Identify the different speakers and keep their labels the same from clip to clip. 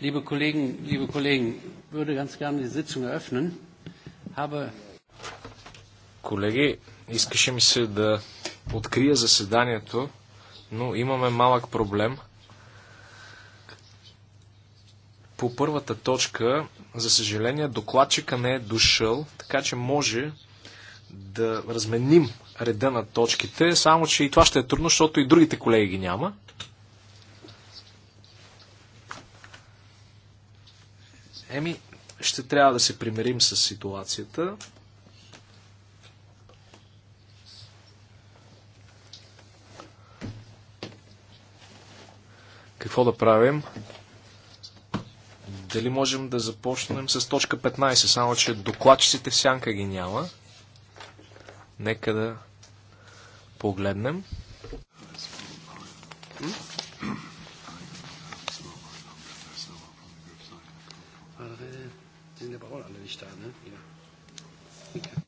Speaker 1: Liebe Kollegen, liebe Kollegen, würde ganz gerne die Sitzung eröffnen. Habe
Speaker 2: Колеги, искаше ми се да открия заседанието, но имаме малък проблем. По първата точка, за съжаление, докладчика не е дошъл, така че може да разменим реда на точките, само че и това ще е трудно, защото и другите колеги ги няма. Еми, ще трябва да се примирим с ситуацията. Какво да правим? Дали можем да започнем с точка 15, само че докладчиците в сянка ги няма. Нека да погледнем.
Speaker 1: eigentlich da, ne? Ja.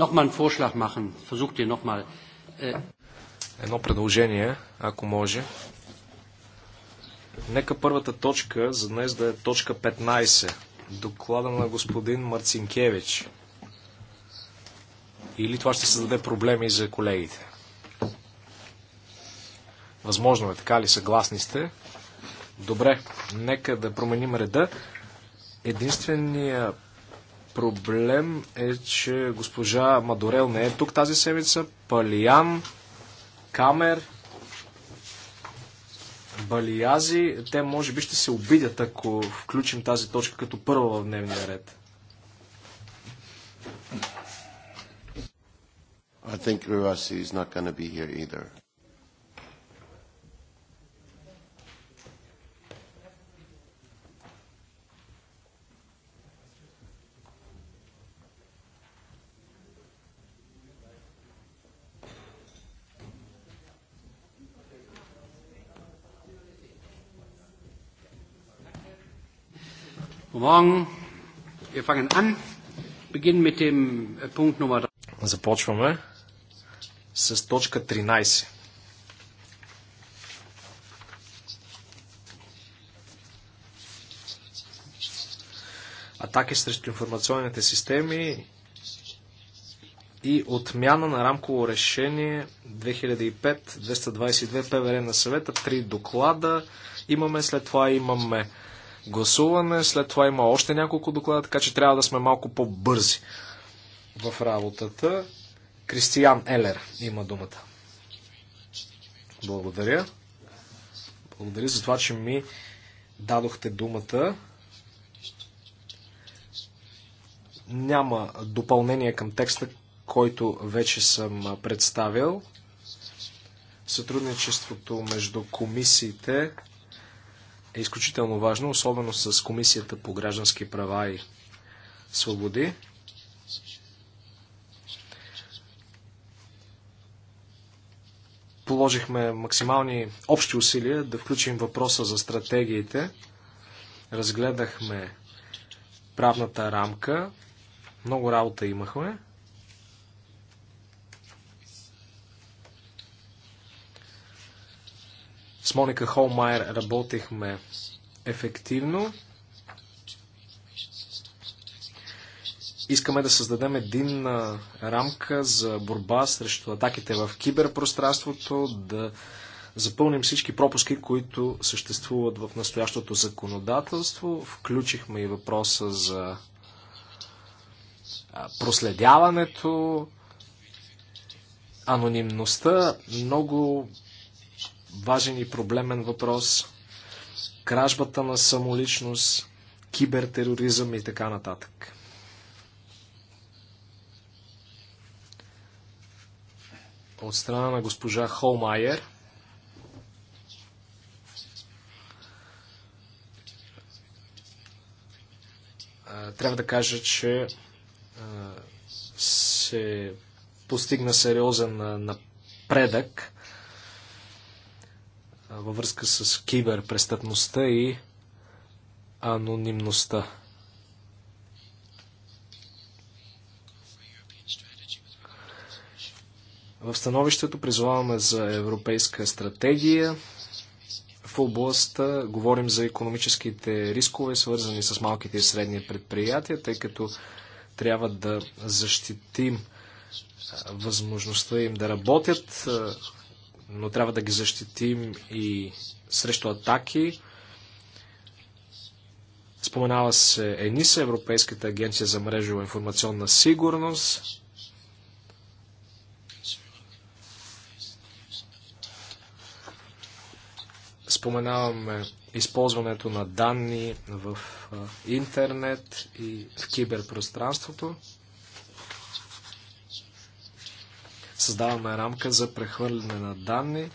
Speaker 1: Äh,
Speaker 2: Едно предложение, ако може. Нека първата точка за днес да е точка 15. Доклада на господин Марцинкевич. Или това ще създаде проблеми за колегите? Възможно е, така ли? Съгласни сте? Добре, нека да променим реда. Единственият проблем е, че госпожа Мадорел не е тук тази седмица. Палиян, Камер, Балиязи, те може би ще се обидят, ако включим тази точка като първа в дневния ред.
Speaker 1: I think Ruasi is not going to be here either.
Speaker 2: Äh, Започваме с точка 13. Атаки срещу информационните системи и отмяна на рамково решение 2005-222 ПВР на съвета. Три доклада имаме, след това имаме гласуване. След това има още няколко доклада, така че трябва да сме малко по-бързи в работата. Кристиян Елер има думата. Благодаря. Благодаря за това, че ми дадохте думата. Няма допълнение към текста, който вече съм представил. Сътрудничеството между комисиите е изключително важно, особено с Комисията по граждански права и свободи. Положихме максимални общи усилия да включим въпроса за стратегиите. Разгледахме правната рамка. Много работа имахме. С Моника Холмайер работихме ефективно. Искаме да създадем един рамка за борба срещу атаките в киберпространството, да запълним всички пропуски, които съществуват в настоящото законодателство. Включихме и въпроса за проследяването, анонимността. Много важен и проблемен въпрос. Кражбата на самоличност, кибертероризъм и така нататък. От страна на госпожа Холмайер трябва да кажа, че се постигна сериозен напредък във връзка с киберпрестъпността и анонимността. В становището призоваваме за европейска стратегия. В областта говорим за економическите рискове, свързани с малките и средни предприятия, тъй като трябва да защитим възможността им да работят но трябва да ги защитим и срещу атаки. Споменава се ЕНИСА, Европейската агенция за мрежова информационна сигурност. Споменаваме използването на данни в интернет и в киберпространството. Създаваме рамка за прехвърляне на данни,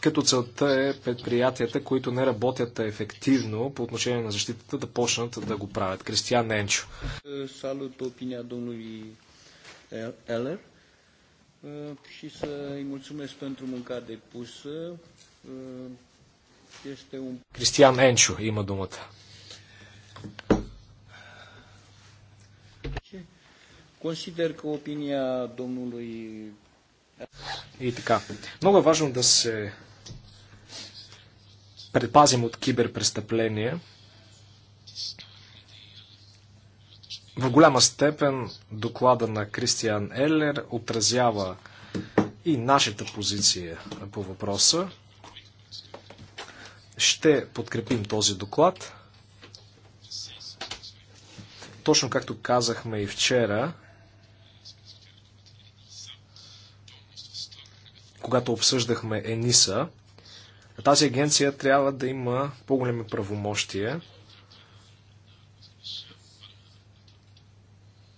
Speaker 2: като целта е предприятията, които не работят ефективно по отношение на защитата, да почнат да го правят. Кристиан Енчо.
Speaker 1: Салют опиня, domnului Eller și să îi mulțumesc pentru munca depusă. Este
Speaker 2: un... Енчо има думата.
Speaker 1: Консидер ка опиния
Speaker 2: домнула и... така. Много е важно да се предпазим от киберпрестъпления. В голяма степен доклада на Кристиан Еллер отразява и нашата позиция по въпроса. Ще подкрепим този доклад. Точно както казахме и вчера, когато обсъждахме ЕНИСА, тази агенция трябва да има по-големи правомощия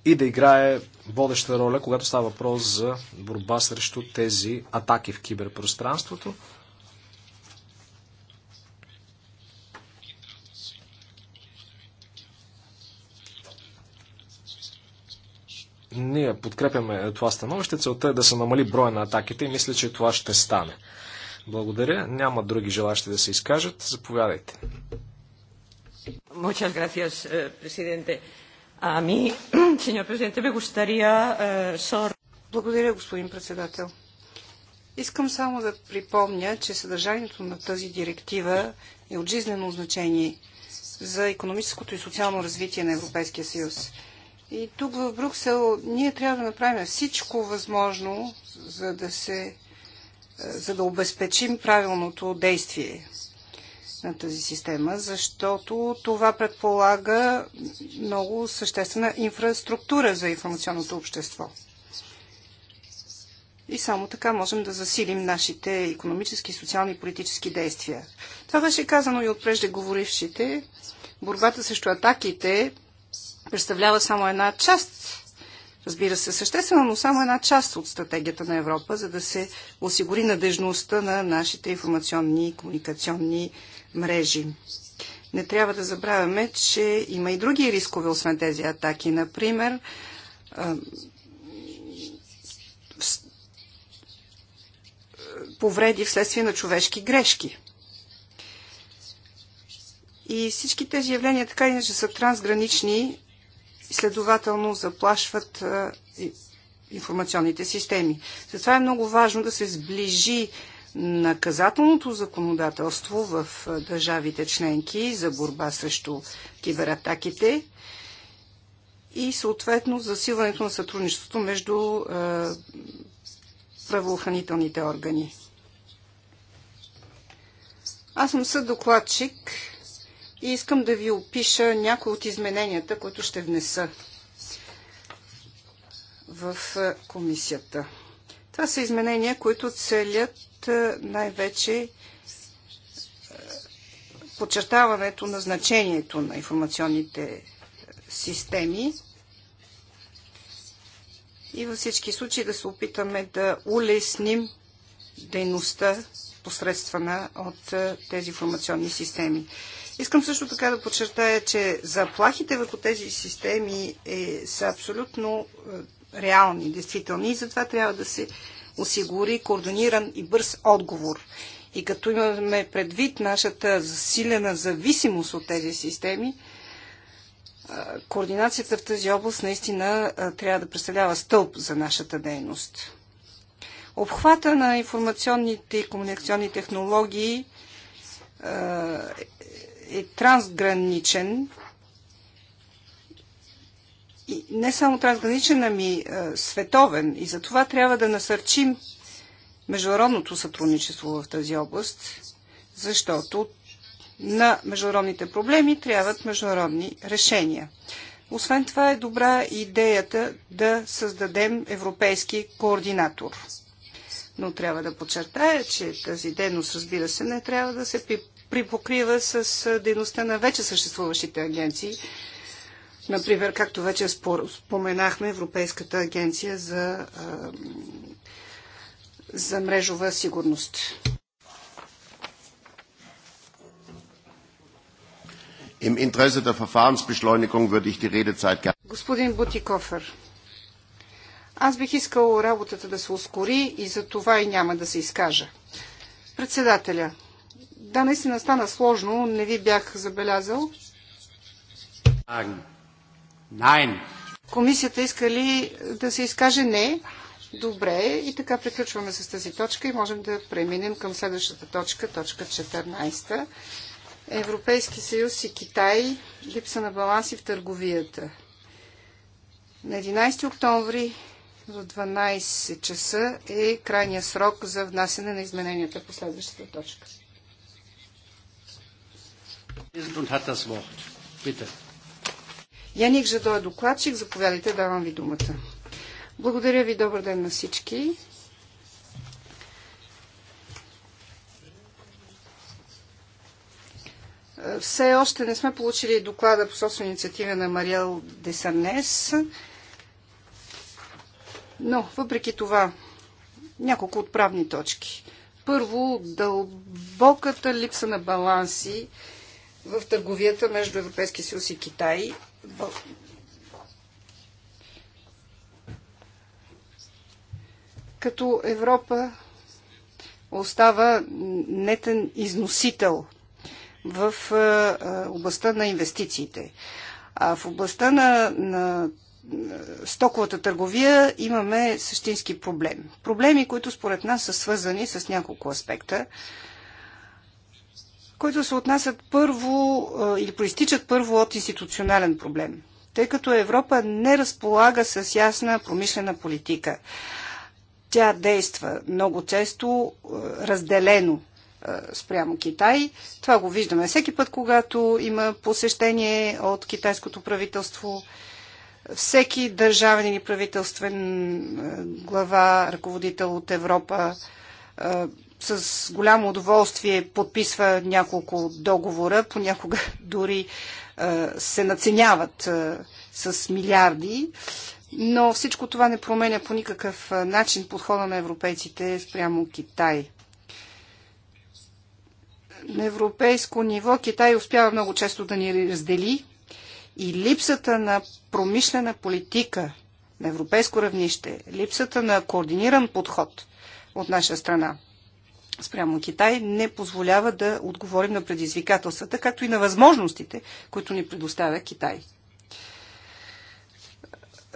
Speaker 2: и да играе водеща роля, когато става въпрос за борба срещу тези атаки в киберпространството. Ние подкрепяме е, това становище. Целта е да се намали броя на атаките и мисля, че това ще стане. Благодаря. Няма други желащи да се изкажат. Заповядайте.
Speaker 3: Muchas gracias, е, presidente. A mí, señor presidente, me gustaría... Благодаря, господин председател. Искам само да припомня, че съдържанието на тази директива е от жизнено значение за економическото и социално развитие на Европейския съюз. И тук в Бруксел ние трябва да направим всичко възможно, за да се за да обезпечим правилното действие на тази система, защото това предполага много съществена инфраструктура за информационното общество. И само така можем да засилим нашите економически, социални и политически действия. Това беше казано и от преждеговорившите. Борбата срещу атаките представлява само една част, разбира се, съществено, но само една част от стратегията на Европа, за да се осигури надежността на нашите информационни и комуникационни мрежи. Не трябва да забравяме, че има и други рискове, освен тези атаки. Например, повреди вследствие на човешки грешки. И всички тези явления така иначе са трансгранични и следователно заплашват информационните системи. Затова е много важно да се сближи наказателното законодателство в държавите членки за борба срещу кибератаките и съответно засилването на сътрудничеството между правоохранителните органи. Аз съм съдокладчик и искам да ви опиша някои от измененията, които ще внеса в е, комисията. Това са изменения, които целят е, най-вече е, подчертаването на значението на информационните системи и във всички случаи да се опитаме да улесним дейността посредствана от тези информационни системи. Искам също така да подчертая, че заплахите върху тези системи е, са абсолютно е, реални, действителни и затова трябва да се осигури координиран и бърз отговор. И като имаме предвид нашата засилена зависимост от тези системи, е, координацията в тази област наистина е, трябва да представлява стълб за нашата дейност. Обхвата на информационните и комуникационни технологии е е трансграничен. И не само трансграничен, ами е, световен. И за това трябва да насърчим международното сътрудничество в тази област, защото на международните проблеми трябват международни решения. Освен това е добра идеята да създадем европейски координатор. Но трябва да подчертая, че тази дейност, разбира се, не трябва да се припокрива с дейността на вече съществуващите агенции. Например, както вече споменахме, Европейската агенция за, за мрежова сигурност. Im Interesse der Verfahrensbeschleunigung würde ich die Redezeit gerne. Господин Бутикофер, аз бих искал работата да се ускори и за това и няма да се изкажа. Председателя, да, наистина стана сложно, не ви бях забелязал. Nein. Комисията иска ли да се изкаже не? Добре, и така приключваме с тази точка и можем да преминем към следващата точка, точка 14. Европейски съюз и Китай, липса на баланси в търговията. На 11 октомври до 12 часа е крайния срок за внасяне на измененията по следващата точка. Яник Жадо е докладчик. Заповядайте, давам ви думата. Благодаря ви. Добър ден на всички. Все още не сме получили доклада по собствена инициатива на Мариел Десанес, но въпреки това няколко отправни точки. Първо, дълбоката липса на баланси в търговията между Европейския съюз и Китай. Като Европа остава нетен износител в е, е, областта на инвестициите. А в областта на, на е, стоковата търговия имаме същински проблем. Проблеми, които според нас са свързани с няколко аспекта които се отнасят първо или проистичат първо от институционален проблем. Тъй като Европа не разполага с ясна промишлена политика. Тя действа много често разделено спрямо Китай. Това го виждаме всеки път, когато има посещение от китайското правителство. Всеки държавен или правителствен глава, ръководител от Европа с голямо удоволствие подписва няколко договора, понякога дори е, се наценяват е, с милиарди. Но всичко това не променя по никакъв е, начин подхода на европейците спрямо Китай. На европейско ниво Китай успява много често да ни раздели и липсата на промишлена политика на европейско равнище, липсата на координиран подход от наша страна спрямо Китай не позволява да отговорим на предизвикателствата, както и на възможностите, които ни предоставя Китай.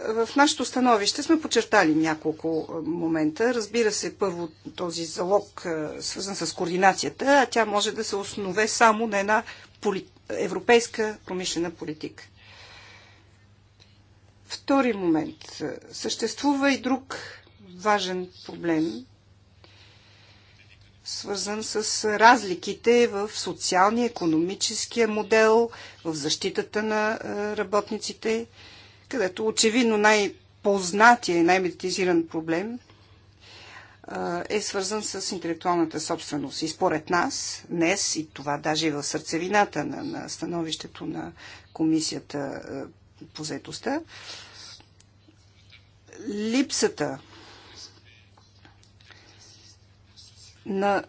Speaker 3: В нашето становище сме подчертали няколко е, момента. Разбира се, първо този залог, е, свързан с координацията, а тя може да се основе само на една поли... европейска промишлена политика. Втори момент. Съществува и друг важен проблем, свързан с разликите в социалния, економическия модел, в защитата на е, работниците, където очевидно най-познатия и най-медитизиран проблем е, е свързан с интелектуалната собственост. И според нас, днес, и това даже и в сърцевината на, на становището на Комисията е, по заедостта, липсата на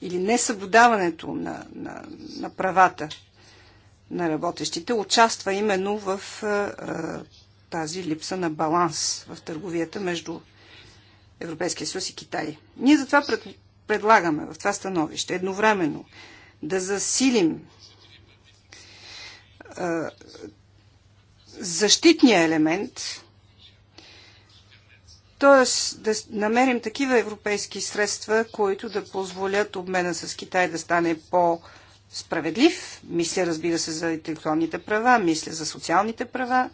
Speaker 3: или несъблюдаването на, на, на правата на работещите участва именно в а, е, е, тази липса на баланс в търговията между Европейския съюз и Китай. Ние затова пред, предлагаме в това становище едновременно да засилим а, е, защитния елемент Тоест да намерим такива европейски средства, които да позволят обмена с Китай да стане по- справедлив, мисля разбира се за интелектуалните права, мисля за социалните права,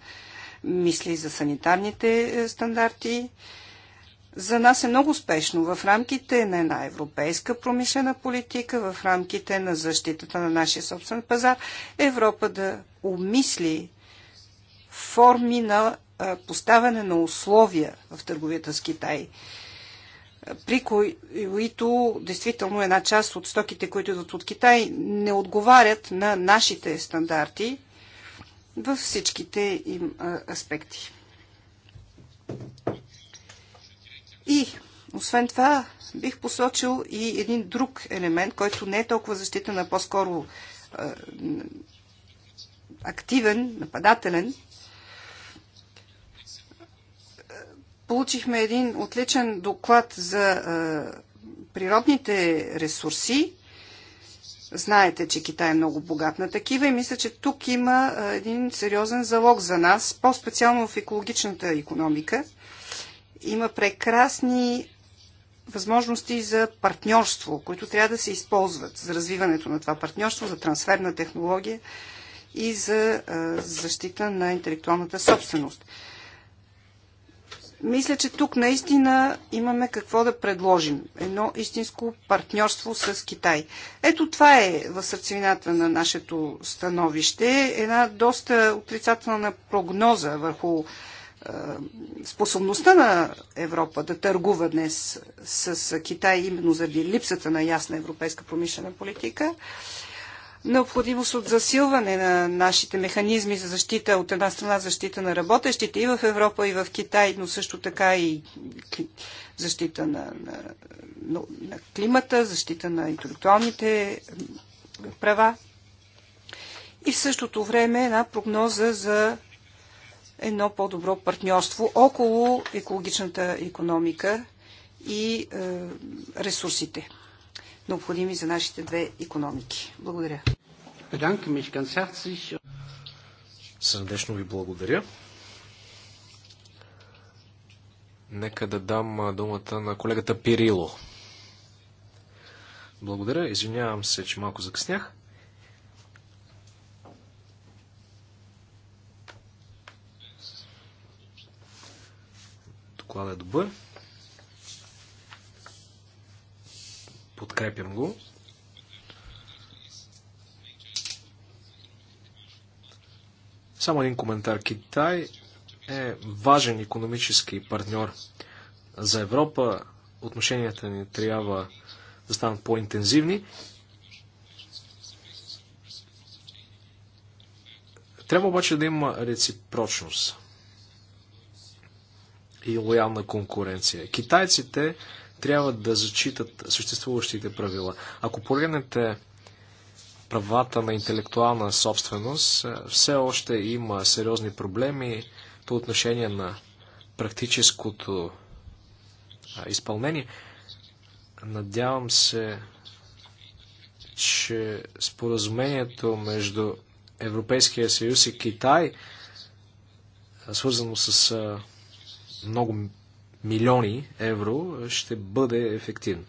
Speaker 3: мисля и за санитарните е, стандарти. За нас е много успешно в рамките на една европейска промишлена политика, в рамките на защитата на нашия собствен пазар, Европа да умисли форми на поставяне на условия в търговията с Китай, при които действително една част от стоките, които идват от Китай, не отговарят на нашите стандарти във всичките им аспекти. И, освен това, бих посочил и един друг елемент, който не е толкова защитен, а по-скоро активен, нападателен – получихме един отличен доклад за а, природните ресурси. Знаете, че Китай е много богат на такива и мисля, че тук има а, един сериозен залог за нас, по-специално в екологичната економика. Има прекрасни възможности за партньорство, които трябва да се използват за развиването на това партньорство, за трансферна технология и за а, защита на интелектуалната собственост. Мисля, че тук наистина имаме какво да предложим. Едно истинско партньорство с Китай. Ето това е в сърцевината на нашето становище. Една доста отрицателна прогноза върху е, способността на Европа да търгува днес с Китай, именно заради липсата на ясна европейска промишлена политика. Е, необходимост от засилване на нашите механизми за защита, от една страна защита на работещите и в Европа, и в Китай, но също така и защита на, на, на, на климата, защита на интелектуалните права. И в същото време една прогноза за едно по-добро партньорство около екологичната економика и е, ресурсите необходими за нашите две економики. Благодаря.
Speaker 2: Сърдечно ви благодаря. Нека да дам думата на колегата Пирило. Благодаря. Извинявам се, че малко закъснях. Докладът е добър. Подкрепям го. Само един коментар. Китай е важен економически партньор за Европа. Отношенията ни трябва да станат по-интензивни. Трябва обаче да има реципрочност и лоялна конкуренция. Китайците трябва да зачитат съществуващите правила. Ако погледнете правата на интелектуална собственост, е, все още има сериозни проблеми по отношение на практическото изпълнение. Надявам се, че споразумението между Европейския съюз и Китай, свързано с много милиони евро ще бъде ефективно.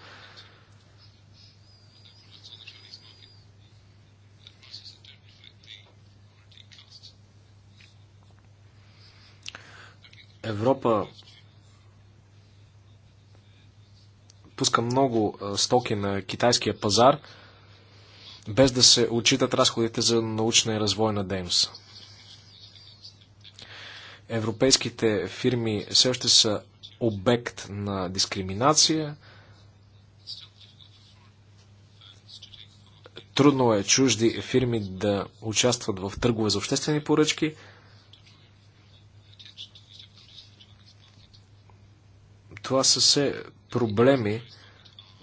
Speaker 2: Европа пуска много стоки на китайския пазар, без да се отчитат разходите за научна и развойна дейност. Европейските фирми все още са обект на дискриминация. Трудно е чужди фирми да участват в търгове за обществени поръчки. Това са се проблеми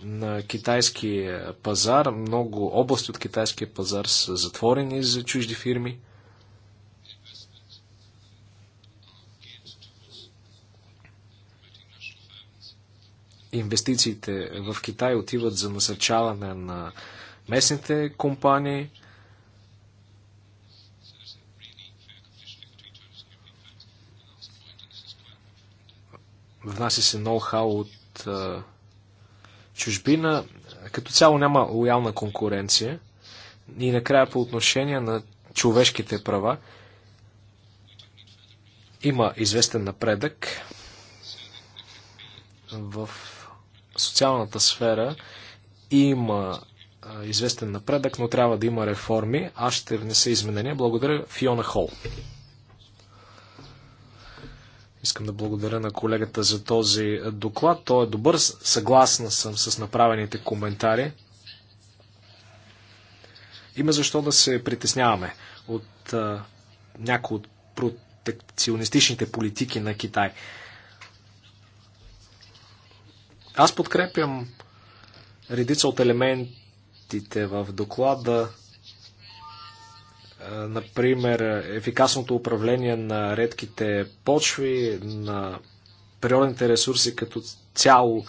Speaker 2: на китайския пазар. Много области от китайския пазар са затворени за чужди фирми. инвестициите в Китай отиват за насърчаване на местните компании. Внася се ноу-хау от а, чужбина. Като цяло няма лоялна конкуренция. И накрая по отношение на човешките права има известен напредък в социалната сфера има известен напредък, но трябва да има реформи. Аз ще внеса изменения. Благодаря Фиона Хол. Искам да благодаря на колегата за този доклад. Той е добър. Съгласна съм с направените коментари. Има защо да се притесняваме от а, някои от протекционистичните политики на Китай. Аз подкрепям редица от елементите в доклада, е, например, ефикасното управление на редките почви, на природните ресурси като цяло,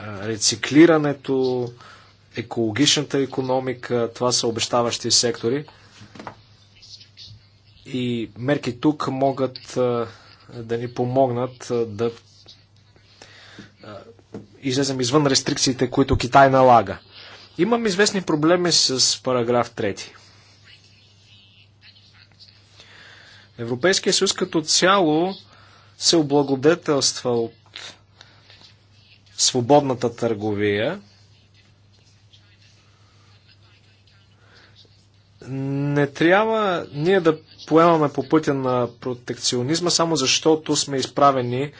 Speaker 2: е, рециклирането, екологичната економика, това са обещаващи сектори. И мерки тук могат е, да ни помогнат да излезем извън рестрикциите, които Китай налага. Имам известни проблеми с параграф 3. Европейския съюз като цяло се облагодетелства от свободната търговия, Не трябва ние да поемаме по пътя на протекционизма, само защото сме изправени е,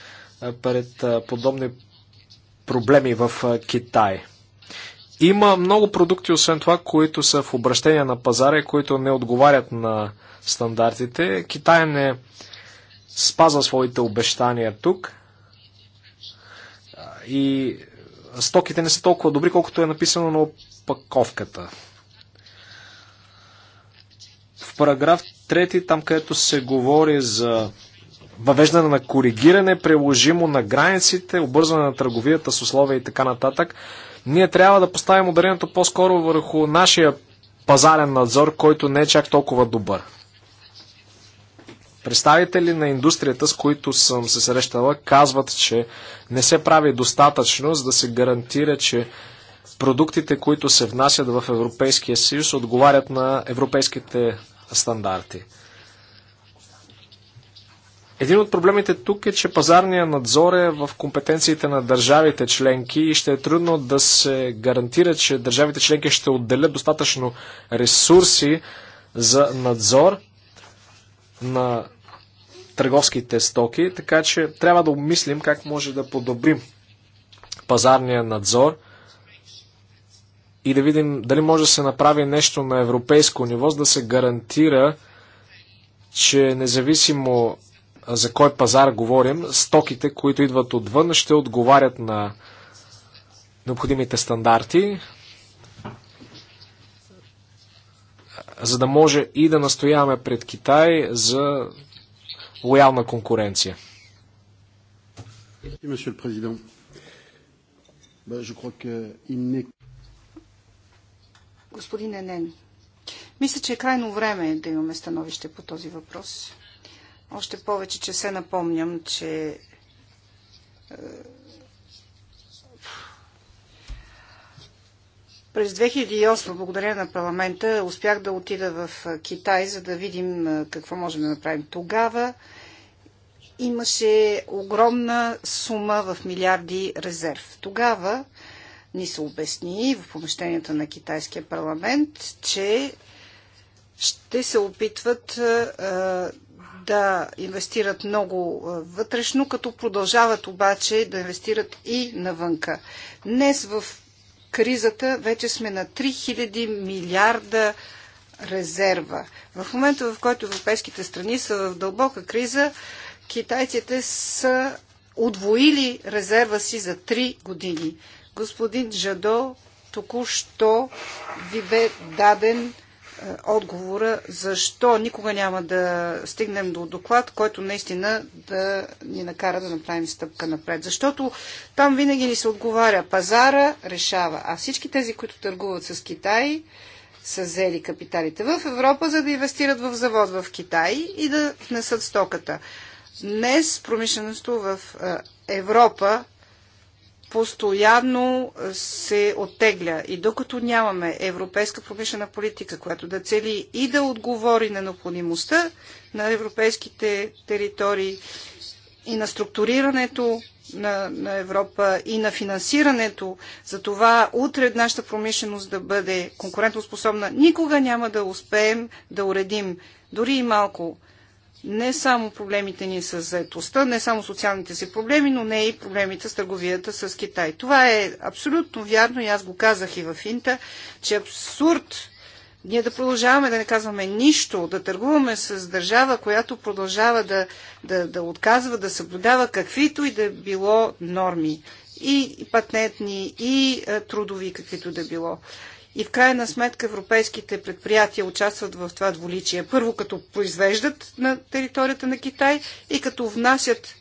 Speaker 2: пред е, подобни проблеми в е, Китай. Има много продукти, освен това, които са в обращение на пазара и които не отговарят на стандартите. Китай не спазва своите обещания тук и стоките не са толкова добри, колкото е написано на опаковката в параграф 3, там където се говори за въвеждане на коригиране, приложимо на границите, обързване на търговията с условия и така нататък, ние трябва да поставим ударението по-скоро върху нашия пазарен надзор, който не е чак толкова добър. Представители на индустрията, с които съм се срещала, казват, че не се прави достатъчно, за да се гарантира, че продуктите, които се внасят в Европейския съюз, отговарят на европейските стандарти. Един от проблемите тук е, че пазарният надзор е в компетенциите на държавите членки и ще е трудно да се гарантира, че държавите членки ще отделят достатъчно ресурси за надзор на търговските стоки, така че трябва да обмислим как може да подобрим пазарния надзор – и да видим дали може да се направи нещо на европейско ниво, за да се гарантира, че независимо за кой пазар говорим, стоките, които идват отвън, ще отговарят на необходимите стандарти, за да може и да настояваме пред Китай за лоялна конкуренция.
Speaker 1: Monsieur господин президент, je crois qu'il n'est
Speaker 3: господин Енен. Мисля, че е крайно време да имаме становище по този въпрос. Още повече, че се напомням, че е, През 2008, благодаря на парламента, успях да отида в е, Китай, за да видим е, какво можем да направим. Тогава имаше огромна сума в милиарди резерв. Тогава ни се обясни в помещението на китайския парламент, че ще се опитват е, е, да инвестират много е, вътрешно, като продължават обаче да инвестират и навънка. Днес в кризата вече сме на 3000 милиарда резерва. В момента, в който европейските страни са в дълбока криза, китайците са удвоили резерва си за 3 години. Господин Жадо току-що ви бе даден е, отговора защо никога няма да стигнем до доклад, който наистина да ни накара да направим стъпка напред. Защото там винаги ни се отговаря пазара решава, а всички тези, които търгуват с Китай, са взели капиталите в Европа, за да инвестират в завод в Китай и да внесат стоката. Днес промишленото в е, Европа постоянно се оттегля. И докато нямаме европейска промишлена политика, която да цели и да отговори на необходимостта на европейските територии и на структурирането на, на Европа и на финансирането за това утре нашата промишленост да бъде конкурентоспособна, никога няма да успеем да уредим дори и малко не само проблемите ни с заетостта, не само социалните си проблеми, но не и проблемите с търговията с Китай. Това е абсолютно вярно и аз го казах и в Инта, че е абсурд ние да продължаваме да не казваме нищо, да търгуваме с държава, която продължава да, да, да отказва, да съблюдава каквито и да било норми. И патентни, и е, трудови, каквито да било. И в крайна сметка европейските предприятия участват в това дволичие. Първо като произвеждат на територията на Китай и като внасят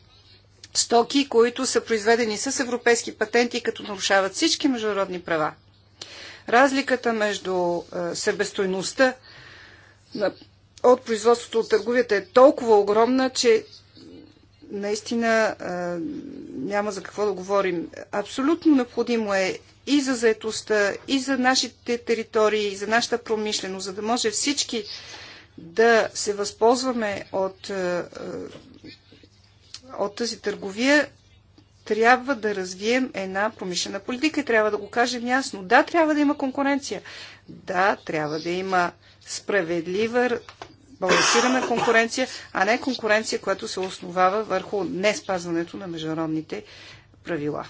Speaker 3: стоки, които са произведени с европейски патенти, като нарушават всички международни права. Разликата между е, себестойността от производството от търговията е толкова огромна, че наистина е, няма за какво да говорим. Абсолютно необходимо е и за заетостта, и за нашите територии, и за нашата промишленост, за да може всички да се възползваме от, е, е, от тази търговия, трябва да развием една промишлена политика и трябва да го кажем ясно. Да, трябва да има конкуренция. Да, трябва да има справедлива, балансирана конкуренция, а не конкуренция, която се основава върху неспазването на международните правила.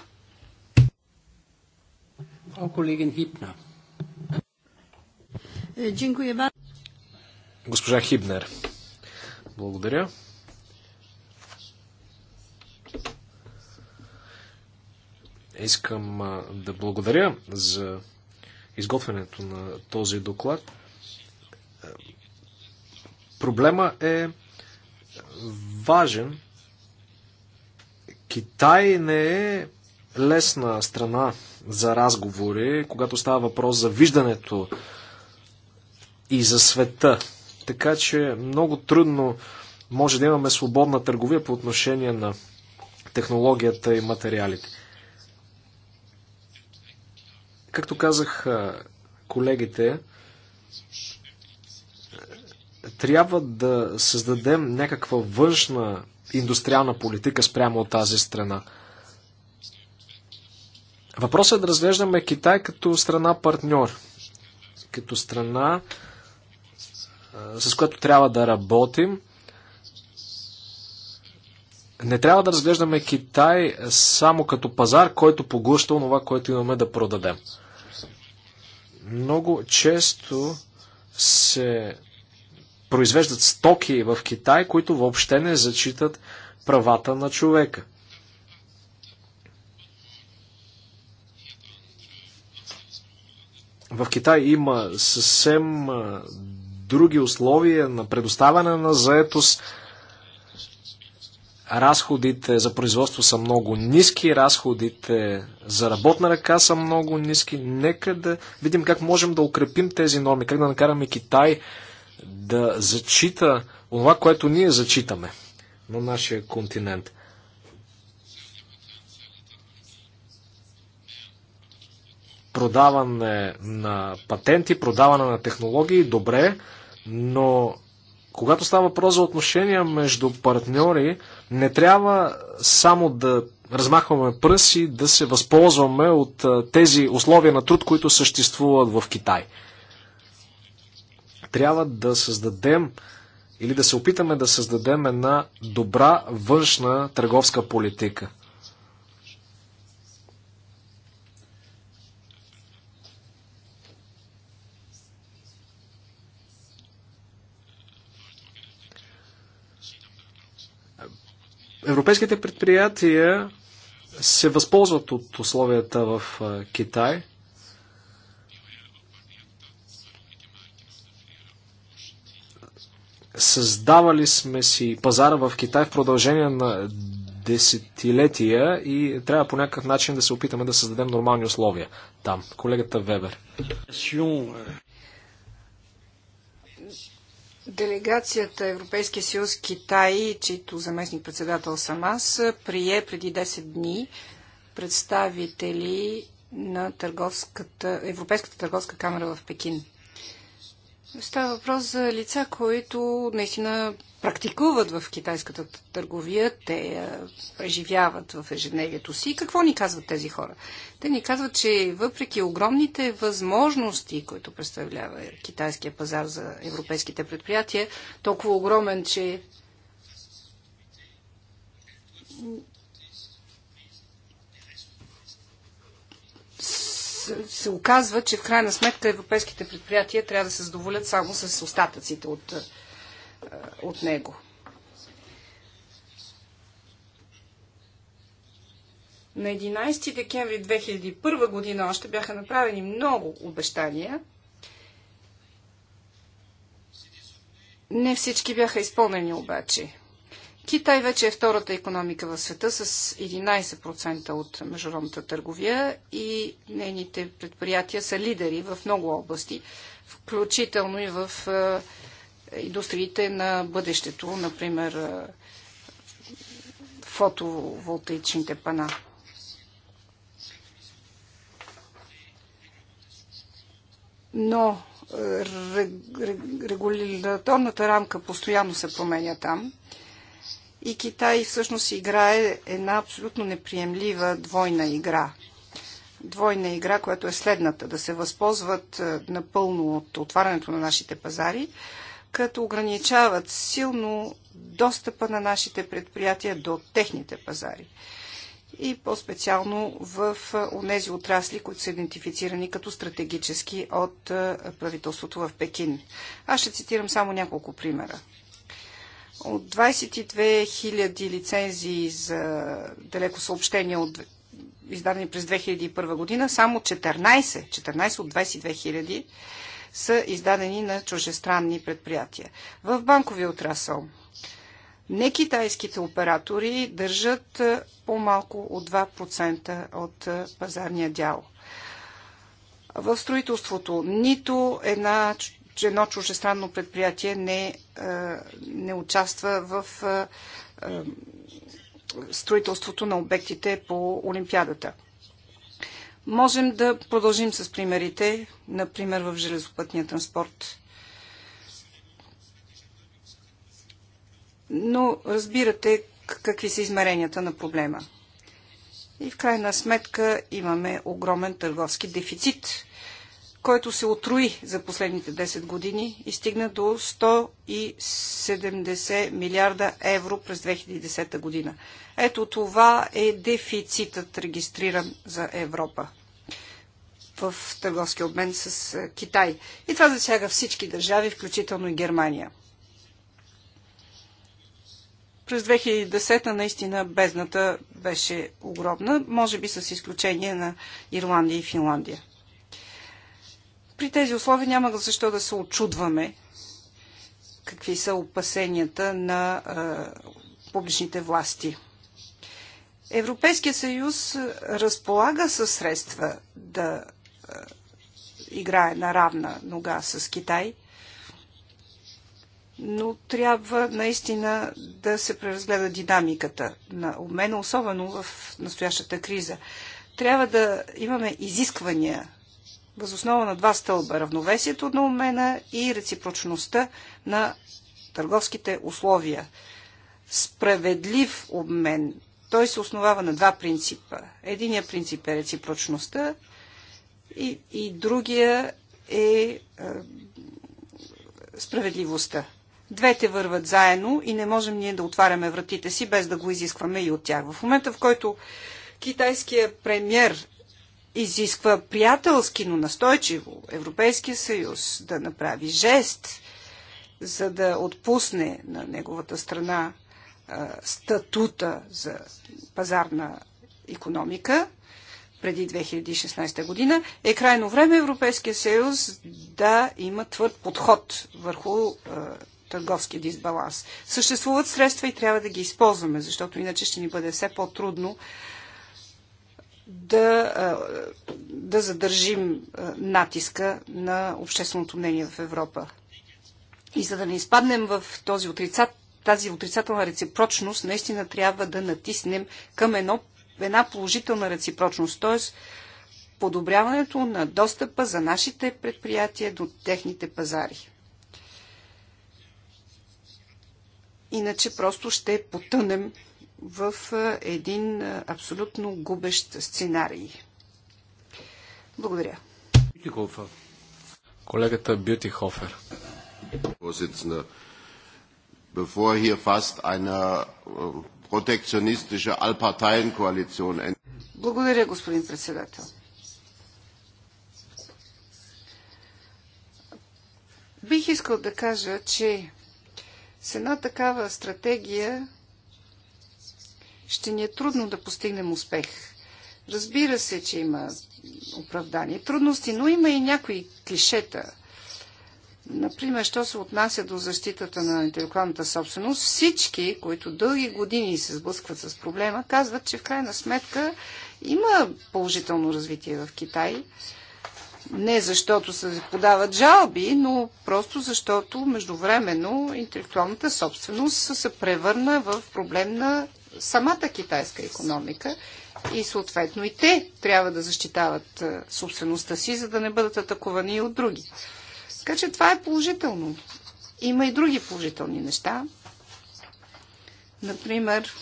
Speaker 3: Е,
Speaker 2: Госпожа Хибнер. Благодаря. Искам да благодаря за изготвянето на този доклад. Е, проблема е важен. Китай не е лесна страна за разговори, когато става въпрос за виждането и за света. Така че много трудно може да имаме свободна търговия по отношение на технологията и материалите. Както казах колегите, трябва да създадем някаква външна индустриална политика спрямо от тази страна. Въпросът е да разглеждаме Китай като страна партньор, като страна, с която трябва да работим. Не трябва да разглеждаме Китай само като пазар, който поглъща това, което имаме да продадем. Много често се произвеждат стоки в Китай, които въобще не зачитат правата на човека. В Китай има съвсем други условия на предоставяне на заетост. Разходите за производство са много ниски, разходите за работна ръка са много ниски. Нека да видим как можем да укрепим тези норми, как да накараме Китай да зачита това, което ние зачитаме на нашия континент. продаване на патенти, продаване на технологии, добре, но когато става въпрос за отношения между партньори, не трябва само да размахваме пръси, и да се възползваме от тези условия на труд, които съществуват в Китай. Трябва да създадем или да се опитаме да създадем една добра външна търговска политика – Европейските предприятия се възползват от условията в Китай. Създавали сме си пазара в Китай в продължение на десетилетия и трябва по някакъв начин да се опитаме да създадем нормални условия там. Колегата Вебер.
Speaker 3: Делегацията Европейския съюз Китай, чийто заместник председател съм аз, прие преди 10 дни представители на търговската, Европейската търговска камера в Пекин. Става въпрос за лица, които наистина практикуват в китайската търговия, те преживяват в ежедневието си. И какво ни казват тези хора? Те ни казват, че въпреки огромните възможности, които представлява китайския пазар за европейските предприятия, толкова огромен, че се оказва, че в крайна сметка европейските предприятия трябва да се задоволят само с остатъците от, е, от него. На 11 декември 2001 година още бяха направени много обещания. Не всички бяха изпълнени обаче. Китай вече е втората економика в света с 11% от международната търговия и нейните предприятия са лидери в много области, включително и в е, индустриите на бъдещето, например е, фотоволтаичните пана. Но е, регуляторната рамка постоянно се променя там и Китай всъщност играе една абсолютно неприемлива двойна игра. Двойна игра, която е следната. Да се възползват е, напълно от отварянето на нашите пазари, като ограничават силно достъпа на нашите предприятия до техните пазари. И по-специално в е, онези отрасли, които са идентифицирани като стратегически от е, правителството в Пекин. Аз ще цитирам само няколко примера. От 22 000 лицензии за далеко съобщение, от издадени през 2001 година, само 14, 14 от 22 000 са издадени на чужестранни предприятия. В банковия отрасъл не китайските оператори държат е, по-малко от 2% от е, пазарния дял. В строителството нито една че едно чужестранно предприятие не, е, не участва в е, е, строителството на обектите по Олимпиадата. Можем да продължим с примерите, например в железопътния транспорт. Но разбирате какви са измеренията на проблема. И в крайна сметка имаме огромен търговски дефицит който се отруи за последните 10 години и стигна до 170 милиарда евро през 2010 година. Ето това е дефицитът регистриран за Европа в търговски обмен с е, Китай. И това засяга всички държави, включително и Германия. През 2010-та наистина бездната беше огромна, може би с изключение на Ирландия и Финландия. При тези условия няма защо да се очудваме какви са опасенията на а, публичните власти. Европейския съюз разполага със средства да а, играе на равна нога с Китай, но трябва наистина да се преразгледа динамиката на обмена, особено в настоящата криза. Трябва да имаме изисквания възоснова на два стълба – равновесието на умена и реципрочността на търговските условия. Справедлив обмен. Той се основава на два принципа. Единият принцип е реципрочността и, и другия е, е справедливостта. Двете върват заедно и не можем ние да отваряме вратите си, без да го изискваме и от тях. В момента, в който китайският премьер изисква приятелски, но настойчиво Европейския съюз да направи жест, за да отпусне на неговата страна а, статута за пазарна економика преди 2016 година, е крайно време Европейския съюз да има твърд подход върху а, търговския дисбаланс. Съществуват средства и трябва да ги използваме, защото иначе ще ни бъде все по-трудно да, да задържим натиска на общественото мнение в Европа. И за да не изпаднем в този отрицат, тази отрицателна реципрочност, наистина трябва да натиснем към едно, една положителна реципрочност, т.е. подобряването на достъпа за нашите предприятия до техните пазари. Иначе просто ще потънем в един абсолютно губещ сценарий. Благодаря.
Speaker 2: Колегата Бютихофер.
Speaker 1: Bevor hier fast eine äh, protektionistische Allparteienkoalition
Speaker 3: Благодаря, господин председател. Бих искал да кажа, че с една такава стратегия ще ни е трудно да постигнем успех. Разбира се, че има оправдани трудности, но има и някои клишета. Например, що се отнася до защитата на интелектуалната собственост, всички, които дълги години се сблъскват с проблема, казват, че в крайна сметка има положително развитие в Китай. Не защото се подават жалби, но просто защото междувременно интелектуалната собственост се превърна в проблем на самата китайска економика и съответно и те трябва да защитават е, собствеността си, за да не бъдат атакувани и от други. Така че това е положително. Има и други положителни неща. Например,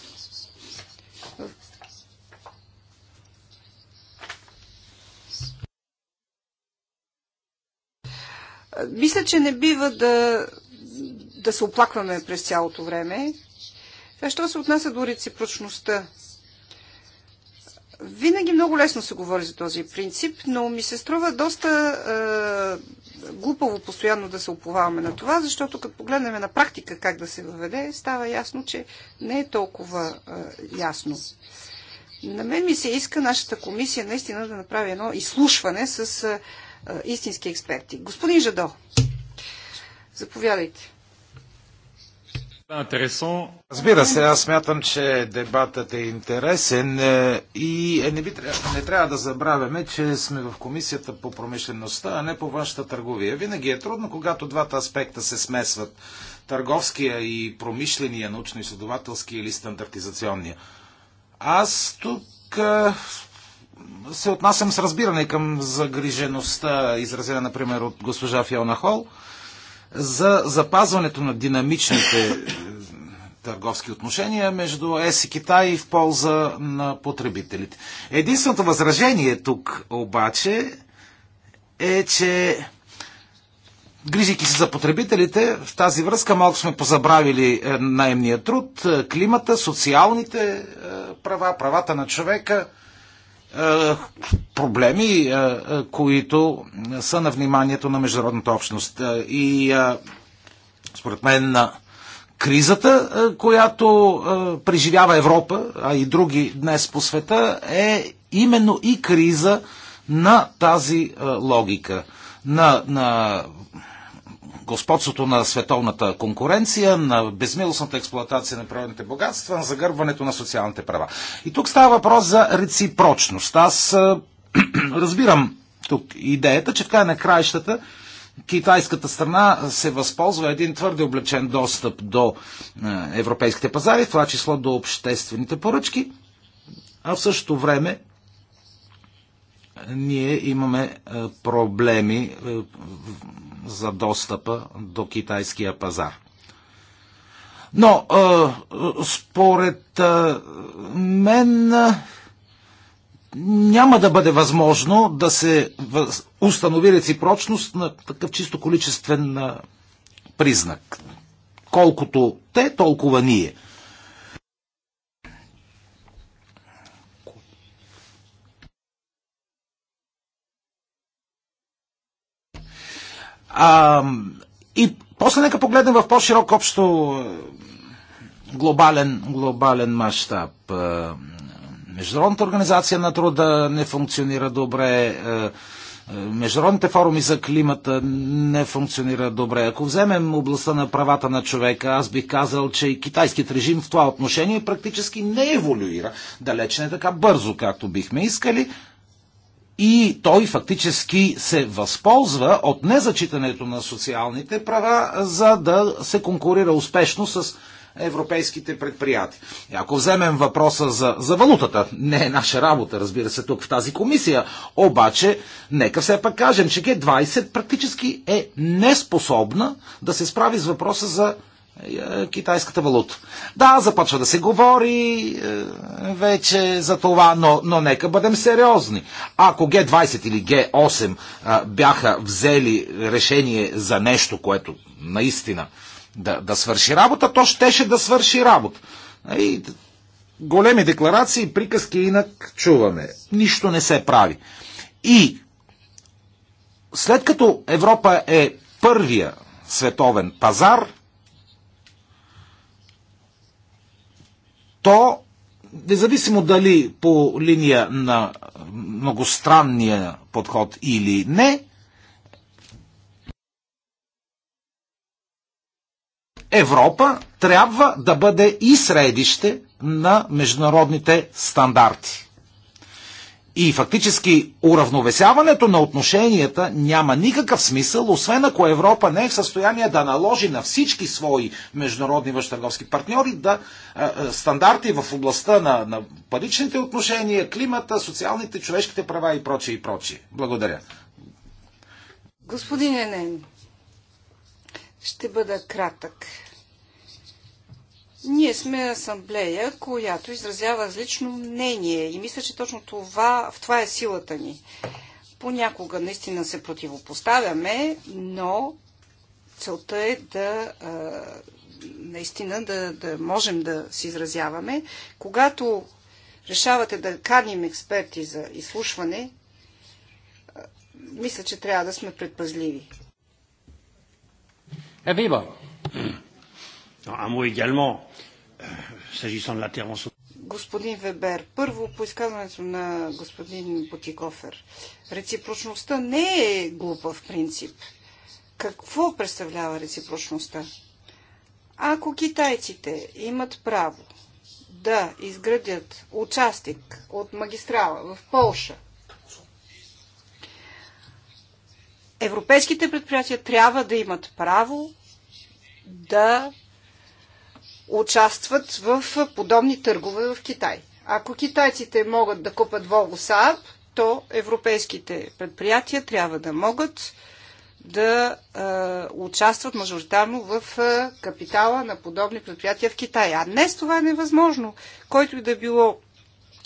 Speaker 3: мисля, че не бива да, да се оплакваме през цялото време. Това що се отнася до реципрочността? Винаги много лесно се говори за този принцип, но ми се струва доста е, глупаво постоянно да се оповаваме на това, защото като погледнем на практика как да се въведе, става ясно, че не е толкова е, ясно. На мен ми се иска нашата комисия наистина да направи едно изслушване с е, истински експерти. Господин Жадо, заповядайте.
Speaker 1: Е Разбира се, аз смятам, че дебатът е интересен е, и е, не, би, не трябва да забравяме, че сме в комисията по промишлеността, а не по външната търговия. Винаги е трудно, когато двата аспекта се смесват. Търговския и промишления, научно-изследователския или стандартизационния. Аз тук се отнасям с разбиране към загрижеността, изразена, например, от госпожа Фиона Хол – за запазването на динамичните е, търговски отношения между ЕС и Китай в полза на потребителите. Единственото възражение тук обаче е, че грижики се за потребителите, в тази връзка малко сме позабравили е, наемния труд, е, климата, социалните права, правата на човека – е, проблеми, е, е, които са на вниманието на международната общност. И според мен на кризата, която преживява Европа, а и други днес по света, е именно и криза на тази логика, на, на господството на световната конкуренция, на безмилостната експлоатация на природните богатства, на загърбването на социалните права. И тук става въпрос за реципрочност. Аз разбирам тук идеята, че в края на краищата китайската страна се възползва един твърде облечен достъп до европейските пазари, в това число до обществените поръчки, а в същото време ние имаме проблеми за достъпа до китайския пазар. Но според мен няма да бъде възможно да се установи реципрочност на такъв чисто количествен признак. Колкото те, толкова ние. А, и после нека погледнем в по-широк общо е, глобален, глобален мащаб. Е, Международната организация на труда не функционира добре, е, международните форуми за климата не функционира добре. Ако вземем областта на правата на човека, аз бих казал, че и китайският режим в това отношение практически не еволюира. Далеч не така бързо, както бихме искали, и той фактически се възползва от незачитането на социалните права, за да се конкурира успешно с европейските предприятия. И ако вземем въпроса за, за валутата, не е наша работа, разбира се, тук в тази комисия, обаче, нека все пак кажем, че Г20 практически е неспособна да се справи с въпроса за е, е, китайската валута. Да, започва да се говори е, вече за това, но, но нека бъдем сериозни. Ако Г20 или Г8 бяха взели решение за нещо, което наистина да, да свърши работа, то щеше да свърши работа. И големи декларации, приказки инак чуваме. Нищо не се прави. И след като Европа е първия световен пазар, то независимо дали по линия на многостранния подход или не, Европа трябва да бъде и средище на международните стандарти. И фактически уравновесяването на отношенията няма никакъв смисъл, освен ако Европа не е в състояние да наложи на всички свои международни въщерговски партньори да е, стандарти в областта на, на паричните отношения, климата, социалните, човешките права и прочие и прочие. Благодаря.
Speaker 3: Господин Енен, ще бъда кратък. Ние сме асамблея, която изразява различно мнение и мисля, че точно това, в това е силата ни. Понякога наистина се противопоставяме, но целта е да наистина да, да можем да се изразяваме. Когато решавате да каним експерти за изслушване, мисля, че трябва да сме предпазливи.
Speaker 1: Е, Вива. Euh,
Speaker 3: господин Вебер, първо по изказването на господин Бутикофер. Реципрочността не е глупа в принцип. Какво представлява реципрочността? Ако китайците имат право да изградят участник от магистрала в Полша, европейските предприятия трябва да имат право да участват в подобни търгове в Китай. Ако китайците могат да купат Volvo Saab, то европейските предприятия трябва да могат да е, участват мажоритарно в е, капитала на подобни предприятия в Китай. А днес това е невъзможно. Който и да било,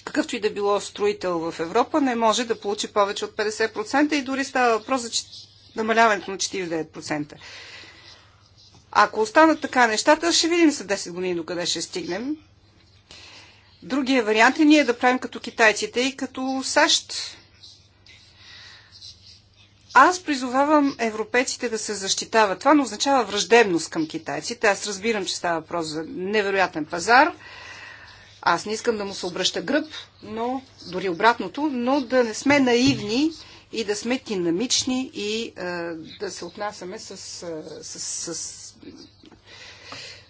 Speaker 3: какъвто и да било строител в Европа, не може да получи повече от 50% и дори става въпрос за намаляването на 49%. Ако останат така нещата, ще видим след 10 години докъде ще стигнем. Другия вариант е ние да правим като китайците и като САЩ. Аз призовавам европейците да се защитават. Това не означава враждебност към китайците. Аз разбирам, че става въпрос за невероятен пазар. Аз не искам да му се обръща гръб, но дори обратното, но да не сме наивни и да сме динамични и е, да се отнасяме с, е, с, с, с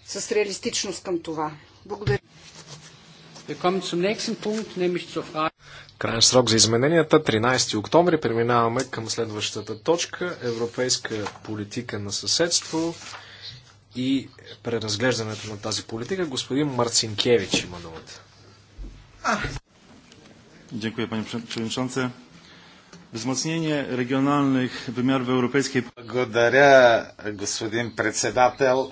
Speaker 3: с реалистичност към това. Благодаря.
Speaker 2: Крайен срок за измененията 13 октомври. Преминаваме към следващата точка Европейска политика на съседство и преразглеждането на тази политика. Господин Марцинкевич има думата.
Speaker 1: Дякую, пани председател. Взмъцнение регионалних вимяр в европейския... Благодаря, господин председател.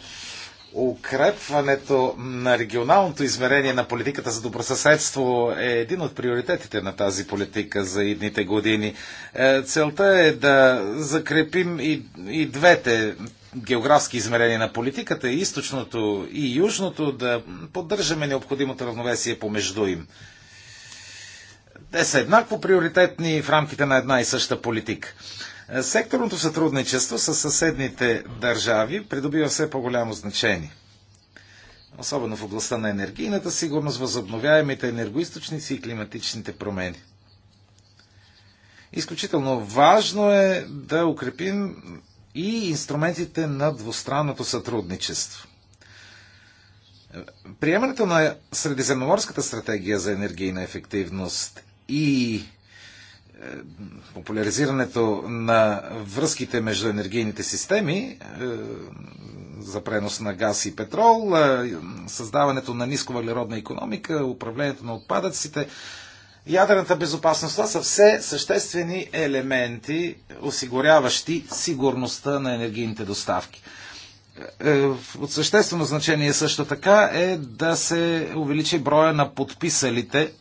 Speaker 1: Укрепването на регионалното измерение на политиката за добросъседство е един от приоритетите на тази политика за идните години. Е, целта е да закрепим и, и двете географски измерения на политиката, и източното, и южното, да поддържаме необходимото равновесие помежду им. Те са еднакво приоритетни в рамките на една и съща политика. Е, секторното сътрудничество с съседните държави придобива все по-голямо значение. Особено в областта на енергийната сигурност, възобновяемите енергоисточници и климатичните промени. Изключително важно е да укрепим и инструментите на двустранното сътрудничество. Приемането на Средиземноморската стратегия за енергийна ефективност и е, популяризирането на връзките между енергийните системи е, за пренос на газ и петрол, е, създаването на нисковалеродна економика, управлението на отпадъците, ядрената безопасност, това са все съществени елементи, осигуряващи сигурността на енергийните доставки. От съществено значение също така е да се увеличи броя на подписалите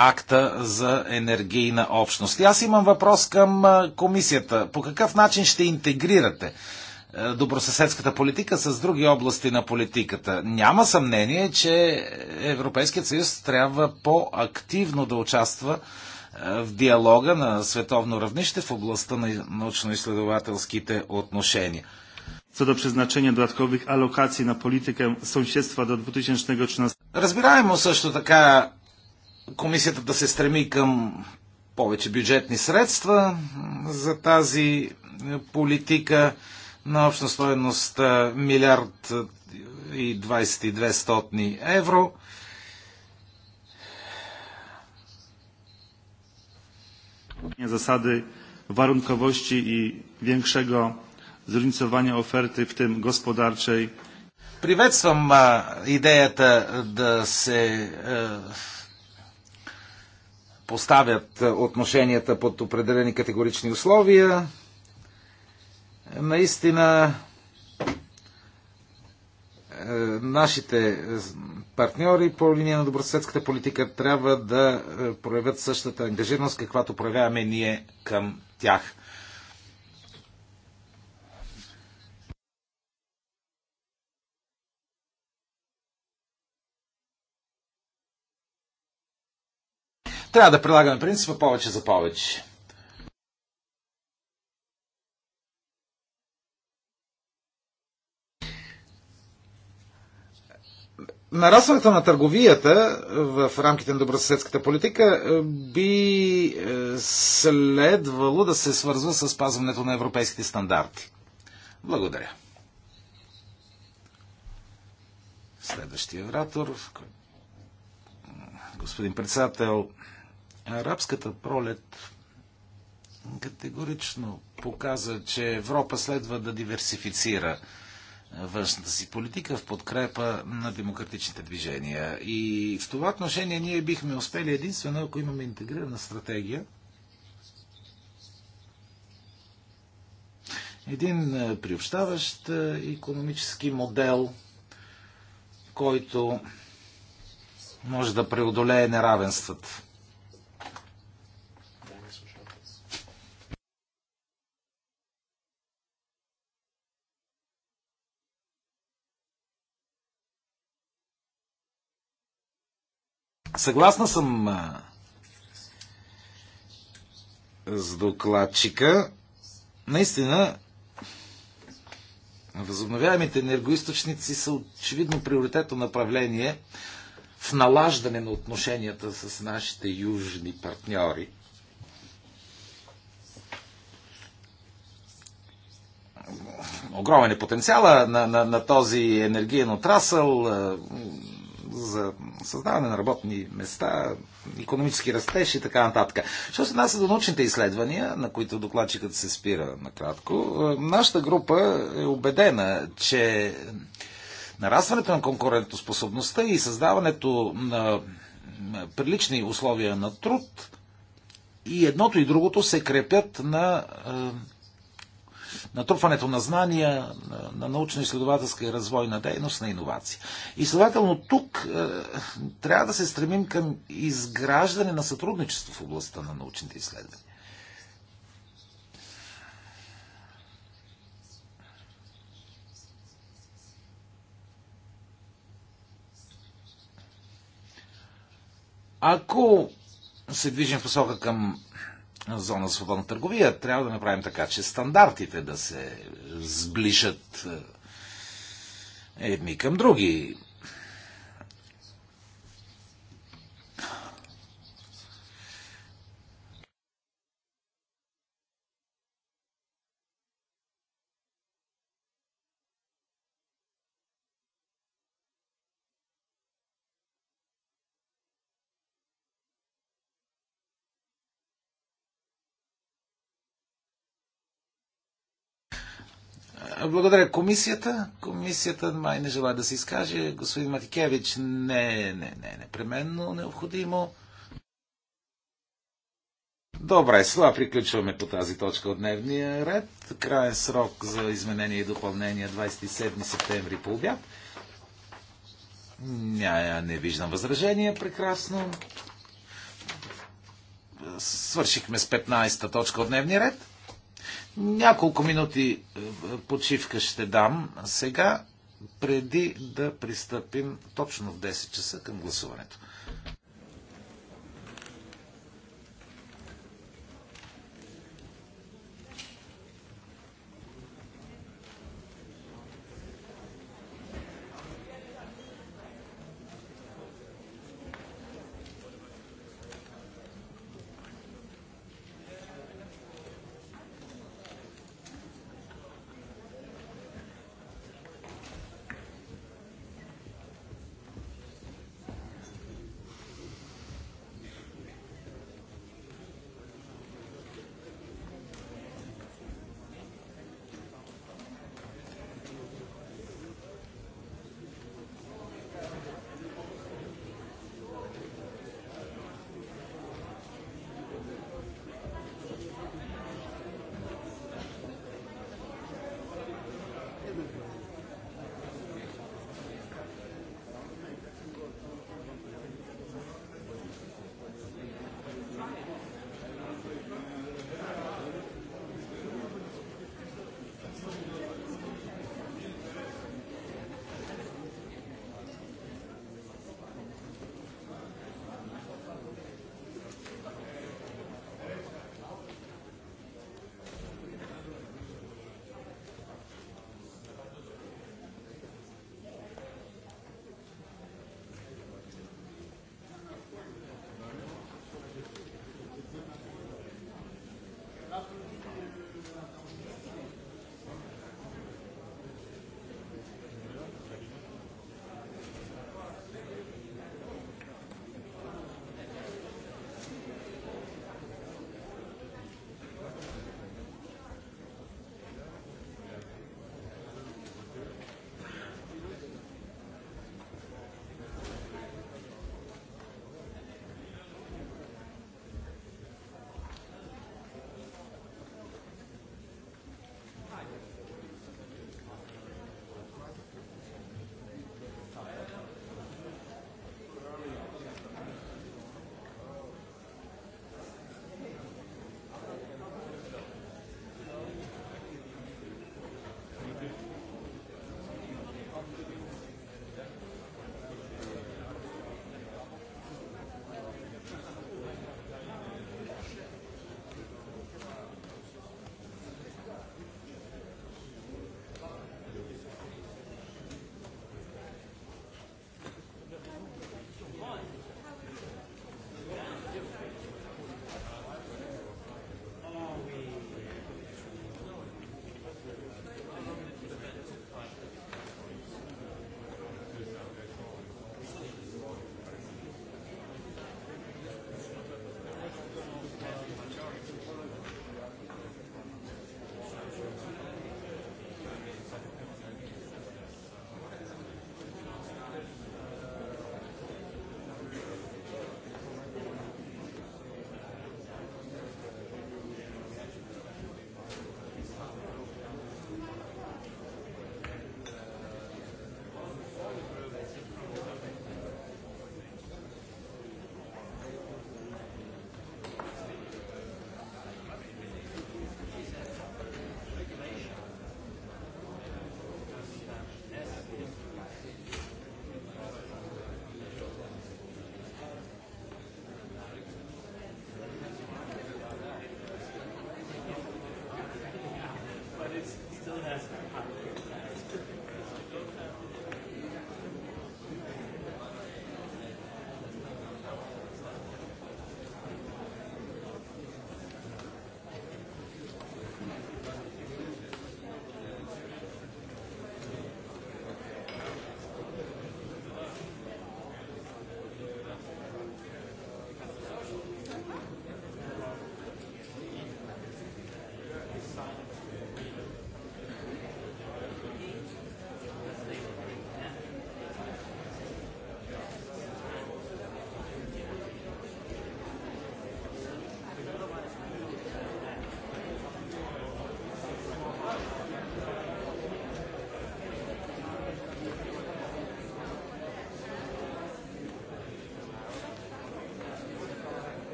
Speaker 1: акта за енергийна общност. И аз имам въпрос към комисията. По какъв начин ще интегрирате добросъседската политика с други области на политиката? Няма съмнение, че Европейският съюз трябва по-активно да участва в диалога на световно равнище в областта на научно-изследователските отношения. Co do przeznaczenia dodatkowych alokacji na politykę sąsiedztwa do 2013. Разбираемо също така комисията да се стреми към повече бюджетни средства за тази политика на обща стоеност милиард и 22 евро. Zasady warunkowości i większego zróżnicowania oferty, w tym gospodarczej. Приветствам идеята да се поставят отношенията под определени категорични условия. Наистина, е, нашите партньори по линия на добросъседската политика трябва да е, проявят същата ангажираност, каквато проявяваме ние към тях. Трябва да прилагаме принципа повече за повече. Нарастването на търговията в рамките на добросъседската политика е, би е, следвало да се свързва с спазването на европейските стандарти. Благодаря. Следващия вратор. Господин председател, Арабската пролет категорично показа, че Европа следва да диверсифицира външната си политика в подкрепа на демократичните движения. И в това отношение ние бихме успели единствено, ако имаме интегрирана стратегия, един приобщаващ економически модел, който може да преодолее неравенствата. Съгласна съм с докладчика. Наистина, възобновяемите енергоисточници са очевидно приоритетно направление в налаждане на отношенията с нашите южни партньори. огромен е потенциала на, на, на този енергиен отрасъл за създаване на работни места, економически растеж и така нататък. Що се отнася до научните изследвания, на които докладчикът се спира накратко, е, нашата група е убедена, че нарастването на конкурентоспособността и създаването на прилични условия на труд и едното и другото се крепят на е, натрупването на знания, на научно-изследователска и развойна дейност, на иновация. И следователно тук е, трябва да се стремим към изграждане на сътрудничество в областта на научните изследвания. Ако се движим в посока към зона свободна търговия, трябва да направим така, че стандартите да се сближат е, едни към други. Благодаря. Комисията? Комисията май не желая да се изкаже. Господин Матикевич, не, не, не, непременно необходимо. Добре, с това приключваме по тази точка от дневния ред. Краен срок за изменение и допълнение 27 е септември по обяд. Ня, не виждам възражения. Прекрасно. Свършихме с 15-та точка от дневния ред. Няколко минути е, почивка ще дам сега, преди да пристъпим точно в 10 часа към гласуването.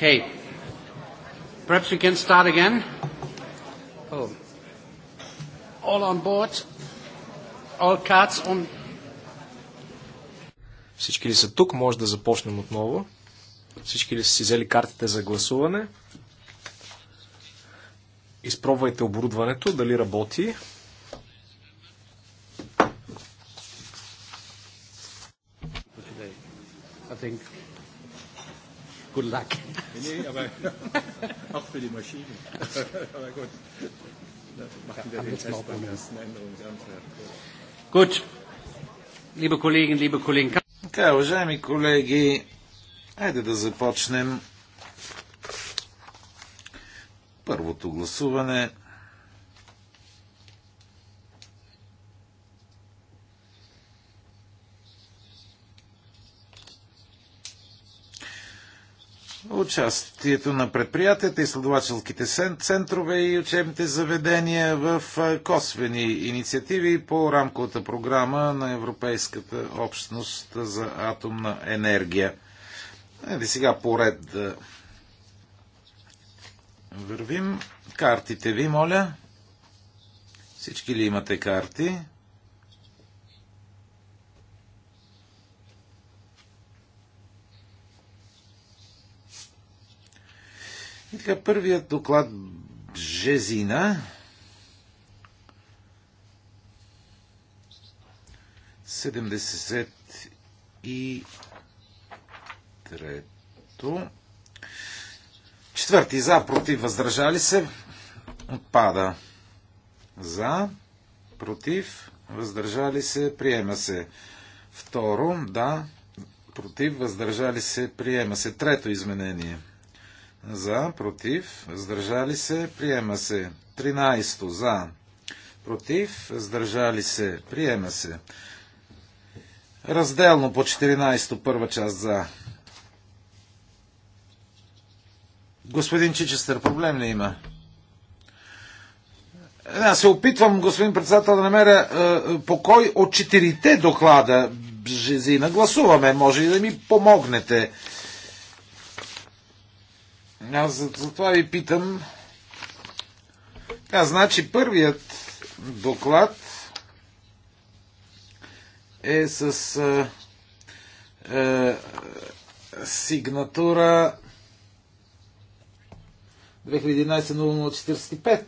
Speaker 3: Okay. Perhaps we can start again. Oh. All on board. All
Speaker 1: cards on.
Speaker 2: Всички ли са тук? Може да започнем отново. Всички ли са си взели картите за гласуване? Изпробвайте оборудването, дали работи.
Speaker 3: für die Maschinen. Aber
Speaker 1: gut, da machen wir den Test beim ersten Änderungsantrag. Gut, liebe Kolleginnen, liebe Kollegen. Така, уважаеми колеги, айде да започнем първото гласуване участието на предприятията, изследователските центрове и учебните заведения в косвени инициативи по рамковата програма на Европейската общност за атомна енергия. Еди нали, сега поред да вървим. Картите ви, моля. Всички ли имате карти? И така, първият доклад Жезина седемдесет и трето. Четвърти за, против, въздържали се. Отпада. За, против, въздържали се, приема се. Второ, да, против, въздържали се, приема се. Трето изменение – за, против, въздържали се, приема се. 13 за, против, въздържали се, приема се. Разделно по 14 първа част за. Господин Чичестър, проблем ли има? Е, аз се опитвам, господин председател, да намеря е, е по кой от четирите доклада Жизина гласуваме. Може и да ми помогнете. Аз затова ви питам. А, значи първият доклад е с е, е, сигнатура 2011-0045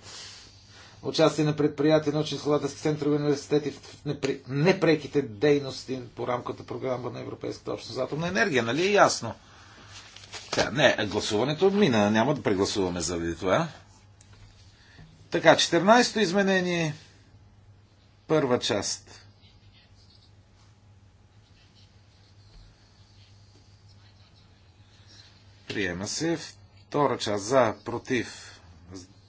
Speaker 1: участие на предприятия, научни изследователски центрове, университети в непреките дейности по рамката програма на Европейската общност за атомна енергия. Нали е ясно? Така, не, гласуването мина, няма да прегласуваме заради това. Така, 14-то изменение, първа част. Приема се втора част за, против,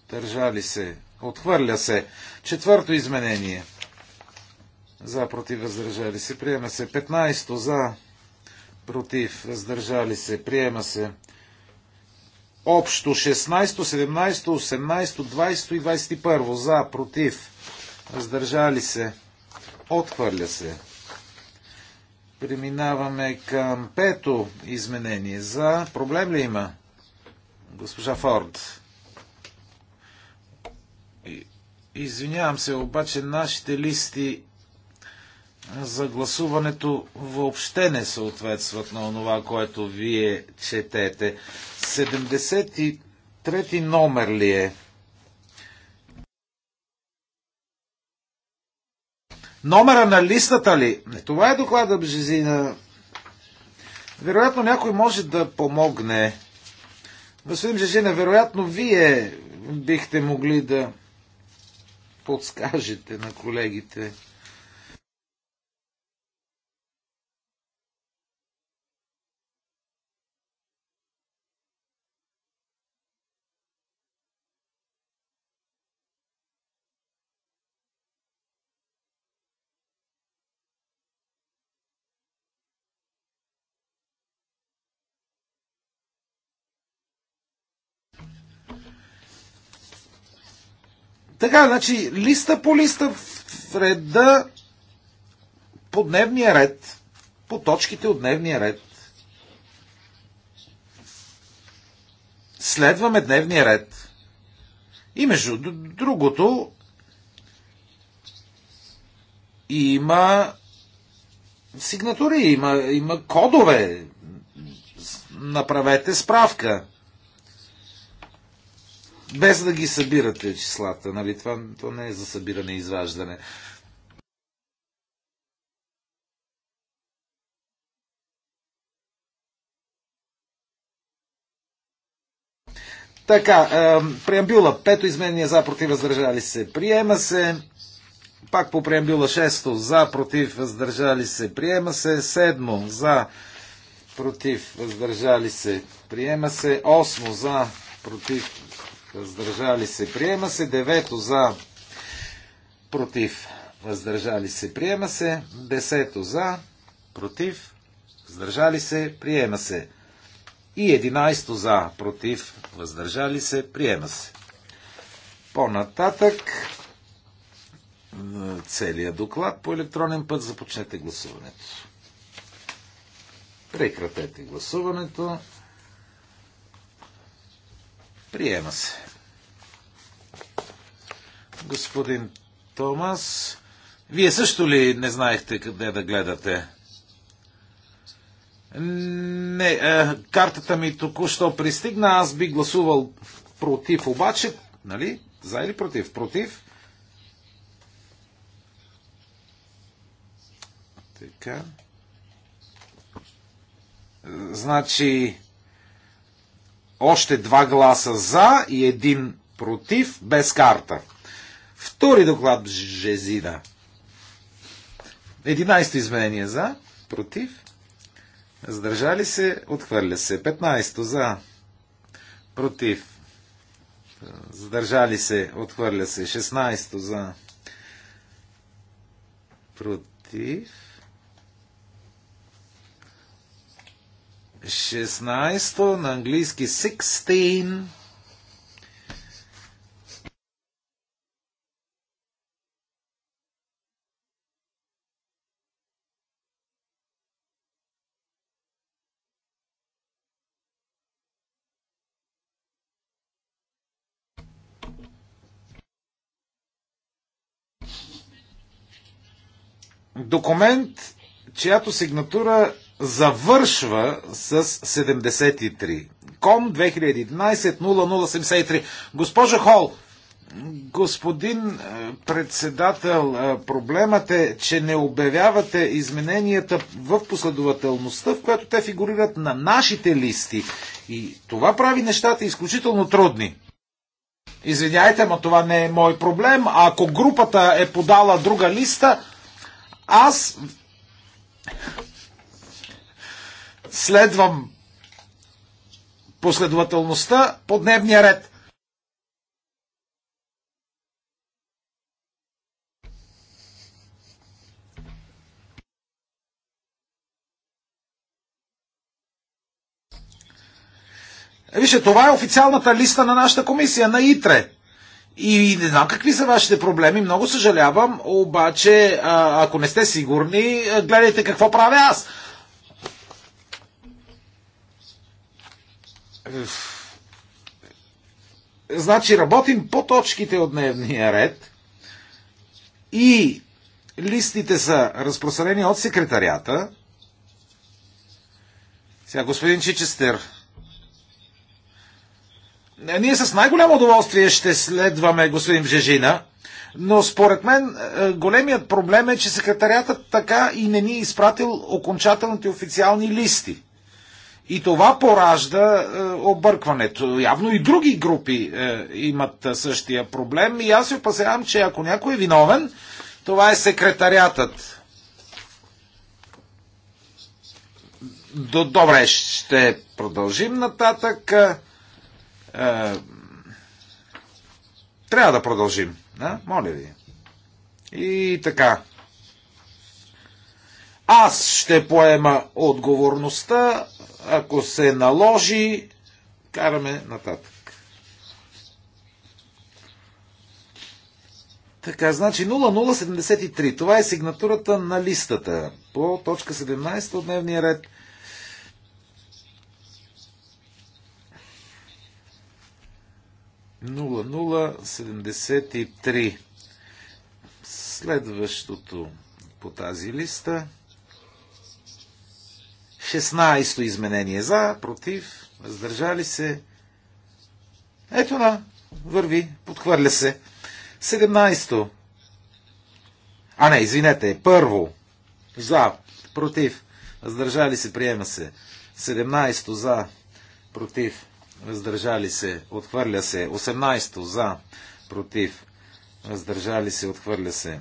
Speaker 1: държали се, отхвърля се. Четвърто изменение. За, против, въздържали се. Приема се 15 за, против, въздържали се, приема се. Общо 16, 17, 18, 20 и 21. За, против, въздържали се, отхвърля се. Преминаваме към пето изменение. За проблем ли има? Госпожа Форд. Извинявам се, обаче нашите листи за гласуването въобще не съответстват на това, което вие четете. 73 ти номер ли е? Номера на листата ли? Това е доклада Бжезина. Вероятно някой може да помогне. Господин Бжезина, вероятно вие бихте могли да подскажете на колегите. Така, значи, листа по листа в реда по дневния ред, по точките от дневния ред. Следваме дневния ред. И между другото, има сигнатури, има, има кодове. Направете справка без да ги събирате числата, нали? Това, то не е за събиране и изваждане. Така, э, преамбюла пето изменение за против въздържали се. Приема се. Пак по преамбюла 6 за против въздържали се. Приема се. 7 за против въздържали се. Приема се. 8 за против въздържали се, приема се. Девето за, против, въздържали се, приема се. Десето за, против, въздържали се, приема се. И единайсто за, против, въздържали се, приема се. По-нататък целият доклад по електронен път започнете гласуването. Прекратете гласуването. Приема се. Господин Томас, вие също ли не знаехте къде да гледате? Не, е, картата ми току-що пристигна, аз би гласувал против, обаче, нали? За или против? Против. Така. Значи, още два гласа за и един против, без карта. Втори доклад Жезида. 11 изменение за, против, Задържали се, отхвърля се. 15 за. Против. Задържали се, отхвърля се. 16 за. Против. 16 на английски 16. Документ, чиято сигнатура завършва с 73. Ком 2011-0073. Госпожа Хол, господин е, председател, е, проблемът е, че не обявявате измененията в последователността, в която те фигурират на нашите листи. И това прави нещата изключително трудни. Извиняйте, но това не е мой проблем. А ако групата е подала друга листа, аз следвам последователността по дневния ред. Вижте, това е официалната листа на нашата комисия, на ИТРЕ. И не знам какви са вашите проблеми, много съжалявам, обаче ако не сте сигурни, гледайте какво правя аз. Значи работим по точките от дневния ред и листите са разпространени от секретарията. Сега, господин Чичестер, ние с най-голямо удоволствие ще следваме господин Жежина, но според мен е, големият проблем е, че секретарията така и не ни е изпратил окончателните официални листи. И това поражда е, объркването. Явно и други групи е, имат е, същия проблем. И аз се опасявам, че ако някой е виновен, това е секретариатът. Добре, ще продължим нататък. Е, е трябва да продължим. Да? Моля ви. И така. Аз ще поема отговорността ако се наложи, караме нататък. Така, значи 0073. Това е сигнатурата на листата по точка 17 от дневния ред. Нула, нула, Следващото по тази листа 16-то изменение за, против, въздържали се. Ето на, върви, подхвърля се. 17-то. А не, извинете, първо. За, против, въздържали се, приема се. 17-то за, против, въздържали се, отхвърля се. 18-то за, против, въздържали се, отхвърля се.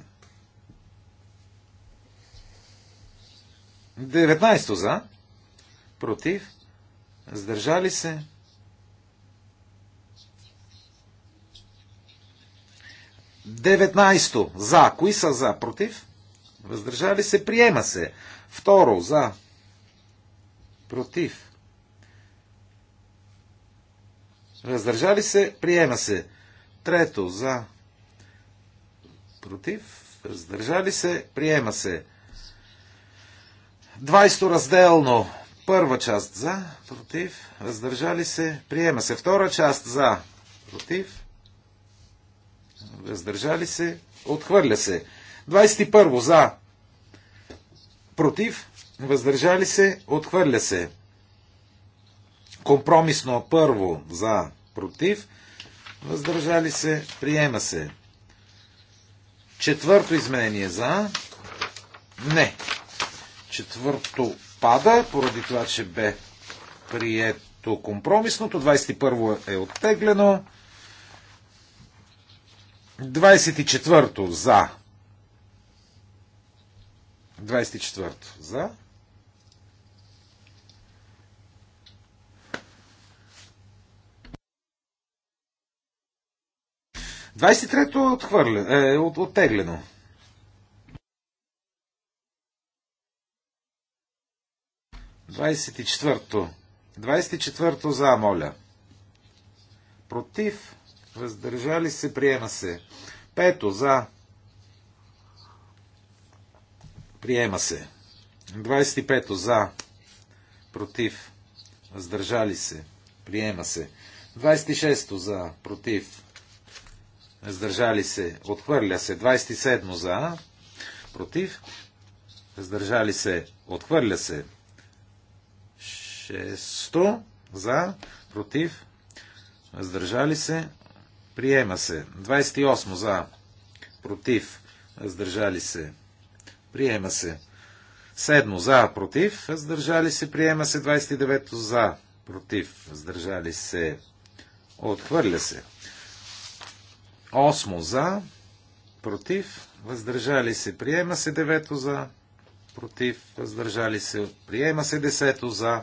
Speaker 1: 19 за, против, сдържали се. Деветнайсто. За. Кои са за? Против? Въздържали се. Приема се. Второ. За. Против. Въздържали се. Приема се. Трето. За. Против. Въздържали се. Приема се. 20 разделно Първа част за, против, въздържали се, приема се. Втора част за, против, въздържали се, отхвърля се. 21 за, против, въздържали се, отхвърля се. Компромисно първо за, против, въздържали се, приема се. Четвърто изменение за, не. Четвърто отпада, поради това, че бе прието компромисното. 21 е оттеглено. 24 то за. 24 то за. Двадесет трето е, е оттеглено. 24-то. 24-то за, моля. Против. Въздържали се, приема се. Пето за. Приема се. 25-то за. Против. Въздържали се. Приема се. 26-то за. Против. Въздържали се. Отхвърля се. 27-то за. Против. Въздържали се. Отхвърля се. 600 за, против, въздържали се, приема се. 28 за, против, въздържали се, приема се. 7 за, против, въздържали се, приема се. 29 за, против, въздържали се, отхвърля се. 8 за, против, въздържали се, приема се. 9 за, против, въздържали се, приема се. 10 за,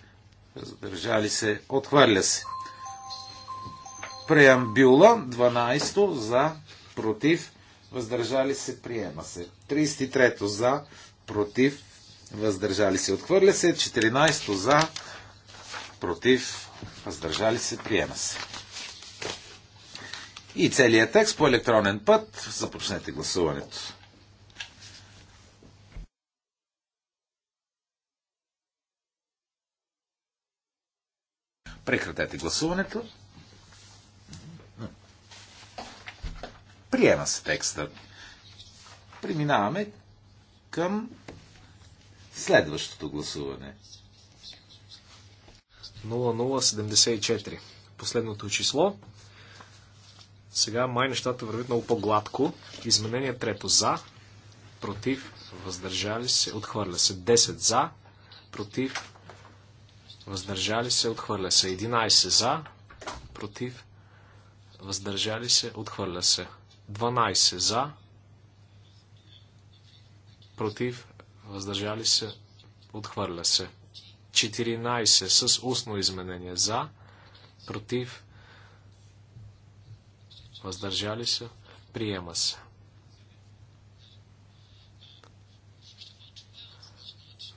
Speaker 1: Задържали се. Отхвърля се. Преамбюла 12 за против. Въздържали се. Приема се. 33 за против. Въздържали се. Отхвърля се. 14 за против. Въздържали се. Приема се. И целият текст по електронен път. Започнете гласуването. Прекратете гласуването. Приема се текста. Преминаваме към следващото гласуване.
Speaker 2: 0074. Последното число. Сега май нещата вървят много по-гладко. Изменение трето за, против, въздържали се, отхвърля се. 10 за, против, въздържали се, отхвърля се. 11 за, против, въздържали се, отхвърля се. 12 за, против, въздържали се, отхвърля се. 14 с устно изменение за, против, въздържали се, приема се.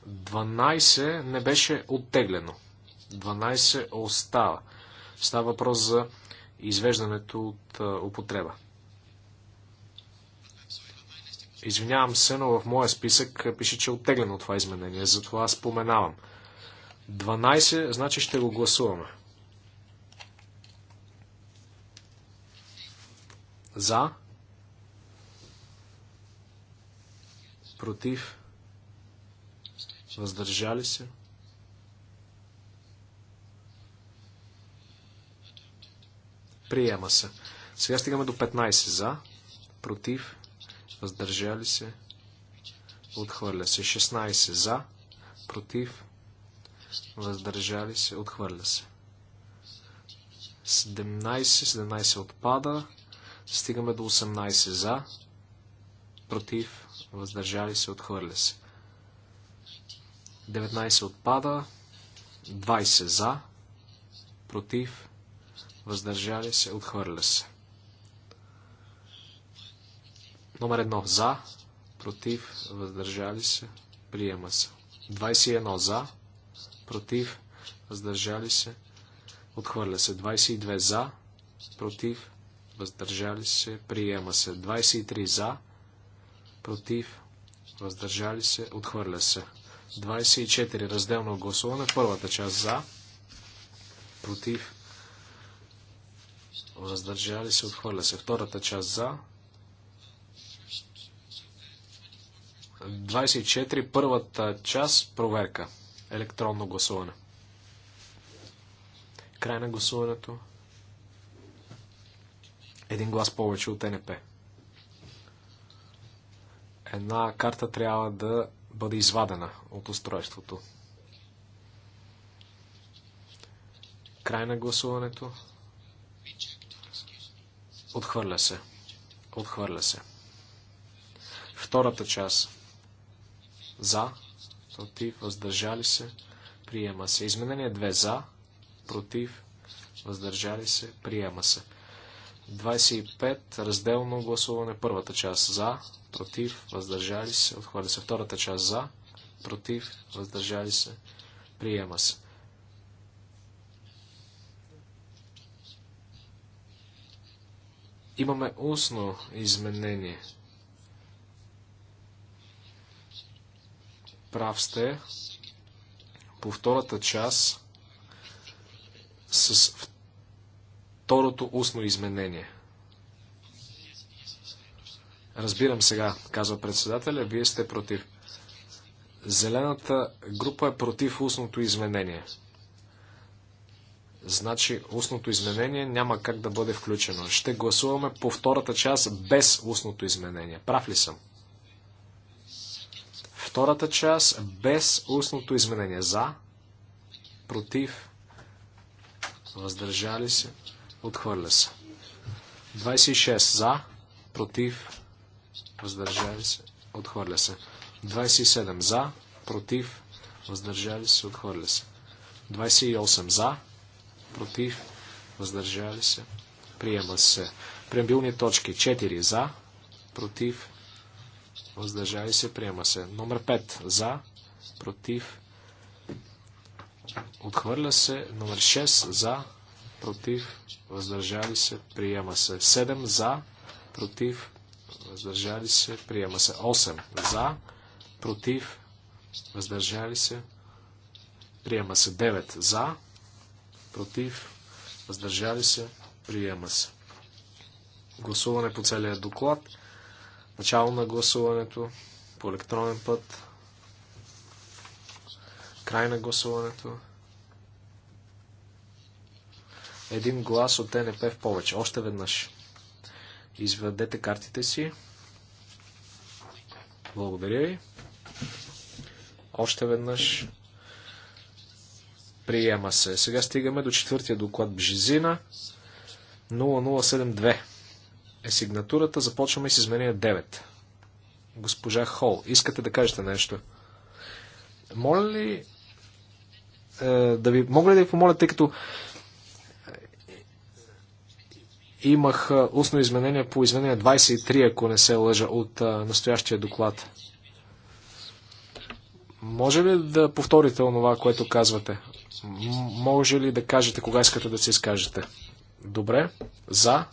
Speaker 2: 12 не беше оттеглено. 12 остава. Става въпрос за извеждането от употреба. Извинявам се, но в моя списък пише, че е оттеглено това изменение. Затова споменавам. 12, значи ще го гласуваме. За. Против въздържали се. Приема се. Сега стигаме до 15 за, против, въздържали се, отхвърля се. 16 за, против, въздържали се, отхвърля се. 17, 17 отпада, стигаме до 18 за, против, въздържали се, отхвърля се. 19 отпада. 20 за. Против. Въздържали се. Отхвърля се. Номер 1 за. Против. Въздържали се. Приема се. 21 за. Против. Въздържали се. Отхвърля се. 22 за. Против. Въздържали се. Приема се. 23 за. Против. Въздържали се. Отхвърля се. 24. Разделно гласуване. Първата част за. Против. Въздържали се. Отхвърля се. Втората част за. 24. Първата част. Проверка. Електронно гласуване. Край на гласуването. Един глас повече от НП. Една карта трябва да бъде извадена от устройството. Край на гласуването. Отхвърля се. Отхвърля се. Втората част. За, против, въздържали се, приема се. Изменение 2 за, против, въздържали се, приема се. 25. Разделно гласуване. Първата част за, против, въздържали се. Отхвърля се. Втората част за, против, въздържали се. Приема се. Имаме устно изменение. Прав сте. По втората част с второто устно изменение. Разбирам сега, казва председателя, вие сте против. Зелената група е против устното изменение. Значи устното изменение няма как да бъде включено. Ще гласуваме по втората част без устното изменение. Прав ли съм? Втората част без устното изменение. За, против, въздържали се, Отхвърля се. 26 за, против, въздържали се, отхвърля се. 27 за, против, въздържали се, отхвърля се. 28 за, против, въздържали се, приема се. Преамбилни точки 4 за, против, въздържали се, приема се. Номер 5 за, против, отхвърля се. Номер 6 за, против, въздържали се, приема се. 7 за, против, въздържали се, приема се. 8 за, против, въздържали се, приема се. 9 за, против, въздържали се, приема се. Гласуване по целия доклад. Начало на гласуването по електронен път. Край на гласуването. Един глас от ДНП в повече. Още веднъж. Изведете картите си. Благодаря ви. Още веднъж. Приема се. Сега стигаме до четвъртия доклад Бжизина. 0072 е сигнатурата. Започваме с изменение 9. Госпожа Хол, искате да кажете нещо? Моля ли е, да ви... Мога ли да ви помоля, тъй като имах устно изменение по изменение 23, ако не се лъжа, от настоящия доклад. Може ли да повторите онова, което казвате? Може ли да кажете кога искате да се изкажете? Добре. За,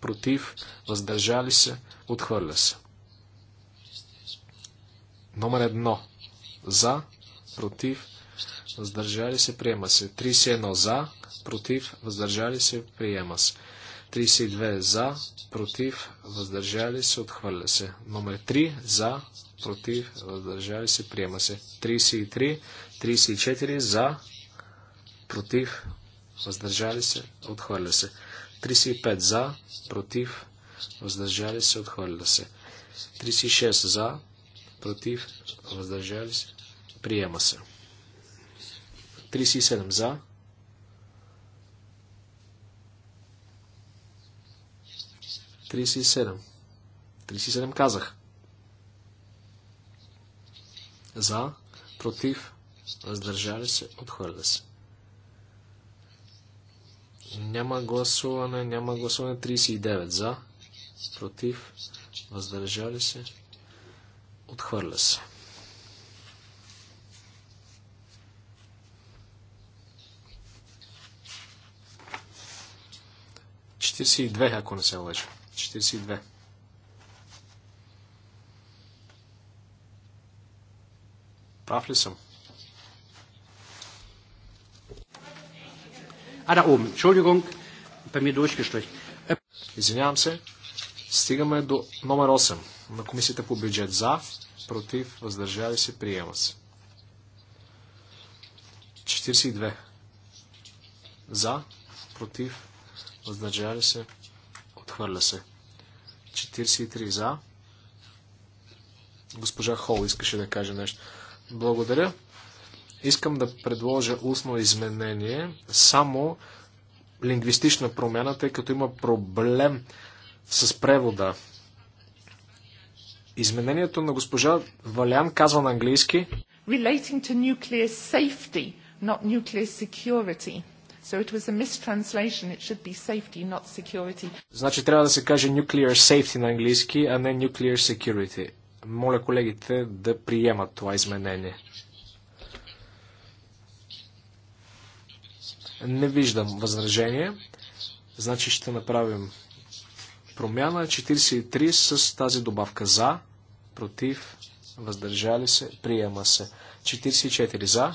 Speaker 2: против, въздържали се, отхвърля се. Номер едно. За, против, въздържали се, приема се. 31 за, против, въздържали се, приема се. 32 за, против, въздържали се, отхвърля се. Номер 3 за, против, въздържали се, приема се. 33, 34 за, против, въздържали се, отхвърля се. 35 за, против, въздържали се, отхвърля се. 36 за, против, въздържали се, приема се. 37 за, 37. 37 казах. За, против, въздържали се, отхвърля се. Няма гласуване, няма гласуване. 39 за, против, въздържали се, отхвърля се. Четиридесет и две, ако не се лъжа. 42. Прав ли съм? А, да, oben. Entschuldigung, bei що Извинявам се. Стигаме до номер 8 на комисията по бюджет за, против, въздържали се, приема се. 42. За, против, въздържали се, отхвърля се. 43 за. Госпожа Хол искаше да каже нещо. Благодаря. Искам да предложа устно изменение, само лингвистична промяна, тъй като има проблем с превода. Изменението на госпожа Валян казва на английски
Speaker 3: Relating to nuclear safety, not nuclear security. So it was a mistranslation. It should be safety, not security.
Speaker 2: Значи трябва да се каже nuclear safety на английски, а не nuclear security. Моля колегите да приемат това изменение. Не виждам възражение. Значи ще направим промяна 43 с тази добавка за, против, въздържали се, приема се. 44 за,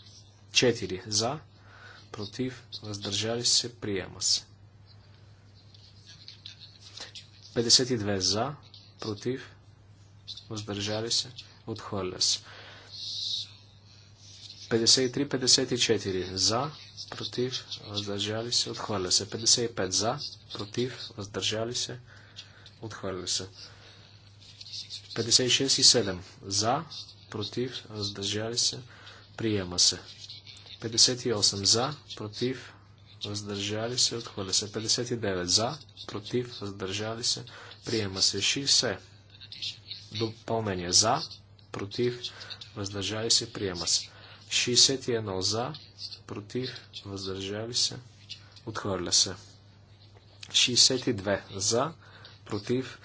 Speaker 2: 4 за, против, въздържали се, приема се. 52 за, против, въздържали се, отхвърля се. 53-54 за, против, въздържали се, отхвърля се. 55 за, против, въздържали се, отхвърля се. 56 и 7 за, против, въздържали се, приема се. 58 за, против, въздържали се, отхвърля се. 59 за, против, въздържали се, приема се. 60. Допълнение за, против, въздържали се, приема се. 61 за, против, въздържали се, отхвърля се. 62 за, против,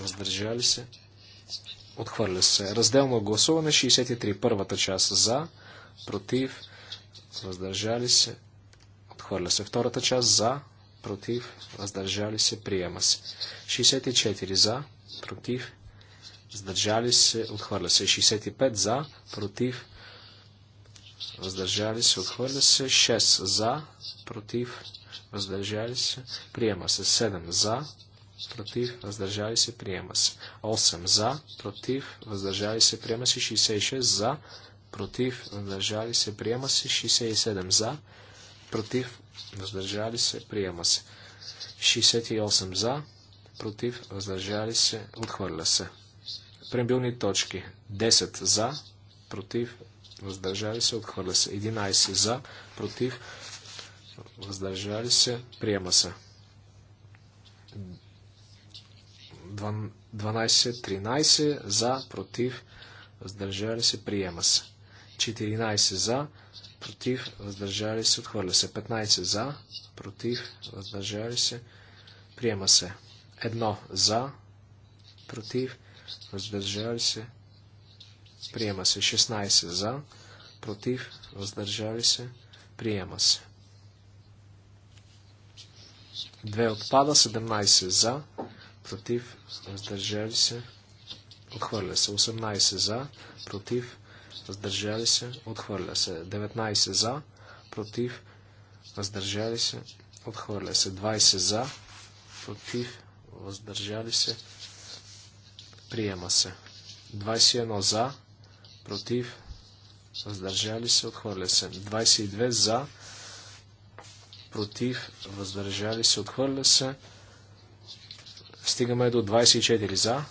Speaker 2: въздържали се, отхвърля се. Разделно гласуване 63. Първата част за, против, въздържали се, отхвърля се. Втората част за, против, въздържали се, приема се. 64 за, против, въздържали се, отхвърля се. 65 за, против, въздържали се, отхвърля се. 6 за, против, въздържали се, приема се. 7 за, против, въздържали се, приема се. 8 за, против, въздържали се, приема се. 66 за, против, въздържали се, приема се. 67 за, против, въздържали се, приема се. 68 за, против, въздържали се, отхвърля се. Прембилни точки. 10 за, против, въздържали се, отхвърля се. 11 за, против, въздържали се, приема се. 12-13 за, против, въздържали се, приема се. 14 за, против, въздържали се, отхвърля се. 15 за, против, въздържали се, приема се. 1 за, против, въздържали се, приема се. 16 за, против, въздържали се, приема се. 2 отпада, 17 за, против, въздържали се, отхвърля се. 18 за, против, въздържали се, отхвърля се. 19 за, против, въздържали се, отхвърля се. 20 за, против, въздържали се, приема се. 21 за, против, въздържали се, отхвърля се. 22 за, против, въздържали се, отхвърля се. Стигаме до 24 за,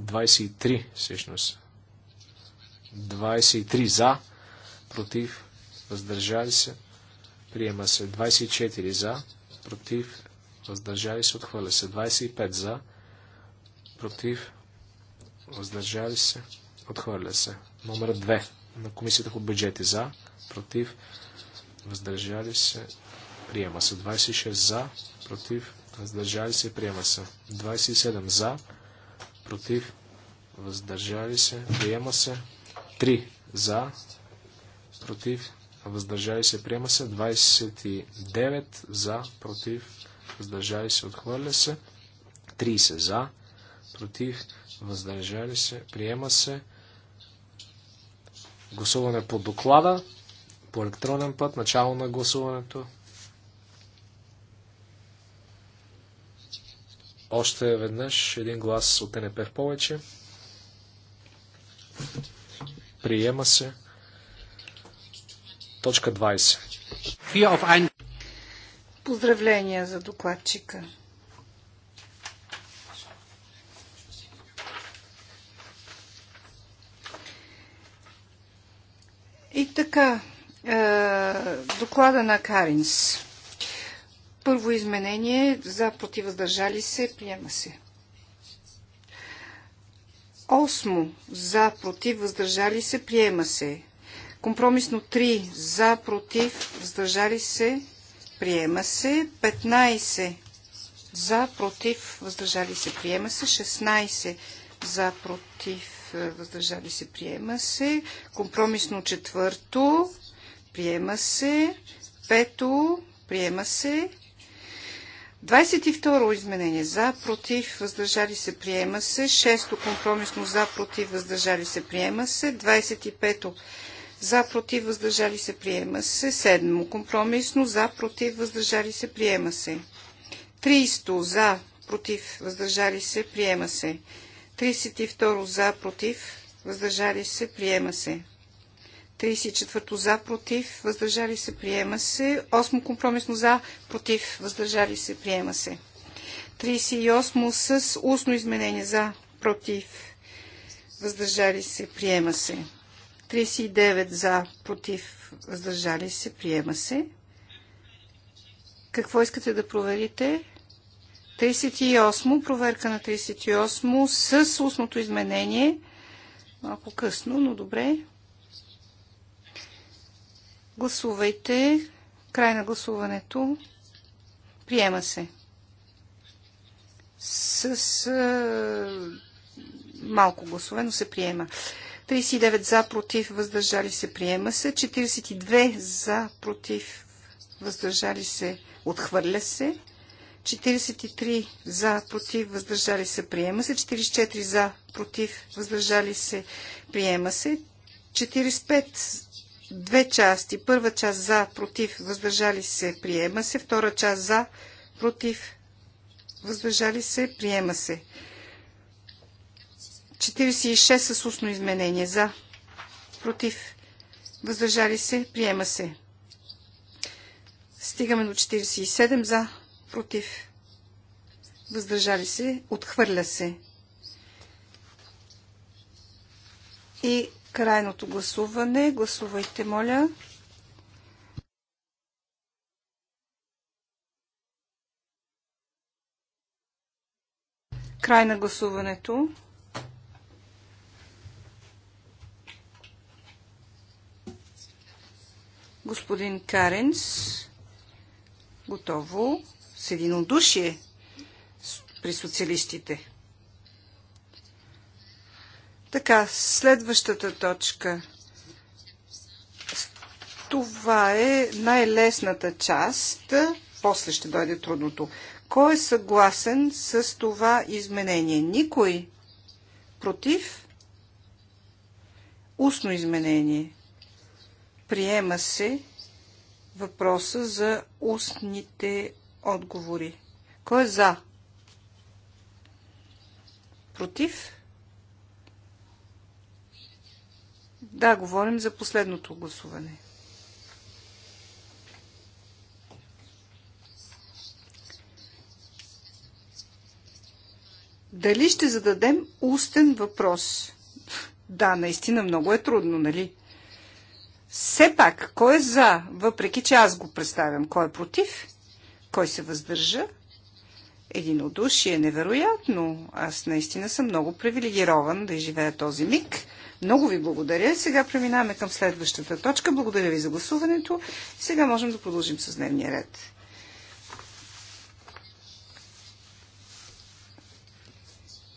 Speaker 2: 23 всъщност. 23 за, против, въздържали се, приема се. 24 за, против, въздържали се, отхвърля се. 25 за, против, въздържали се, отхвърля се. Номер 2 на комисията по бюджети за, против, въздържали се, приема се. 26 за, против, въздържали се, приема се. 27 за, против, въздържали се, приема се. 3 за, против, въздържали се, приема се. 29 за, против, въздържали се, отхвърля се. 30 за, против, въздържали се, приема се. Гласуване по доклада, по електронен път, начало на гласуването. Още веднъж един глас от НП в повече. Приема се. Точка
Speaker 3: 20. Поздравления за докладчика. И така, е, доклада на Каринс. Първо изменение за против въздържали се приема се. Осмо за против въздържали се приема се. Компромисно 3 за против въздържали се приема се. 15 за против въздържали се приема се. 16 за против въздържали се приема се. Компромисно четвърто приема се. Пето приема се. 22 изменение за, против, въздържали се, приема се. 6 компромисно за, против, въздържали се, приема се. 25 за, против, въздържали се, приема се. 7 компромисно за, против, въздържали се, приема се. 300 за, против, въздържали се, приема се. 32 за, против, въздържали се, приема се. 34 за, против, въздържали се, приема се. 8 компромисно за, против, въздържали се, приема се. 38 с устно изменение за, против, въздържали се, приема се. 39 за, против, въздържали се, приема се. Какво искате да проверите? 38, проверка на 38 с устното изменение. Малко късно, но добре. Гласувайте. Край на гласуването. Приема се. С, с малко гласове, но се приема. 39 за, против, въздържали се, приема се. 42 за, против, въздържали се, отхвърля се. 43 за, против, въздържали се, приема се. 44 за, против, въздържали се, приема се. 45 за две части. Първа част за, против, въздържали се, приема се. Втора част за, против, въздържали се, приема се. 46 с устно изменение за, против, въздържали се, приема се. Стигаме до 47 за, против, въздържали се, отхвърля се. И Крайното гласуване. Гласувайте, моля. Край на гласуването. Господин Каренс, готово с единодушие при социалистите. Така, следващата точка. Това е най-лесната част. После ще дойде трудното. Кой е съгласен с това изменение? Никой? Против? Устно изменение. Приема се въпроса за устните отговори. Кой е за? Против? Да, говорим за последното гласуване. Дали ще зададем устен въпрос? Да, наистина много е трудно, нали? Все пак, кой е за, въпреки че аз го представям, кой е против, кой се въздържа? Единодушие е невероятно. Аз наистина съм много привилегирован да живея този миг – много ви благодаря. Сега преминаваме към следващата точка. Благодаря ви за гласуването. Сега можем да продължим с дневния ред.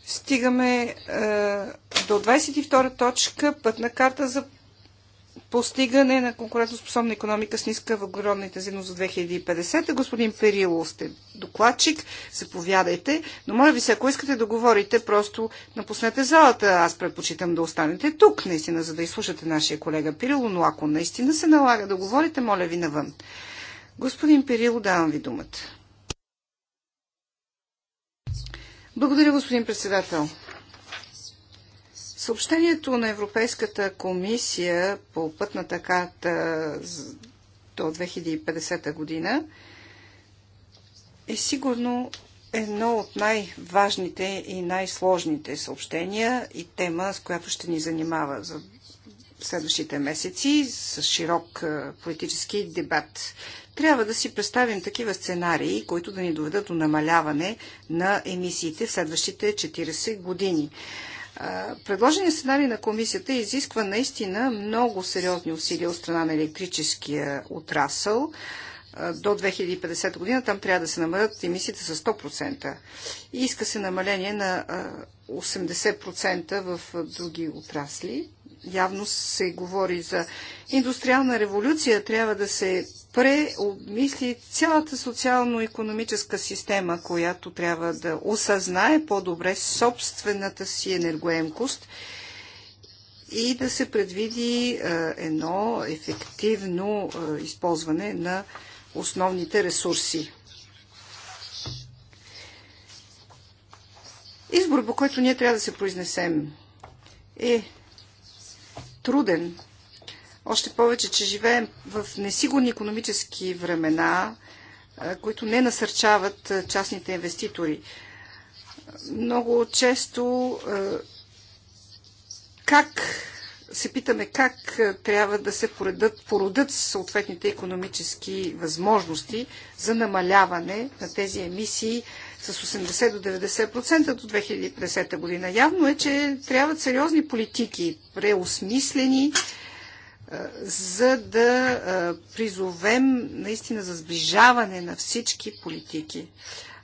Speaker 3: Стигаме е, до 22 точка пътна карта за постигане на конкурентоспособна економика с ниска въглеродна интензивност за 2050. Господин Перилов сте докладчик, заповядайте, но моля ви се, ако искате да говорите, просто напуснете залата. Аз предпочитам да останете тук, наистина, за да изслушате нашия колега Пирило, но ако наистина се налага да говорите, моля ви навън. Господин Перило, давам ви думата. Благодаря, господин председател. Съобщението на Европейската комисия по пътната карта до 2050 година е сигурно едно от най-важните и най-сложните съобщения и тема, с която ще ни занимава за следващите месеци с широк политически дебат. Трябва да си представим такива сценарии, които да ни доведат до намаляване на емисиите в следващите 40 години. Предложения сценарий на комисията изисква наистина много сериозни усилия от страна на електрическия отрасъл. До 2050 година там трябва да се намалят емисиите с 100%. И иска се намаление на 80% в други отрасли. Явно се говори за индустриална революция. Трябва да се преобмисли цялата социално-економическа система, която трябва да осъзнае по-добре собствената си енергоемкост и да се предвиди едно ефективно използване на основните ресурси. Избор, по който ние трябва да се произнесем, е труден, още повече, че живеем в несигурни економически времена, които не насърчават частните инвеститори. Много често как се питаме как трябва да се поредат, породат съответните економически възможности за намаляване на тези емисии с 80 до 90% до 2050 година. Явно е, че трябват сериозни политики, преосмислени, за да призовем наистина за сближаване на всички политики.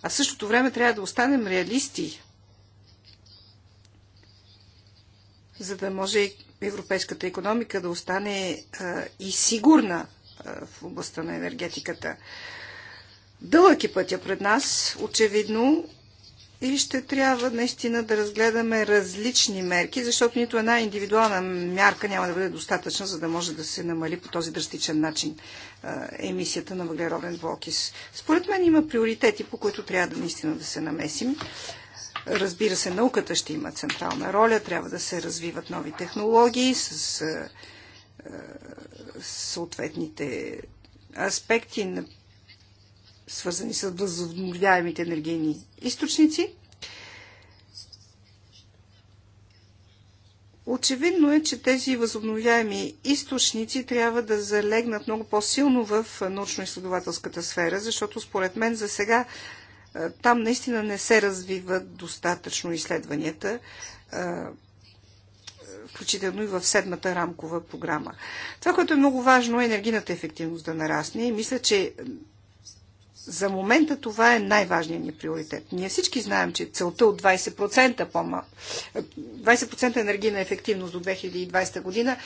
Speaker 3: А в същото време трябва да останем реалисти, за да може европейската економика да остане и сигурна в областта на енергетиката. Дълъг е пътя пред нас, очевидно, и ще трябва наистина да разгледаме различни мерки, защото нито една индивидуална мярка няма да бъде достатъчна, за да може да се намали по този драстичен начин емисията на въглероден двуокис. Според мен има приоритети, по които трябва да наистина да се намесим. Разбира се, науката ще има централна роля, трябва да се развиват нови технологии с съответните аспекти, свързани с възобновяемите енергийни източници. Очевидно е, че тези възобновяеми източници трябва да залегнат много по-силно в научно-изследователската сфера, защото според мен за сега е, там наистина не се развиват достатъчно изследванията, е, включително и в седмата рамкова програма. Това, което е много важно е енергийната ефективност да нарасне и мисля, че за момента това е най-важният ни приоритет. Ние всички знаем, че целта от 20%, по 20% енергийна ефективност до 2020 година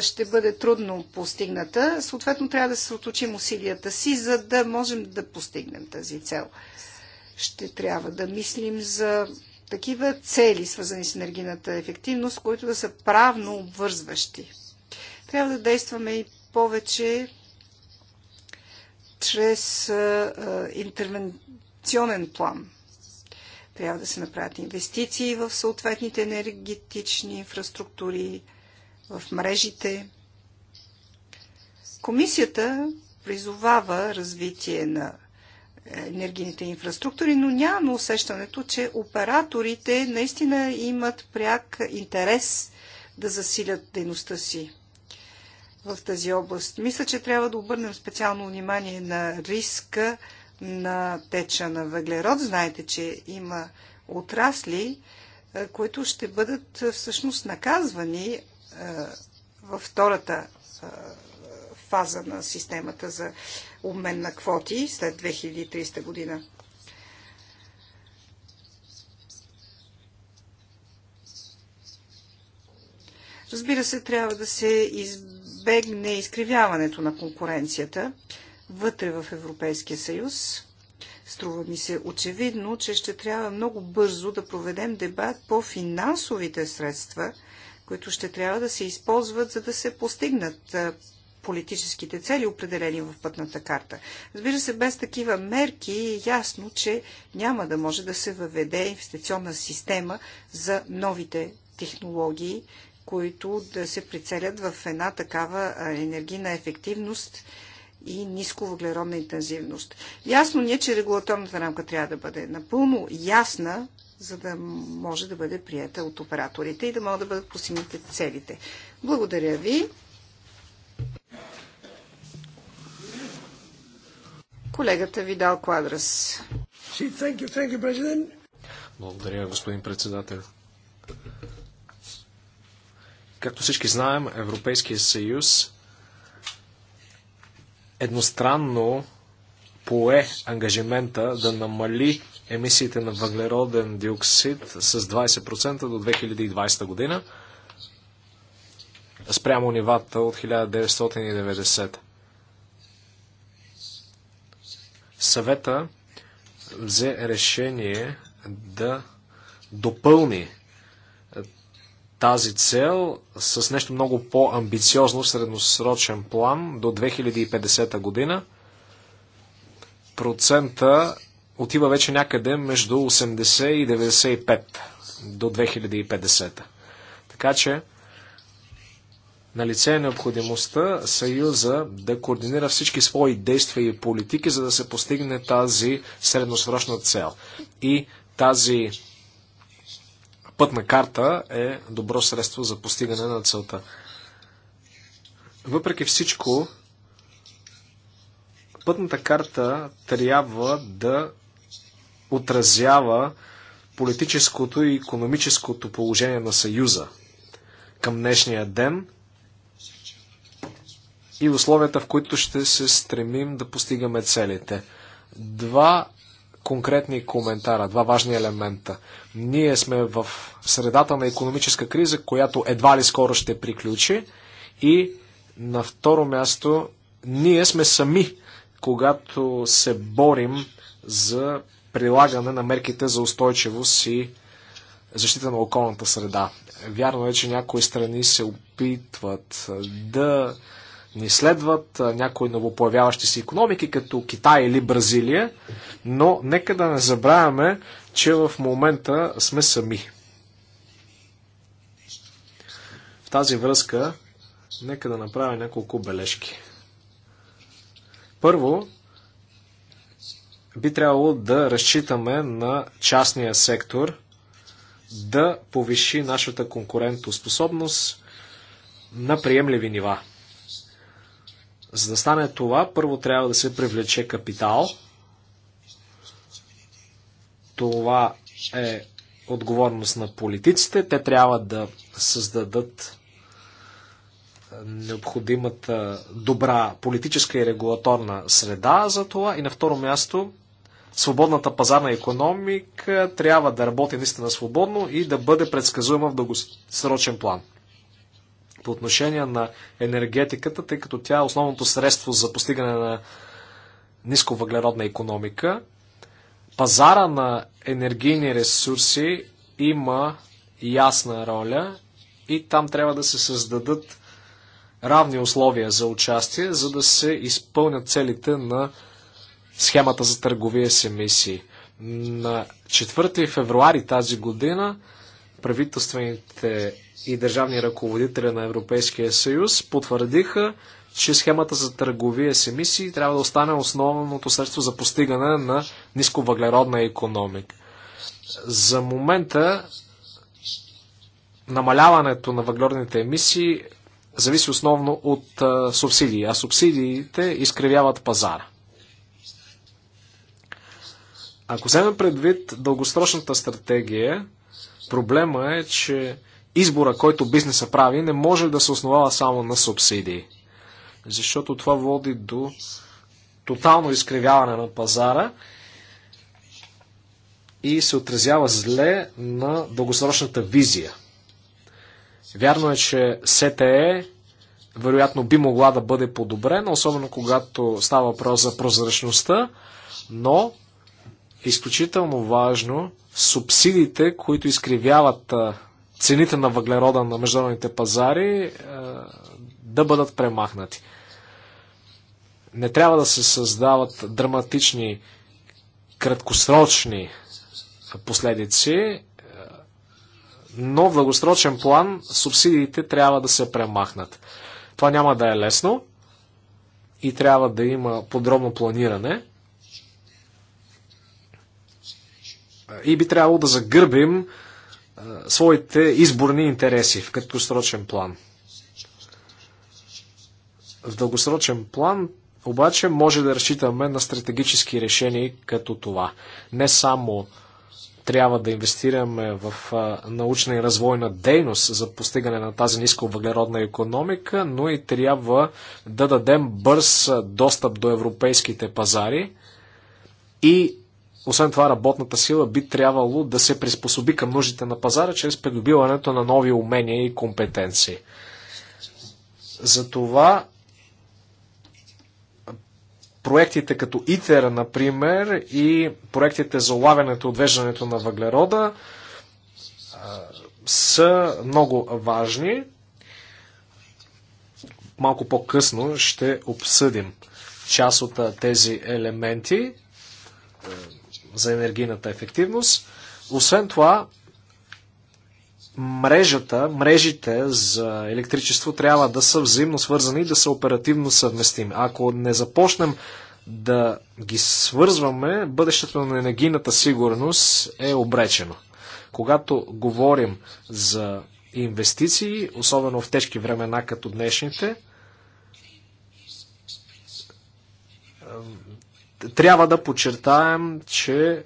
Speaker 3: ще бъде трудно постигната. Съответно, трябва да се съоточим усилията си, за да можем да постигнем тази цел. Ще трябва да мислим за такива цели, свързани с енергийната ефективност, които да са правно обвързващи. Трябва да действаме и повече чрез интервенционен план. Трябва да се направят инвестиции в съответните енергетични инфраструктури, в мрежите. Комисията призовава развитие на енергийните инфраструктури, но нямаме усещането, че операторите наистина имат пряк интерес да засилят дейността си в тази област. Мисля, че трябва да обърнем специално внимание на риска на теча на въглерод. Знаете, че има отрасли, е, които ще бъдат е, всъщност наказвани е, във втората фаза на системата за обмен на квоти след 2300 година. Разбира се, трябва да се избира избегне изкривяването на конкуренцията вътре в Европейския съюз, струва ми се очевидно, че ще трябва много бързо да проведем дебат по финансовите средства, които ще трябва да се използват, за да се постигнат политическите цели, определени в пътната карта. Разбира се, без такива мерки е ясно, че няма да може да се въведе инвестиционна система за новите технологии които да се прицелят в една такава енергийна ефективност и ниско въглеродна интензивност. Ясно ни е, че регулаторната рамка трябва да бъде напълно ясна, за да може да бъде прията от операторите и да могат да бъдат постигнати целите. Благодаря ви. Колегата Видал Квадрас.
Speaker 2: Благодаря, господин председател. Както всички знаем, Европейския съюз едностранно пое ангажимента да намали емисиите на въглероден диоксид с 20% до 2020 година спрямо нивата от 1990. Съвета взе решение да допълни тази цел с нещо много по-амбициозно в средносрочен план до 2050 година. Процента отива вече някъде между 80 и 95 до 2050. Така че на лице е необходимостта Съюза да координира всички свои действия и политики, за да се постигне тази средносрочна цел. И тази пътна карта е добро средство за постигане на целта. Въпреки всичко, пътната карта трябва да отразява политическото и економическото положение на Съюза към днешния ден и условията, в които ще се стремим да постигаме целите. Два конкретни коментара, два важни елемента. Ние сме в средата на економическа криза, която едва ли скоро ще приключи и на второ място ние сме сами, когато се борим за прилагане на мерките за устойчивост и защита на околната среда. Вярно е, че някои страни се опитват да ни следват, някои новопоявяващи се економики, като Китай или Бразилия, но нека да не забравяме, че в момента сме сами. В тази връзка, нека да направя няколко бележки. Първо, би трябвало да разчитаме на частния сектор да повиши нашата конкурентоспособност на приемливи нива. За да стане това, първо трябва да се привлече капитал. Това е отговорност на политиците. Те трябва да създадат е, необходимата добра политическа и регулаторна среда за това. И на второ място, свободната пазарна економика трябва да работи наистина свободно и да бъде предсказуема в дългосрочен план по отношение на енергетиката, тъй като тя е основното средство за постигане на ниско въглеродна економика. Пазара на енергийни ресурси има ясна роля и там трябва да се създадат равни условия за участие, за да се изпълнят целите на схемата за търговия с емисии. На 4 февруари тази година правителствените и държавни ръководители на Европейския съюз потвърдиха, че схемата за търговия с емисии трябва да остане основното средство за постигане на нисковъглеродна економика. За момента намаляването на въглеродните емисии зависи основно от а, субсидии, а субсидиите изкривяват пазара. Ако вземем предвид дългосрочната стратегия, проблема е, че избора, който бизнеса прави, не може да се основава само на субсидии. Защото това води до тотално изкривяване на пазара и се отразява зле на дългосрочната визия. Вярно е, че СТЕ вероятно би могла да бъде подобрена, особено когато става въпрос за прозрачността, но изключително важно субсидиите, които изкривяват цените на въглерода на международните пазари е, да бъдат премахнати. Не трябва да се създават драматични, краткосрочни последици, е, но в дългосрочен план субсидиите трябва да се премахнат. Това няма да е лесно и трябва да има подробно планиране. Е, и би трябвало да загърбим своите изборни интереси в краткосрочен план. В дългосрочен план обаче може да разчитаме на стратегически решения като това. Не само трябва да инвестираме в научна и развойна дейност за постигане на тази ниско въглеродна економика, но и трябва да дадем бърз достъп до европейските пазари и освен това, работната сила би трябвало да се приспособи към нуждите на пазара чрез придобиването на нови умения и компетенции. Затова проектите като ИТЕР, например, и проектите за улавянето и отвеждането на въглерода са много важни. Малко по-късно ще обсъдим част от тези елементи за енергийната ефективност. Освен това, мрежата, мрежите за електричество трябва да са взаимно свързани и да са оперативно съвместими. Ако не започнем да ги свързваме, бъдещето на енергийната сигурност е обречено. Когато говорим за инвестиции, особено в тежки времена като днешните, трябва да подчертаем, че е,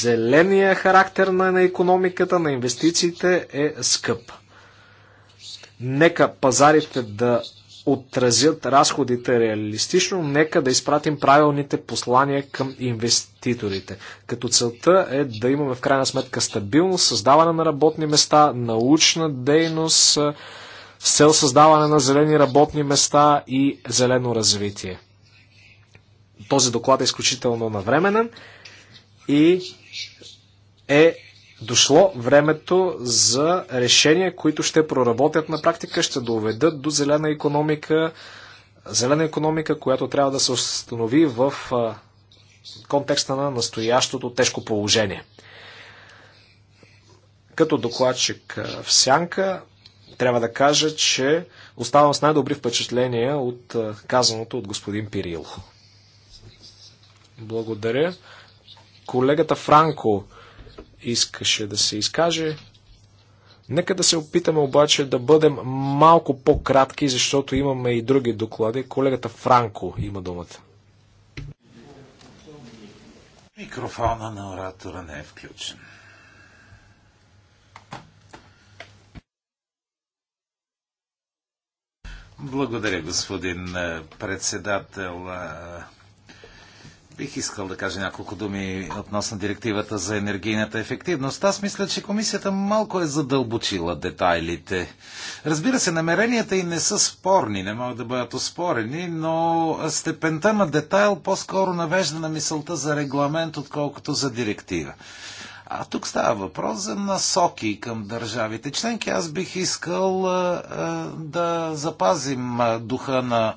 Speaker 2: зеления характер на, на економиката, на инвестициите е скъп. Нека пазарите да отразят разходите реалистично, нека да изпратим правилните послания към инвеститорите. Като целта е да имаме в крайна сметка стабилност, създаване на работни места, научна дейност, е, с цел създаване на зелени работни места и зелено развитие този доклад е изключително навременен и е дошло времето за решения, които ще проработят на практика, ще доведат до зелена економика, зелена економика, която трябва да се установи в контекста на настоящото тежко положение. Като докладчик в Сянка, трябва да кажа, че оставам с най-добри впечатления от казаното от господин Пирило. Благодаря. Колегата Франко искаше да се изкаже. Нека да се опитаме обаче да бъдем малко по-кратки, защото имаме и други доклади. Колегата Франко има думата.
Speaker 1: Микрофона на оратора не е включен. Благодаря, господин е, председател. Е, Бих искал да кажа няколко думи относно директивата за енергийната ефективност. Аз мисля, че комисията малко е задълбочила детайлите. Разбира се, намеренията и не са спорни, не могат да бъдат оспорени, но степента на детайл по-скоро навежда на мисълта за регламент, отколкото за директива. А тук става въпрос за насоки към държавите членки. Аз бих искал а, а, да запазим духа на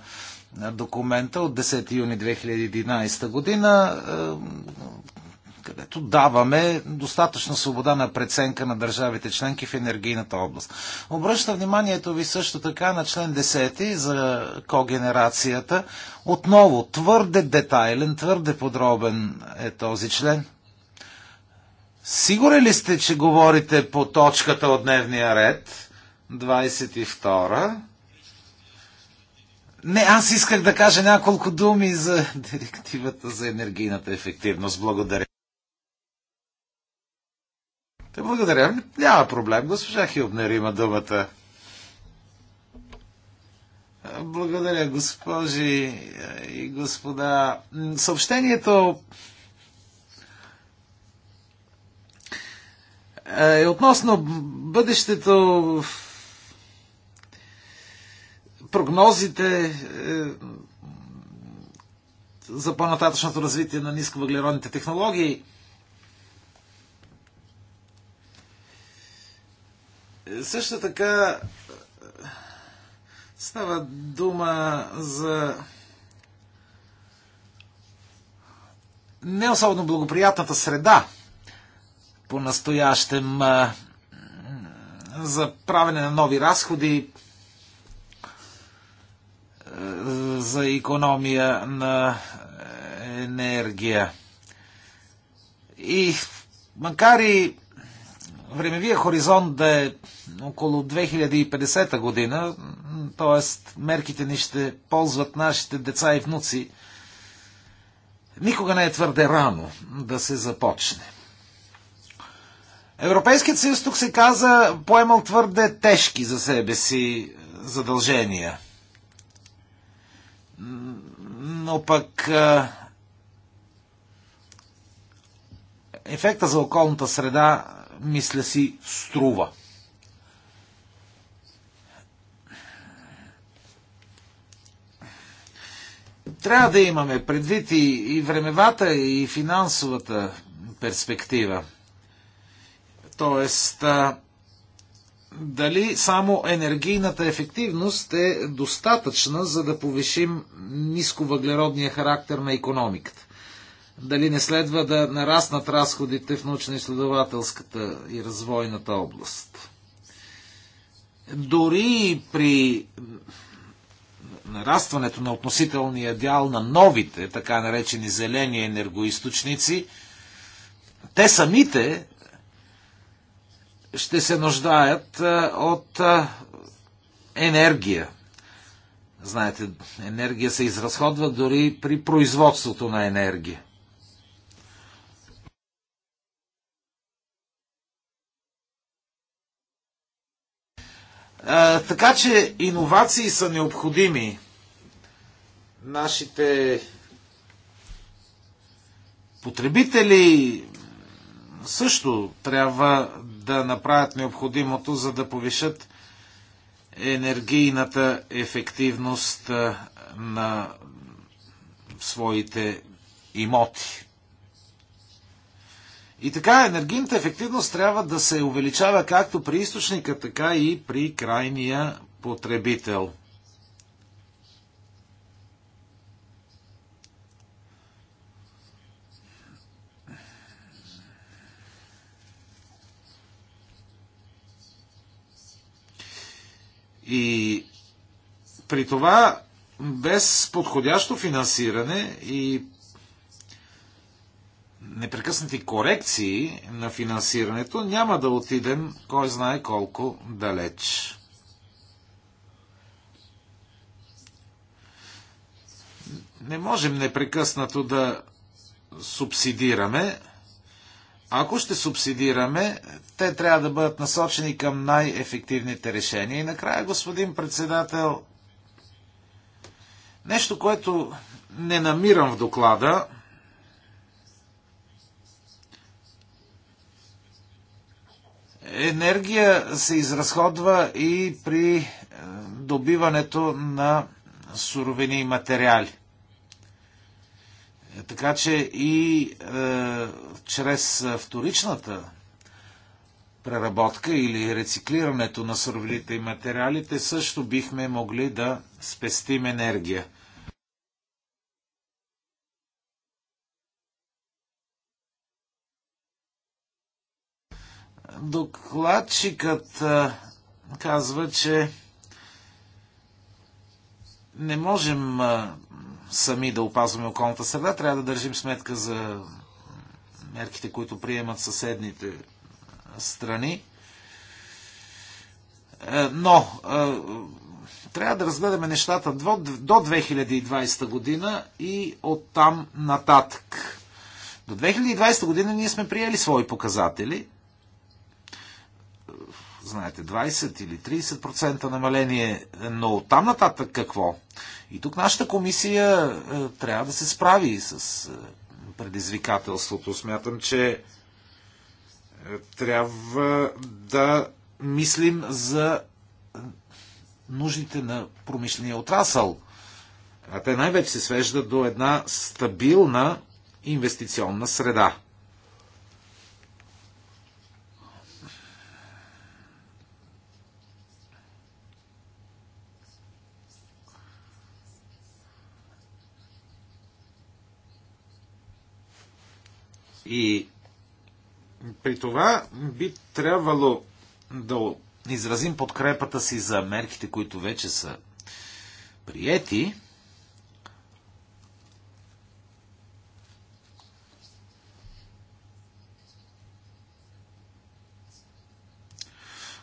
Speaker 1: документа от 10 юни 2011 година, е, където даваме достатъчно свобода на преценка на държавите членки в енергийната област. Обръща вниманието ви също така на член 10 за когенерацията. Отново, твърде детайлен, твърде подробен е този член. Сигурен ли сте, че говорите по точката от дневния ред? 22. Не, аз исках да кажа няколко думи за директивата за енергийната ефективност. Благодаря. Те благодаря. Няма проблем. Госпожа Хилбнер има думата. Благодаря, госпожи и господа. Съобщението е относно бъдещето в прогнозите е, за по-нататъчното развитие на нисковъглеродните технологии. Също така е, става дума за не особено благоприятната среда по настоящем е, за правене на нови разходи, за економия на енергия. И макар и времевия хоризонт да е около 2050 година, т.е. мерките ни ще ползват нашите деца и внуци, никога не е твърде рано да се започне. Европейският съюз тук се каза поемал твърде тежки за себе си задължения – но пък ефекта за околната среда, мисля си, струва. Трябва да имаме предвид и, и времевата, и финансовата перспектива. Тоест, дали само енергийната ефективност е достатъчна, за да повишим нисковъглеродния характер на економиката. Дали не следва да нараснат разходите в научно-изследователската и развойната област. Дори при нарастването на относителния дял на новите, така наречени зелени енергоисточници, те самите ще се нуждаят от енергия. Знаете, енергия се изразходва дори при производството на енергия. така че иновации са необходими. Нашите потребители, също трябва да направят необходимото, за да повишат енергийната ефективност на своите имоти. И така, енергийната ефективност трябва да се увеличава както при източника, така и при крайния потребител. И при това без подходящо финансиране и непрекъснати корекции на финансирането няма да отидем кой знае колко далеч. Не можем непрекъснато да субсидираме ако ще субсидираме, те трябва да бъдат насочени към най-ефективните решения. И накрая, господин председател, нещо, което не намирам в доклада, енергия се изразходва и при е, добиването на суровини и материали. Така че и е, чрез вторичната преработка или рециклирането на суровините и материалите също бихме могли да спестим енергия. Докладчикът е, казва, че не можем е, сами да опазваме околната среда, трябва да държим сметка за мерките, които приемат съседните страни. Е, но е, трябва да разгледаме нещата до 2020 година и от там нататък. До 2020 година ние сме приели свои показатели. Знаете, 20 или 30% намаление, но от там нататък какво? И тук нашата комисия е, трябва да се справи с е, предизвикателството. Смятам, че е, трябва да мислим за нуждите на промишления отрасъл. А те най-вече се свежда до една стабилна инвестиционна среда. И при това би трябвало да изразим подкрепата си за мерките, които вече са приети.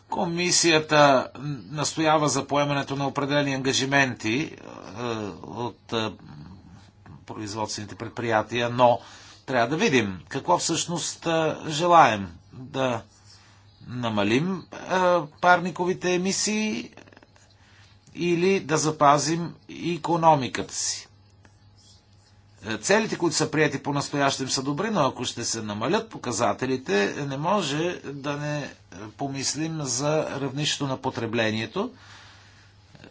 Speaker 1: Комисията настоява за поемането на определени ангажименти е, от е, производствените предприятия, но трябва да видим какво всъщност желаем да намалим парниковите емисии или да запазим економиката си. Е, целите, които са прияти по-настоящем са добри, но ако ще се намалят показателите, не може да не е, помислим за равнището на потреблението,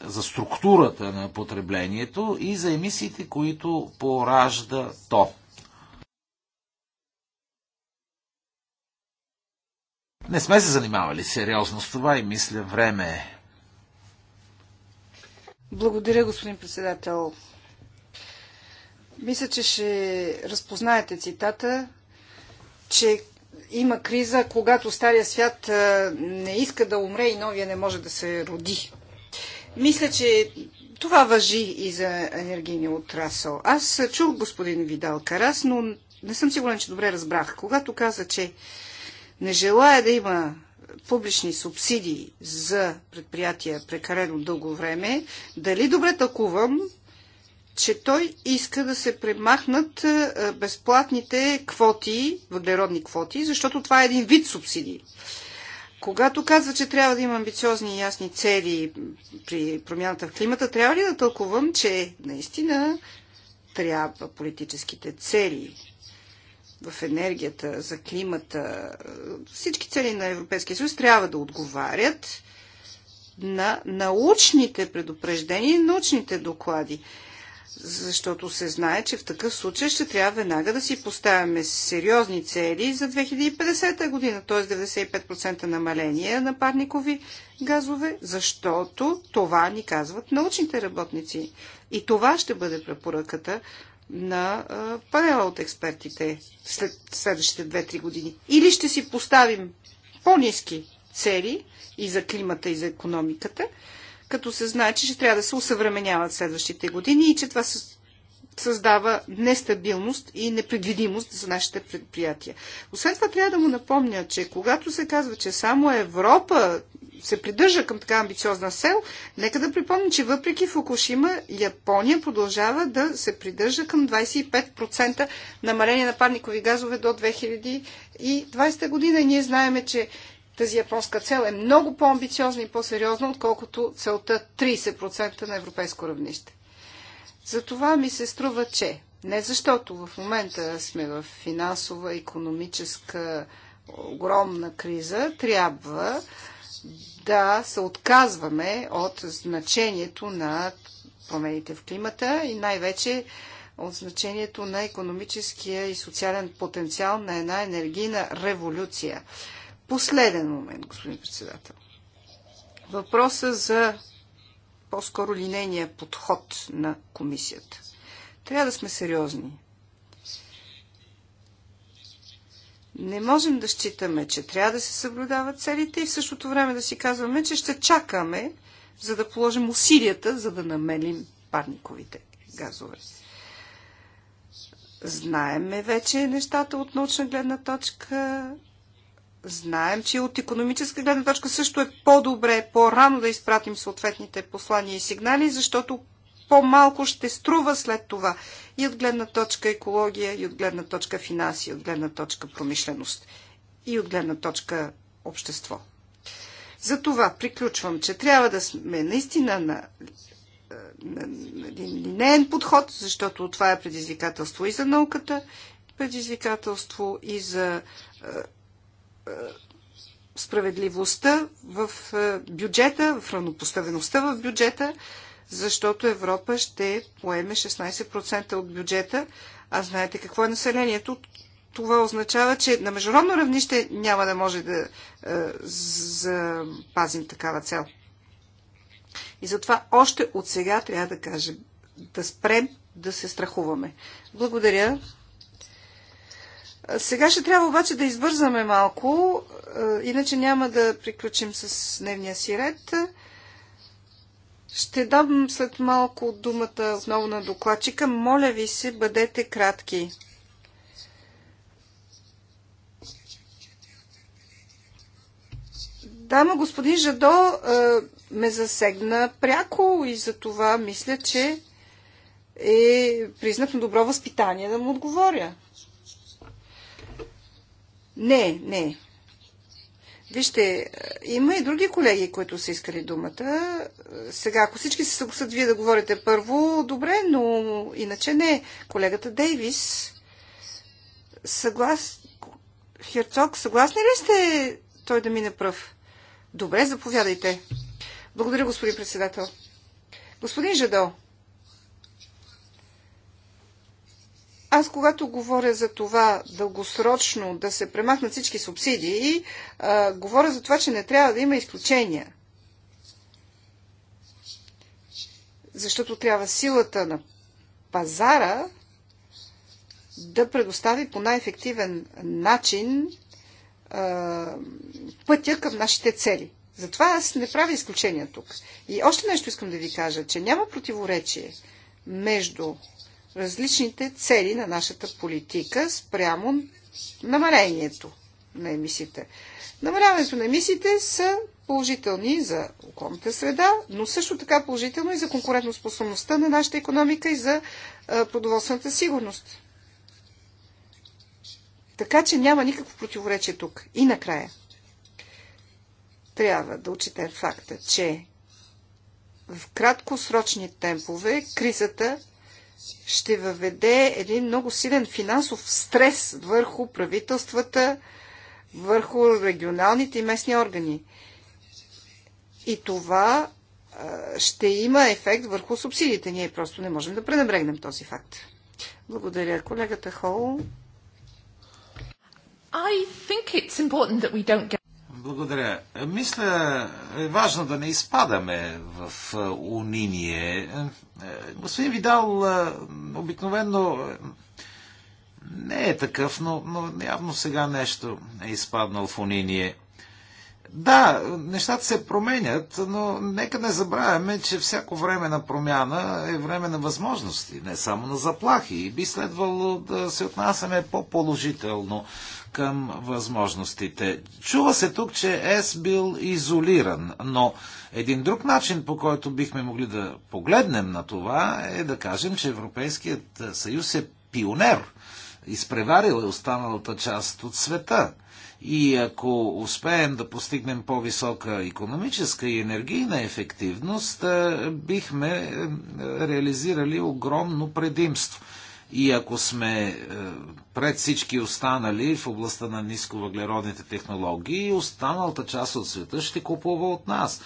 Speaker 1: за структурата на потреблението и за емисиите, които поражда то. Не сме се занимавали сериозно с това и мисля време е.
Speaker 3: Благодаря, господин председател. Мисля, че ще разпознаете цитата, че има криза, когато стария свят не иска да умре и новия не може да се роди. Мисля, че това въжи и за енергийния отрасъл. Аз чух господин Видал Карас, но не съм сигурен, че добре разбрах. Когато каза, че не желая да има публични субсидии за предприятия прекалено дълго време, дали добре тълкувам, че той иска да се премахнат е, безплатните квоти, въглеродни квоти, защото това е един вид субсидии. Когато казва, че трябва да има амбициозни и ясни цели при промяната в климата, трябва ли да тълкувам, че наистина трябва политическите цели в енергията, за климата, всички цели на Европейския съюз трябва да отговарят на научните предупреждения и научните доклади. Защото се знае, че в такъв случай ще трябва веднага да си поставяме сериозни цели за 2050 година, т.е. 95% намаление на парникови газове, защото това ни казват научните работници. И това ще бъде препоръката на панела от експертите след следващите 2-3 години. Или ще си поставим по-низки цели и за климата, и за економиката, като се знае, че ще трябва да се усъвременяват следващите години и че това създава нестабилност и непредвидимост за нашите предприятия. Освен това трябва да му напомня, че когато се казва, че само Европа се придържа към така амбициозна сел, нека да припомня, че въпреки Фукушима, Япония продължава да се придържа към 25% намаление на парникови газове до 2020 година. И ние знаеме, че тази японска цел е много по-амбициозна и по-сериозна, отколкото целта 30% на европейско равнище. Затова ми се струва, че не защото в момента сме в финансова, економическа, огромна криза, трябва да се отказваме от значението на промените в климата и най-вече от значението на економическия и социален потенциал на една енергийна революция. Последен момент, господин председател. Въпроса за по-скоро линейния подход на комисията. Трябва да сме сериозни. Не можем да считаме, че трябва да се съблюдават целите и в същото време да си казваме, че ще чакаме, за да положим усилията, за да намелим парниковите газове. Знаеме вече нещата от научна гледна точка. Знаем, че от економическа гледна точка също е по-добре, по-рано да изпратим съответните послания и сигнали, защото по-малко ще струва след това и от гледна точка екология, и от гледна точка финанси, и от гледна точка промишленост, и от гледна точка общество. Затова приключвам, че трябва да сме наистина на, на, на един линейен подход, защото това е предизвикателство и за науката, предизвикателство и за е, е, справедливостта в е, бюджета, в равнопоставеността в бюджета защото Европа ще поеме 16% от бюджета, а знаете какво е населението. Това означава, че на международно равнище няма да може да е, запазим такава цел. И затова още от сега трябва да кажем, да спрем да се страхуваме. Благодаря. Сега ще трябва обаче да избързаме малко, е, иначе няма да приключим с дневния си ред. Ще дам след малко думата отново на докладчика. Моля ви се, бъдете кратки. Дама господин Жадо е, ме засегна пряко и за това мисля, че е признак на добро възпитание да му отговоря. Не, не. Вижте, е, има и други колеги, които са искали думата. Е, сега, ако всички се съгласат вие да говорите първо, добре, но иначе не. Колегата Дейвис, съглас... Херцог, съгласни ли сте той да мине пръв? Добре, заповядайте. Благодаря, господин председател. Господин Жадо, Аз когато говоря за това дългосрочно да се премахнат всички субсидии, а, говоря за това, че не трябва да има изключения. Защото трябва силата на пазара да предостави по най-ефективен начин а, пътя към нашите цели. Затова аз не правя изключения тук. И още нещо искам да ви кажа, че няма противоречие между различните цели на нашата политика спрямо намалението на емисиите. Намаляването на емисиите са положителни за околната среда, но също така положително и за конкурентоспособността на нашата економика и за продоволствената сигурност. Така че няма никакво противоречие тук. И накрая. Трябва да отчетем факта, че в краткосрочни темпове кризата ще въведе един много силен финансов стрес върху правителствата, върху регионалните и местни органи. И това ще има ефект върху субсидиите. Ние просто не можем да пренебрегнем този факт. Благодаря, колегата Хол. I think it's important that we don't
Speaker 1: благодаря. Мисля, е важно да не изпадаме в е, униние. Е, господин Видал е, обикновено не е такъв, но, но явно сега нещо е изпаднал в униние. Да, нещата се променят, но нека не забравяме, че всяко време на промяна е време на възможности, не само на заплахи. И би следвало да се отнасяме по-положително към възможностите. Чува се тук, че ЕС бил изолиран, но един друг начин, по който бихме могли да погледнем на това, е да кажем, че Европейският съюз е пионер. Изпреварил е останалата част от света – и ако успеем да постигнем по-висока економическа и енергийна ефективност, бихме реализирали огромно предимство. И ако сме пред всички останали в областта на нисковъглеродните технологии, останалата част от света ще купува от нас.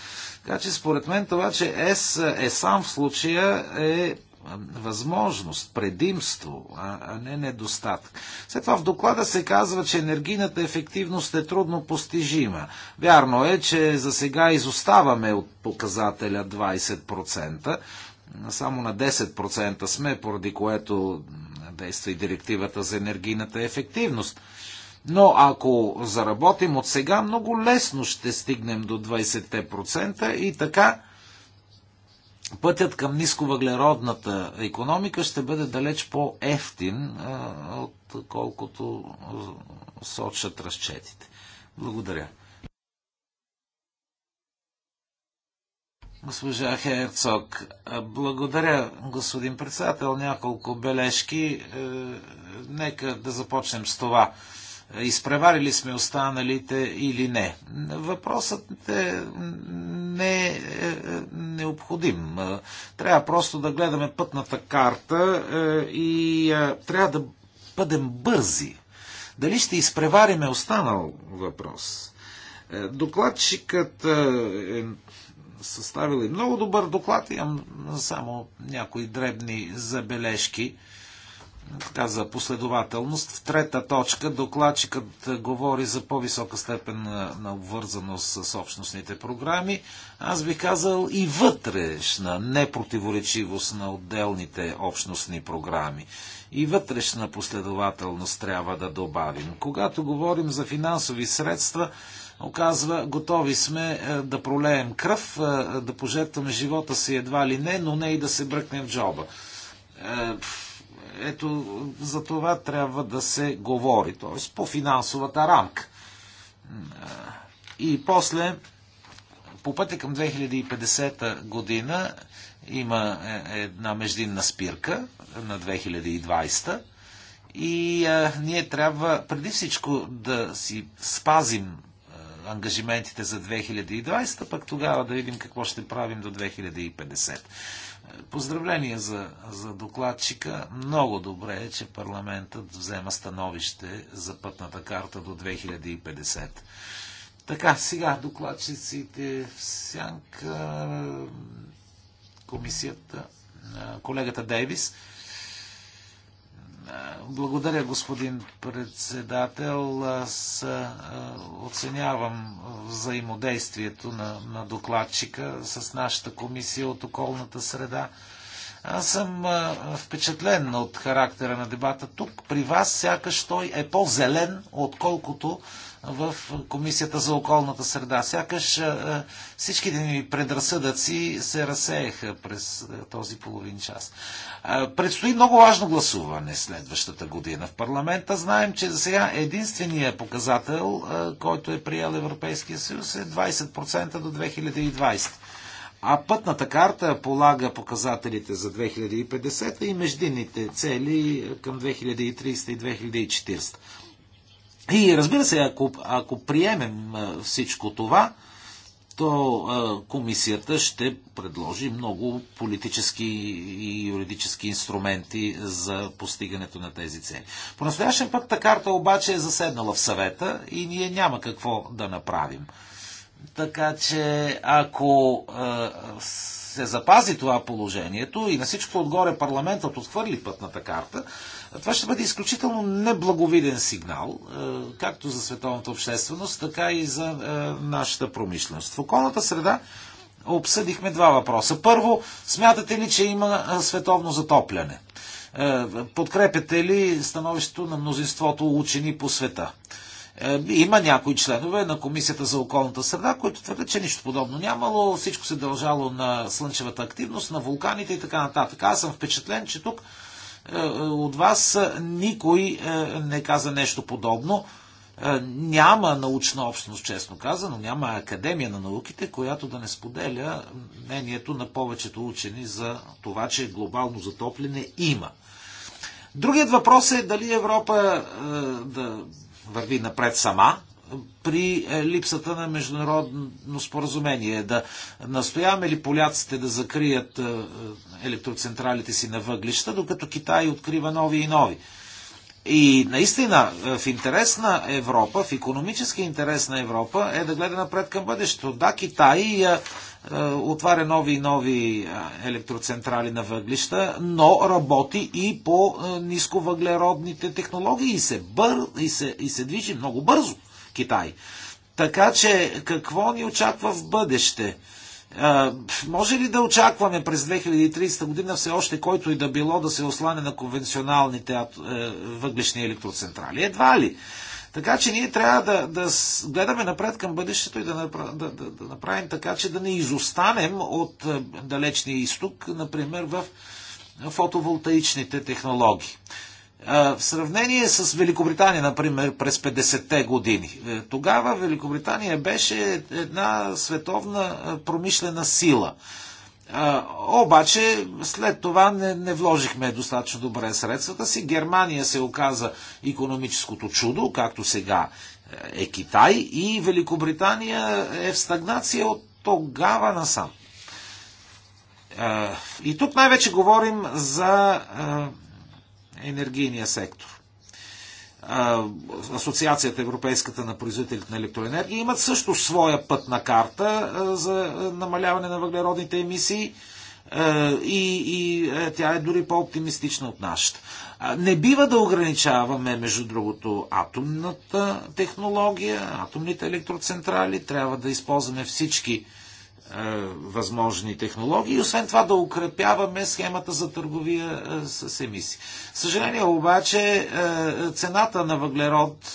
Speaker 1: Така че според мен това, че ЕС е сам в случая е възможност, предимство, а не недостатък. След това в доклада се казва, че енергийната ефективност е трудно постижима. Вярно е, че за сега изоставаме от показателя 20%, само на 10% сме, поради което действа и директивата за енергийната ефективност. Но ако заработим от сега, много лесно ще стигнем до 20% и така пътят към нисковъглеродната економика ще бъде далеч по-ефтин, отколкото сочат разчетите. Благодаря. Госпожа Херцог, благодаря, господин председател. Няколко бележки. Е, нека да започнем с това изпреварили сме останалите или не. Въпросът е не е, е, е необходим. Трябва просто да гледаме пътната карта е, и трябва да бъдем бързи. Дали ще изпревариме останал въпрос? Докладчикът е съставил и много добър доклад. Имам само някои дребни забележки така, за последователност. В трета точка докладчикът говори за по-висока степен на, на обвързаност с общностните програми. Аз би казал и вътрешна непротиворечивост на отделните общностни програми. И вътрешна последователност трябва да добавим. Когато говорим за финансови средства, оказва, готови сме е, да пролеем кръв, е, да пожертваме живота си едва ли не, но не и да се бръкнем в джоба е, ето за това трябва да се говори, т.е. по финансовата рамка. И после, по пътя към 2050 година, има е, една междинна спирка на 2020 и а, е, ние трябва преди всичко да си спазим а, е, ангажиментите за 2020, пък тогава да видим какво ще правим до 2050. Поздравление за, за докладчика. Много добре е, че парламентът взема становище за пътната карта до 2050. Така, сега докладчиците в сянка, комисията, колегата Дейвис. Благодаря, господин председател. Аз оценявам взаимодействието на, на докладчика с нашата комисия от околната среда. Аз съм впечатлен от характера на дебата тук. При вас сякаш той е по-зелен, отколкото в Комисията за околната среда. Сякаш всичките ни предразсъдъци се разсеяха през този половин час. Предстои много важно гласуване следващата година в парламента. Знаем, че за сега единствения показател, който е приел Европейския съюз е 20% до 2020. А пътната карта полага показателите за 2050 и междинните цели към 2300 и 2400. И разбира се, ако, ако приемем всичко това, то комисията ще предложи много политически и юридически инструменти за постигането на тези цели. По настоящен път та карта обаче е заседнала в съвета и ние няма какво да направим. Така че ако се запази това положението и на всичко отгоре парламентът отхвърли пътната карта, това ще бъде изключително неблаговиден сигнал, е, както за световната общественост, така и за е, нашата промишленост. В околната среда обсъдихме два въпроса. Първо, смятате ли, че има е, световно затопляне? Подкрепяте ли становището на мнозинството учени по света? Е, има някои членове на Комисията за околната среда, които твърдят, че нищо подобно нямало, всичко се дължало на слънчевата активност, на вулканите и така нататък. Аз съм впечатлен, че тук е, от вас никой е, не каза нещо подобно. Няма научна общност, честно казано, няма академия на науките, която да не споделя мнението на повечето учени за това, че глобално затопляне има. Другият въпрос е дали Европа да върви напред сама при е, липсата на международно споразумение. Да настояваме ли поляците да закрият е, е, електроцентралите си на въглища, докато Китай открива нови и нови. И наистина в интерес на Европа, в економически интерес на Европа е да гледа напред към бъдещето. Да, Китай е, отваря нови и нови е, електроцентрали на въглища, но работи и по е, нисковъглеродните технологии и се, бър, и се, и се движи много бързо Китай. Така че какво ни очаква в бъдеще? може ли да очакваме през 2030 година все още който и да било да се ослане на конвенционалните въглешни електроцентрали? Едва ли. Така че ние трябва да, да гледаме напред към бъдещето и да, да, да, да направим така, че да не изостанем от е, далечния изток, например в е, фотоволтаичните технологии. Е, в сравнение с Великобритания, например, през 50-те години, тогава Великобритания беше една световна промишлена сила. А, обаче след това не, не вложихме достатъчно добре средствата си. Германия се оказа економическото чудо, както сега е, е Китай, и Великобритания е в стагнация от тогава насам. И тук най-вече говорим за енергийния сектор. Асоциацията Европейската на производителите на електроенергия имат също своя пътна карта за намаляване на въглеродните емисии и, и тя е дори по-оптимистична от нашата. Не бива да ограничаваме, между другото, атомната технология, атомните електроцентрали. Трябва да използваме всички е, възможни технологии. И освен това да укрепяваме схемата за търговия е, с емисии. Съжаление обаче, е, цената на въглерод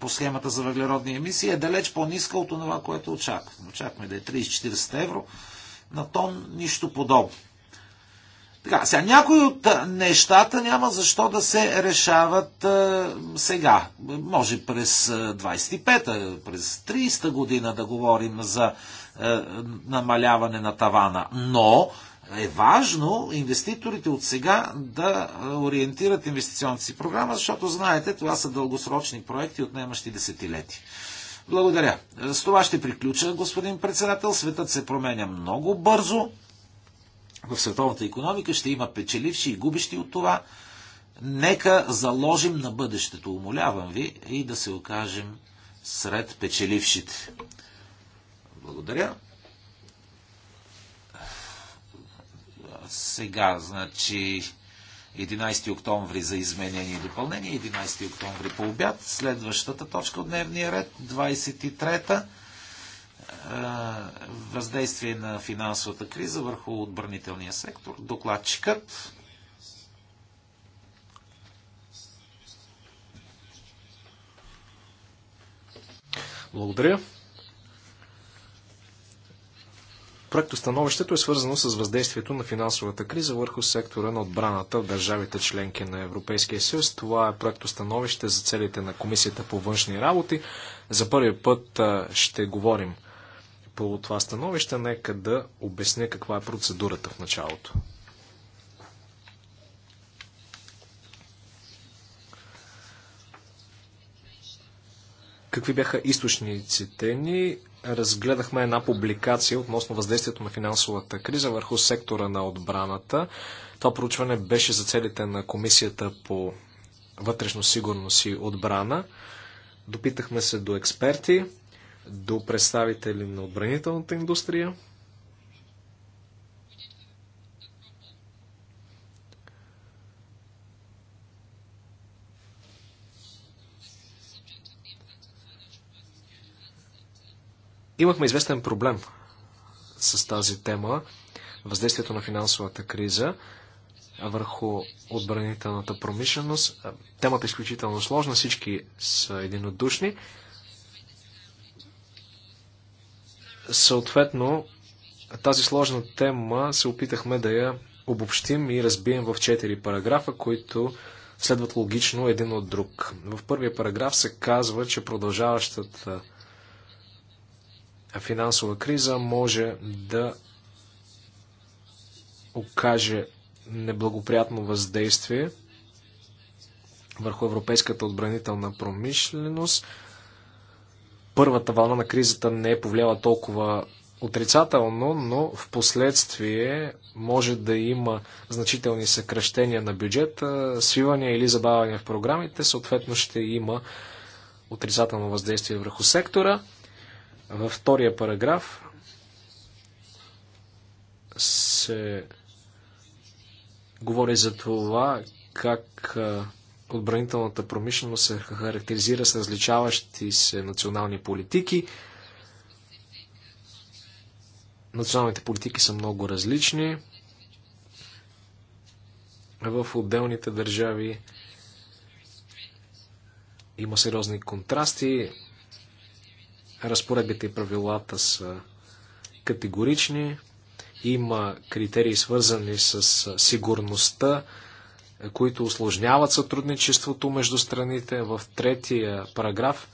Speaker 1: по схемата за въглеродни емисии е далеч по-ниска от това, което очакваме. Очакваме да е 30-40 евро на тон, нищо подобно. Така, сега някои от нещата няма защо да се решават а, сега. Може през 25-та, през 30-та година да говорим за е, намаляване на тавана. Но е важно инвеститорите от сега да ориентират инвестиционната си програма, защото знаете, това са дългосрочни проекти, отнемащи десетилетия. Благодаря. С това ще приключа, господин председател. Светът се променя много бързо. В световната економика ще има печеливши и губещи от това. Нека заложим на бъдещето, умолявам ви, и да се окажем сред печелившите. Благодаря. Сега, значи, 11 октомври за изменение и допълнение, 11 октомври по обяд, следващата точка от дневния ред, 23-та, е, въздействие на финансовата криза върху отбранителния сектор, докладчикът.
Speaker 2: Благодаря. Проектостановището е свързано с въздействието на финансовата криза върху сектора на отбраната в държавите членки на Европейския съюз. Това е проектостановище за целите на Комисията по външни работи. За първи път ще говорим по това становище. Нека да обясня каква е процедурата в началото. Какви бяха източниците ни? разгледахме една публикация относно въздействието на финансовата криза върху сектора на отбраната. Това проучване беше за целите на Комисията по вътрешно сигурност и отбрана. Допитахме се до експерти, до представители на отбранителната индустрия, Имахме известен проблем с тази тема, въздействието на финансовата криза върху отбранителната промишленост. Темата е изключително сложна, всички са единодушни. Съответно, тази сложна тема се опитахме да я обобщим и разбием в четири параграфа, които следват логично един от друг. В първия параграф се казва, че продължаващата финансова криза може да окаже неблагоприятно въздействие върху европейската отбранителна промишленост. Първата вълна на кризата не е повлияла толкова отрицателно, но в последствие може да има значителни съкръщения на бюджета, свивания или забавяния в програмите, съответно ще има отрицателно въздействие върху сектора. Във втория параграф се говори за това как отбранителната промишленост се характеризира с различаващи се национални политики. Националните политики са много различни в отделните държави. Има сериозни контрасти. Разпоредбите и правилата са категорични. Има критерии свързани с сигурността, които осложняват сътрудничеството между страните. В третия параграф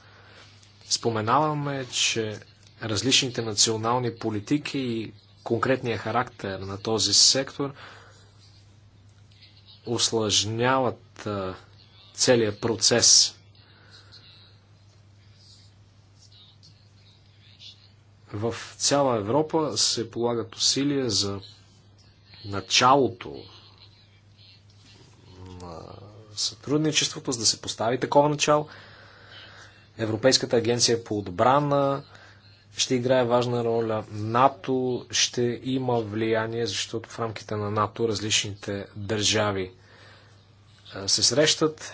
Speaker 2: споменаваме, че различните национални политики и конкретния характер на този сектор осложняват целият процес В цяла Европа се полагат усилия за началото на сътрудничеството, за да се постави такова начало. Европейската агенция по отбрана ще играе важна роля. НАТО ще има влияние, защото в рамките на НАТО различните държави се срещат.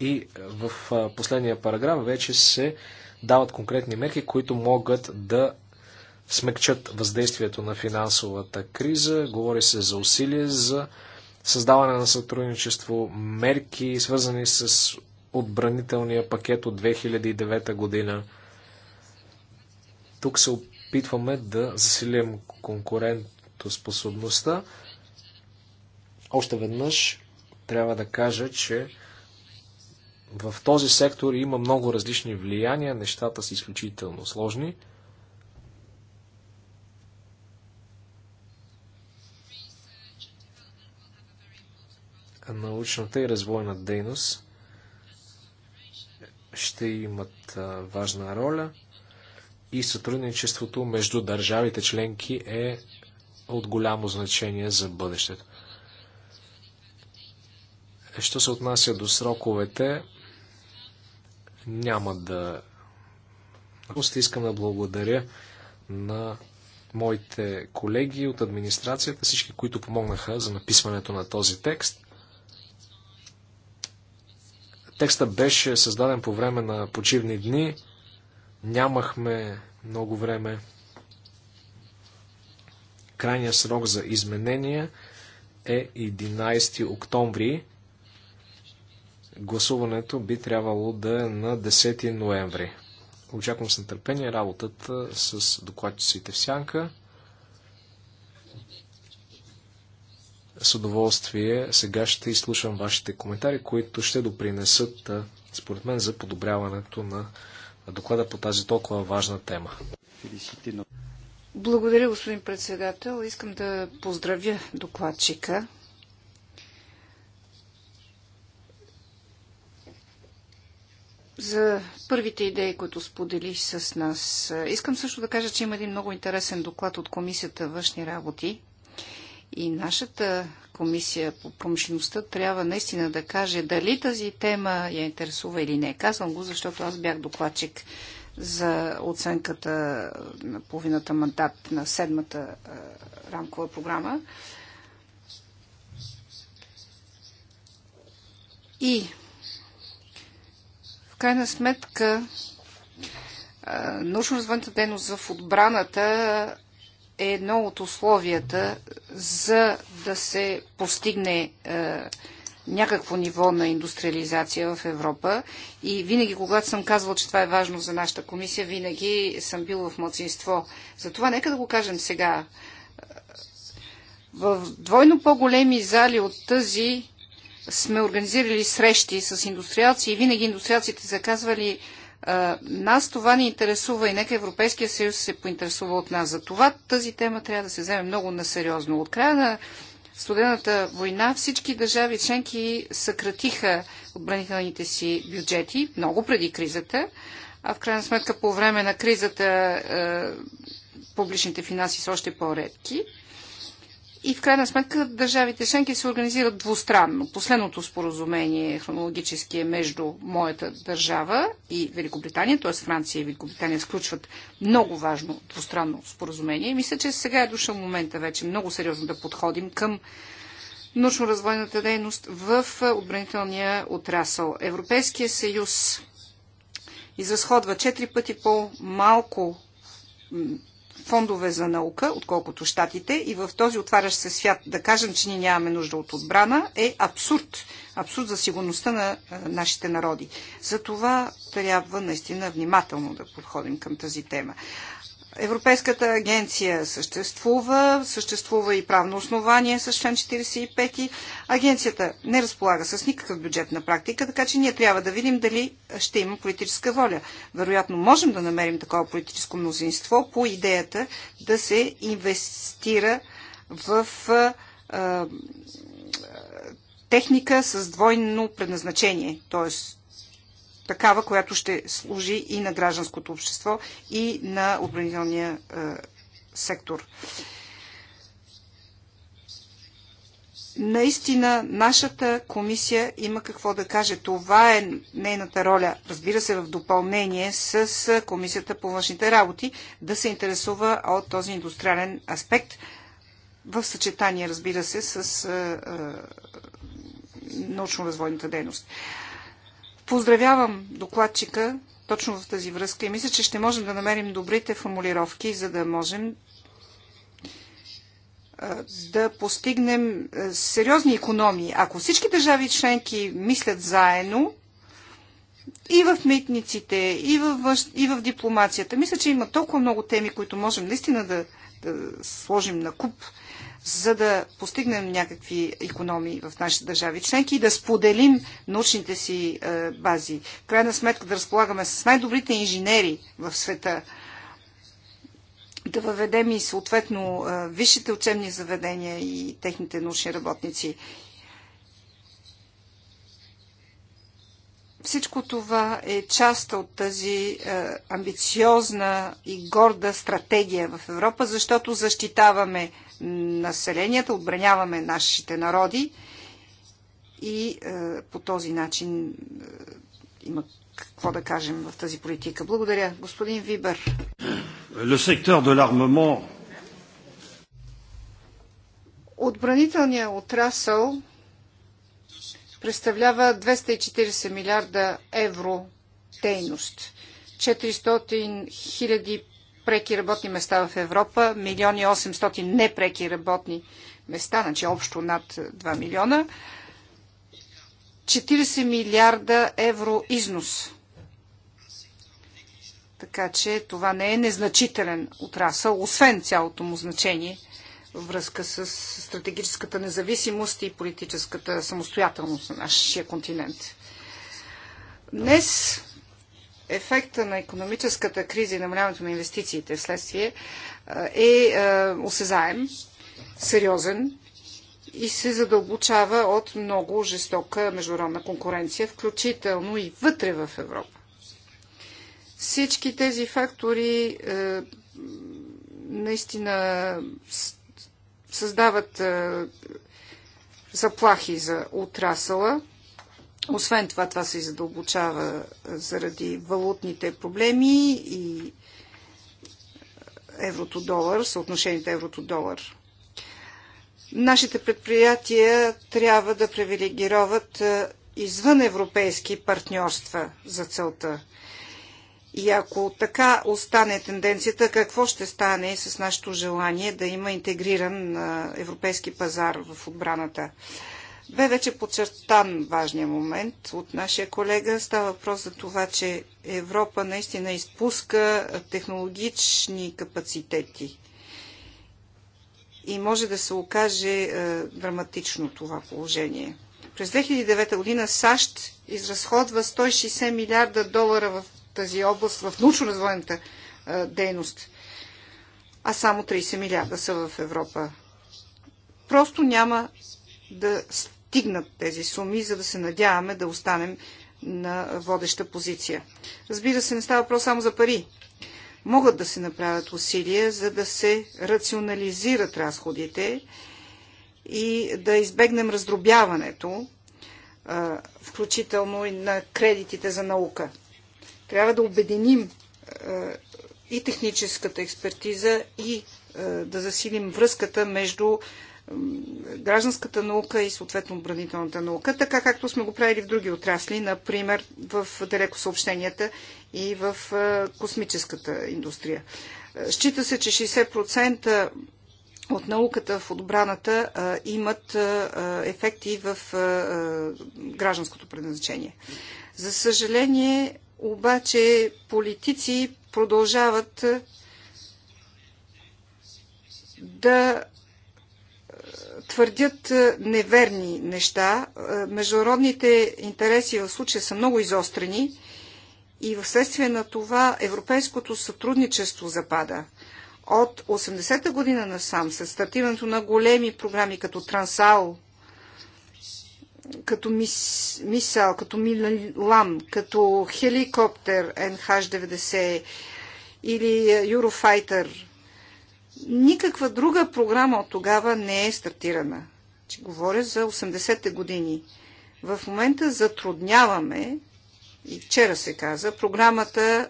Speaker 2: И в последния параграф вече се дават конкретни мерки, които могат да смекчат въздействието на финансовата криза. Говори се за усилие за създаване на сътрудничество, мерки, свързани с отбранителния пакет от 2009 година. Тук се опитваме да засилим конкурентоспособността. Още веднъж трябва да кажа, че в този сектор има много различни влияния, нещата са изключително сложни. научната и развойна дейност ще имат важна роля и сътрудничеството между държавите членки е от голямо значение за бъдещето. Що се отнася до сроковете, няма да... Просто искам да благодаря на моите колеги от администрацията, всички, които помогнаха за написването на този текст. Текста беше създаден по време на почивни дни. Нямахме много време. Крайният срок за изменения е 11 октомври Гласуването би трябвало да е на 10 ноември. Очаквам с нетърпение работата с докладчиците в Сянка. С удоволствие сега ще изслушам вашите коментари, които ще допринесат, според мен, за подобряването на доклада по тази толкова важна тема.
Speaker 3: Благодаря, господин председател. Искам да поздравя докладчика за първите идеи, които сподели с нас. Искам също да кажа, че има един много интересен доклад от Комисията външни работи. И нашата комисия по промишлеността трябва наистина да каже дали тази тема я интересува или не. Казвам го, защото аз бях докладчик за оценката на половината мандат на седмата рамкова програма. И крайна сметка научно-развойната дейност в отбраната е едно от условията за да се постигне някакво ниво на индустриализация в Европа. И винаги, когато съм казвал, че това е важно за нашата комисия, винаги съм бил в младсинство. Затова нека да го кажем сега. В двойно по-големи зали от тази сме организирали срещи с индустриалци и винаги индустриалците са казвали нас това ни интересува и нека Европейския съюз се поинтересува от нас. За това тази тема трябва да се вземе много насериозно. От края на студената война всички държави членки съкратиха отбранителните си бюджети много преди кризата, а в крайна сметка по време на кризата публичните финанси са още по-редки. И в крайна сметка държавите членки се организират двустранно. Последното споразумение е хронологически е между моята държава и Великобритания, т.е. Франция и Великобритания сключват много важно двустранно споразумение. мисля, че сега е дошъл момента вече много сериозно да подходим към научно-развойната дейност в отбранителния отрасъл. Европейския съюз изразходва четири пъти по-малко фондове за наука, отколкото щатите и в този отварящ се свят да кажем, че ние нямаме нужда от отбрана е абсурд. Абсурд за сигурността на нашите народи. За това трябва наистина внимателно да подходим към тази тема. Европейската агенция съществува, съществува и правно основание с член 45. Агенцията не разполага с никакъв бюджет на практика, така че ние трябва да видим дали ще има политическа воля. Вероятно можем да намерим такова политическо мнозинство по идеята да се инвестира в а, а, техника с двойно предназначение, т.е такава, която ще служи и на гражданското общество, и на отбранителния е, сектор. Наистина, нашата комисия има какво да каже. Това е нейната роля, разбира се, в допълнение с е, Комисията по външните работи, да се интересува от този индустриален аспект, в съчетание, разбира се, с е, е, научно-развойната дейност. Поздравявам докладчика точно в тази връзка и мисля, че ще можем да намерим добрите формулировки, за да можем да постигнем сериозни економии. Ако всички държави членки мислят заедно, и в митниците, и в, въз... и в дипломацията, мисля, че има толкова много теми, които можем наистина да, да сложим на куп за да постигнем някакви економии в нашите държави членки и да споделим научните си е, бази. В крайна сметка да разполагаме с най-добрите инженери в света, да въведем и съответно е, висшите учебни заведения и техните научни работници. Всичко това е част от тази е, амбициозна и горда стратегия в Европа, защото защитаваме населенията, отбраняваме нашите народи и е, по този начин е, има какво да кажем в тази политика. Благодаря. Господин Вибър. Le secteur de l'armement Отбранителният отрасъл представлява 240 милиарда евро дейност. 400 хиляди преки работни места в Европа, милиони 800 непреки работни места, значи общо над 2 милиона. 40 милиарда евро износ. Така че това не е незначителен отрасъл, освен цялото му значение – връзка с стратегическата независимост и политическата самостоятелност на нашия континент. Днес ефекта на економическата криза и намаляването на инвестициите вследствие е, е осезаем, сериозен и се задълбочава от много жестока международна конкуренция, включително и вътре в Европа. Всички тези фактори е, наистина създават е, заплахи за отрасъла. Освен това, това се задълбочава е, заради валутните проблеми и еврото-долар, съотношението еврото-долар. Нашите предприятия трябва да привилегироват е, извън европейски партньорства за целта. И ако така остане тенденцията, какво ще стане с нашето желание да има интегриран европейски пазар в отбраната? Бе вече подчертан важния момент от нашия колега. Става въпрос за това, че Европа наистина изпуска технологични капацитети. И може да се окаже е, драматично това положение. През 2009 година САЩ изразходва 160 милиарда долара в тази област, в научно-развойната дейност, а само 30 милиарда са в Европа. Просто няма да стигнат тези суми, за да се надяваме да останем на водеща позиция. Разбира се, не става въпрос само за пари. Могат да се направят усилия, за да се рационализират разходите и да избегнем раздробяването, включително и на кредитите за наука. Трябва да обединим и техническата експертиза, и да засилим връзката между гражданската наука и съответно отбранителната наука, така както сме го правили в други отрасли, например в далекосъобщенията и в космическата индустрия. Счита се, че 60% от науката в отбраната имат ефекти в гражданското предназначение. За съжаление, обаче политици продължават да е, твърдят е, неверни неща. Е, международните интереси в случая са много изострени и вследствие на това европейското сътрудничество запада. От 80-та година насам, с стартирането на големи програми като Трансал, като мис, мисал, като Милан, като хеликоптер NH90 или Eurofighter. Никаква друга програма от тогава не е стартирана. Че говоря за 80-те години. В момента затрудняваме, и вчера се каза, програмата е,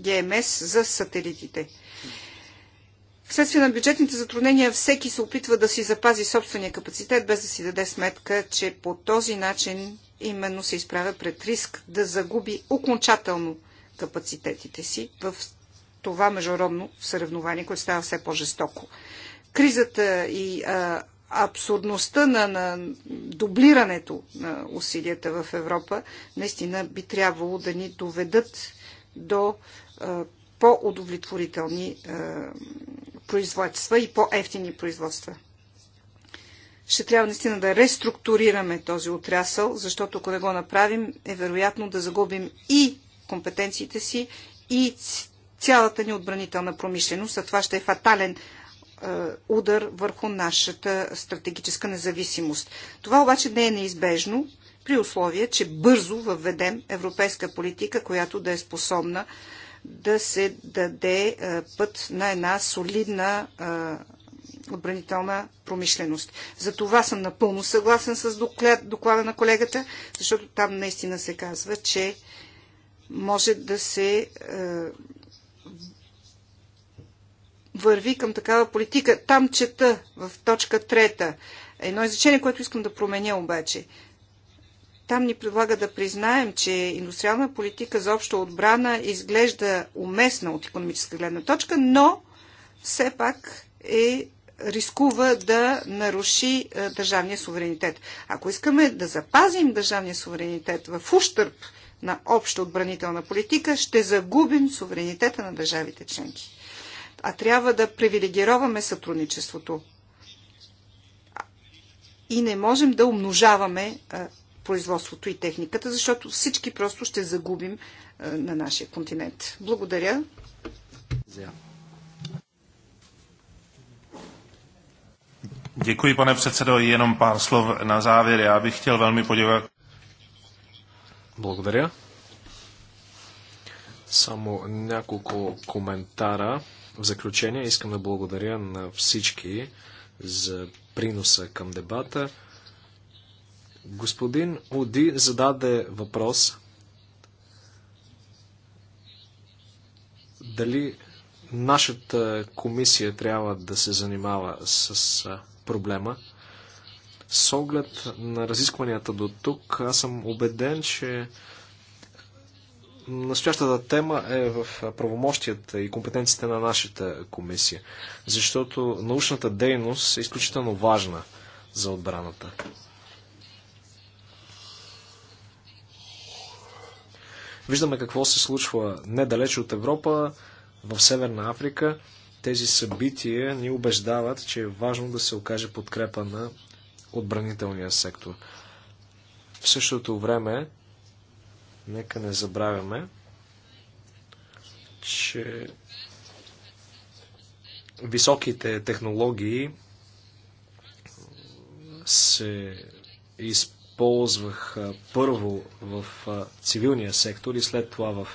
Speaker 3: ГМС за сателитите. Вследствие на бюджетните затруднения всеки се опитва да си запази собствения капацитет, без да си даде сметка, че по този начин именно се изправя пред риск да загуби окончателно капацитетите си в това международно съревнование, което става все по-жестоко. Кризата и а, абсурдността на, на дублирането на усилията в Европа наистина би трябвало да ни доведат до а, по-удовлетворителни производства и по-ефтини производства. Ще трябва наистина да реструктурираме този отрясъл, защото ако не го направим, е вероятно да загубим и компетенциите си, и цялата ни отбранителна промишленост, а това ще е фатален е, удар върху нашата стратегическа независимост. Това обаче не е неизбежно при условие, че бързо въведем европейска политика, която да е способна да се даде път на една солидна отбранителна промишленост. За това съм напълно съгласен с доклада на колегата, защото там наистина се казва, че може да се върви към такава политика. Там чета в точка трета едно изречение, което искам да променя обаче – там ни предлага да признаем, че индустриална политика за обща отбрана изглежда уместна от економическа гледна точка, но все пак е рискува да наруши е, държавния суверенитет. Ако искаме да запазим държавния суверенитет в ущърп на обща отбранителна политика, ще загубим суверенитета на държавите членки. А трябва да привилегироваме сътрудничеството. И не можем да умножаваме е, производството и техниката, защото всички просто ще загубим е, на нашия континент. Благодаря.
Speaker 1: Děkuji, pane předsedo. Jenom pár slov na závěr. Já bych chtěl velmi poděkovat.
Speaker 2: Благодаря. Само няколко коментара. В заключение искам да благодаря на всички за приноса към дебата. Господин Оди зададе въпрос дали нашата комисия трябва да се занимава с проблема. С оглед на разискванията до тук, аз съм убеден, че настоящата тема е в правомощията и компетенциите на нашата комисия, защото научната дейност е изключително важна за отбраната. Виждаме какво се случва недалеч от Европа, в Северна Африка. Тези събития ни убеждават, че е важно да се окаже подкрепа на отбранителния сектор. В същото време, нека не забравяме, че високите технологии се изпълняват използвах първо в цивилния сектор и след това в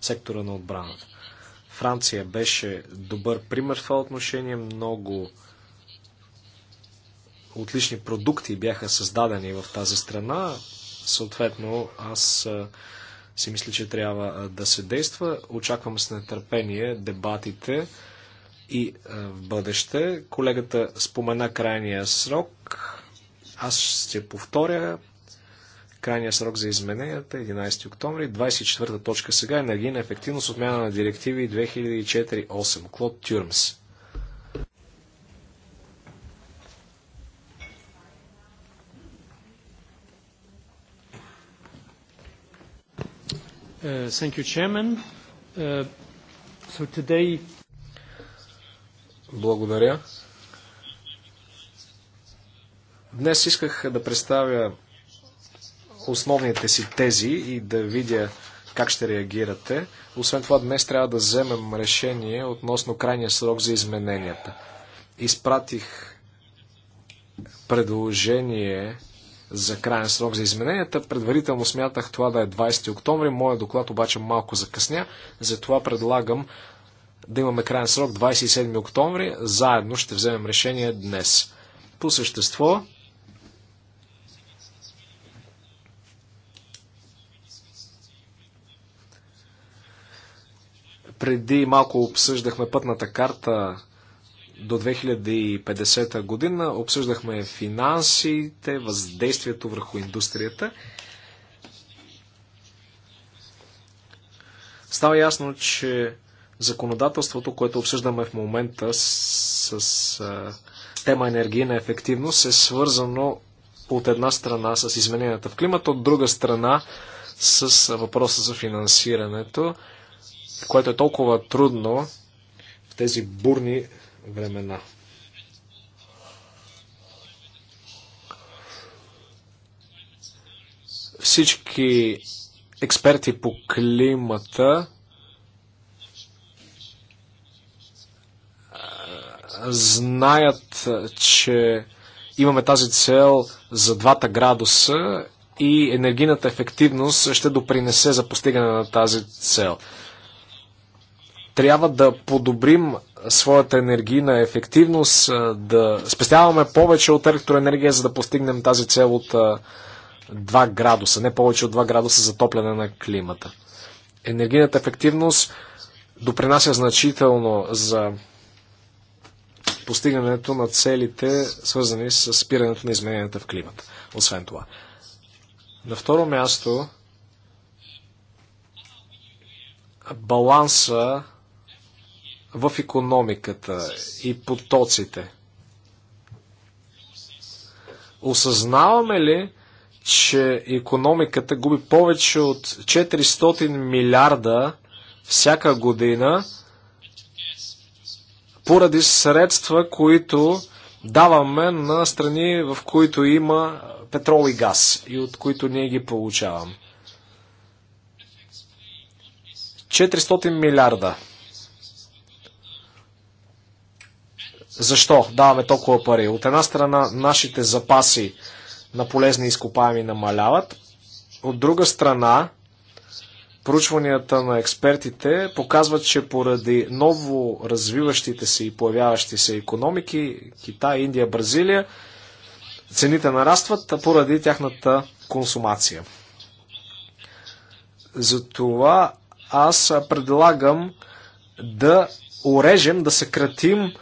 Speaker 2: сектора на отбраната. Франция беше добър пример в това отношение. Много отлични продукти бяха създадени в тази страна. Съответно, аз си мисля, че трябва да се действа. Очаквам с нетърпение дебатите и в бъдеще. Колегата спомена крайния срок аз ще повторя крайния срок за измененията 11 октомври, 24-та точка сега енергийна ефективност отмяна на директиви 2004-8. Клод Тюрмс. Uh, thank you, Chairman. Uh, so today... Благодаря. Днес исках да представя основните си тези и да видя как ще реагирате. Освен това, днес трябва да вземем решение относно крайния срок за измененията. Изпратих предложение за крайен срок за измененията. Предварително смятах това да е 20 октомври. Моя доклад обаче малко закъсня. Затова предлагам да имаме крайен срок 27 октомври. Заедно ще вземем решение днес. По същество, Преди малко обсъждахме пътната карта до 2050 година, обсъждахме финансите, въздействието върху индустрията. Става ясно, че законодателството, което обсъждаме в момента с, с с тема енергийна ефективност, е свързано от една страна с измененията в климата, от друга страна с въпроса за финансирането което е толкова трудно в тези бурни времена. Всички експерти по климата знаят, че имаме тази цел за двата градуса и енергийната ефективност ще допринесе за постигане на тази цел. Трябва да подобрим своята енергийна ефективност, да спестяваме повече от електроенергия, за да постигнем тази цел от 2 градуса, не повече от 2 градуса за топляне на климата. Енергийната ефективност допринася значително за постигането на целите, свързани с спирането на измененията в климата. Освен това. На второ място, баланса в економиката и потоците? Осъзнаваме ли, че економиката губи повече от 400 милиарда всяка година поради средства, които даваме на страни, в които има петрол и газ и от които ние ги получаваме. 400 милиарда Защо даваме толкова пари? От една страна нашите запаси на полезни изкопаеми намаляват, от друга страна проучванията на експертите показват, че поради ново развиващите се и появяващи се економики, Китай, Индия, Бразилия, цените нарастват поради тяхната консумация. Затова аз предлагам да орежем, да съкратим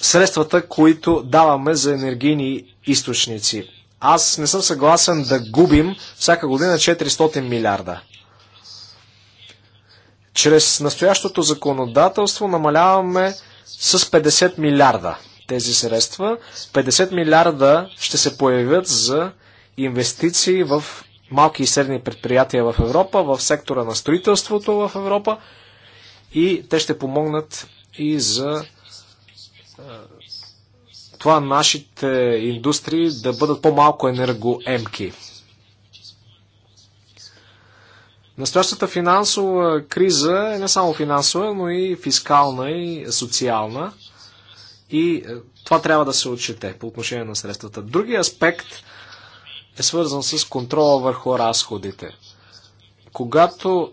Speaker 2: средствата, които даваме за енергийни източници. Аз не съм съгласен да губим всяка година 400 милиарда. Чрез настоящото законодателство намаляваме с 50 милиарда тези средства. 50 милиарда ще се появят за инвестиции в малки и средни предприятия в Европа, в сектора на строителството в Европа и те ще помогнат и за е, това нашите индустрии да бъдат по-малко енергоемки. Настоящата финансова криза е не само финансова, но и фискална и социална. И е, това трябва да се отчете по отношение на средствата. Другия аспект е свързан с контрола върху разходите. Когато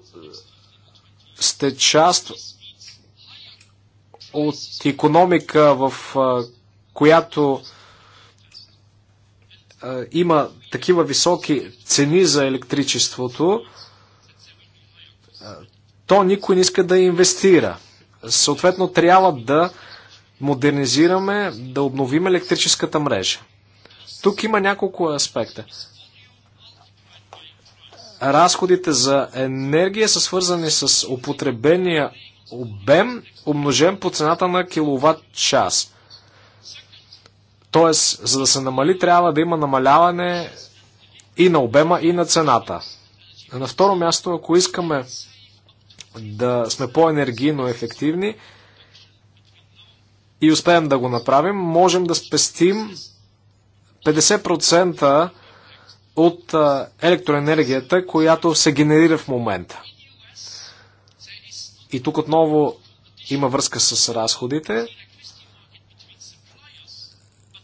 Speaker 2: сте част от економика, в която има такива високи цени за електричеството, то никой не иска да инвестира. Съответно, трябва да модернизираме, да обновим електрическата мрежа. Тук има няколко аспекта. Разходите за енергия са свързани с употребения обем, умножен по цената на киловатт час. Тоест, за да се намали, трябва да има намаляване и на обема, и на цената. На второ място, ако искаме да сме по-енергийно ефективни и успеем да го направим, можем да спестим 50% от електроенергията, която се генерира в момента. И тук отново има връзка с разходите.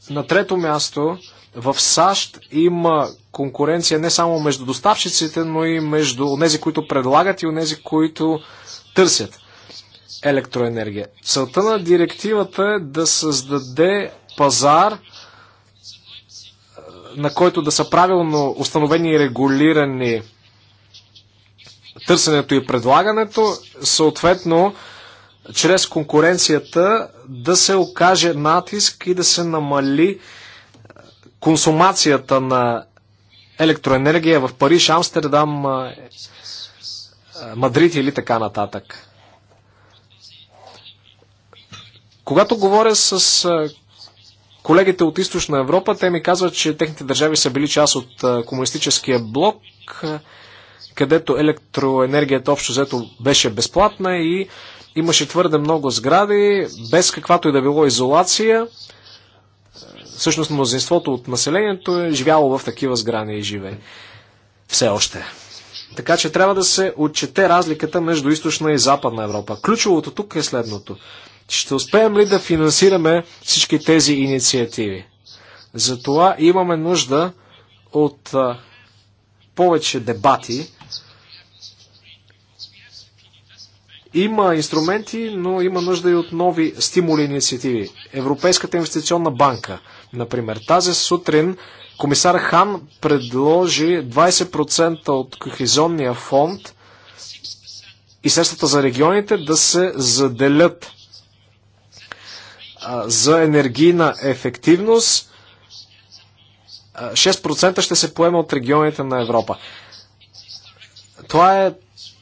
Speaker 2: На трето място, в САЩ има конкуренция не само между доставчиците, но и между тези, които предлагат и тези, които търсят електроенергия. Целта на директивата е да създаде пазар, на който да са правилно установени и регулирани търсенето и предлагането, съответно, чрез конкуренцията да се окаже натиск и да се намали е, консумацията на електроенергия в Париж, Амстердам, е, е, Мадрид или така нататък. Когато говоря с колегите от Източна Европа, те ми казват, че техните държави са били част от комунистическия блок където електроенергията общо взето беше безплатна и имаше твърде много сгради, без каквато и да било изолация. Всъщност мнозинството от населението е живяло в такива сгради и живее. Все още. Така че трябва да се отчете разликата между източна и западна Европа. Ключовото тук е следното. Ще успеем ли да финансираме всички тези инициативи? Затова имаме нужда от а, повече дебати Има инструменти, но има нужда и от нови стимули и инициативи. Европейската инвестиционна банка, например. Тази сутрин комисар Хан предложи 20% от кохезионния фонд и средствата за регионите да се заделят за енергийна ефективност. 6% ще се поема от регионите на Европа. Това е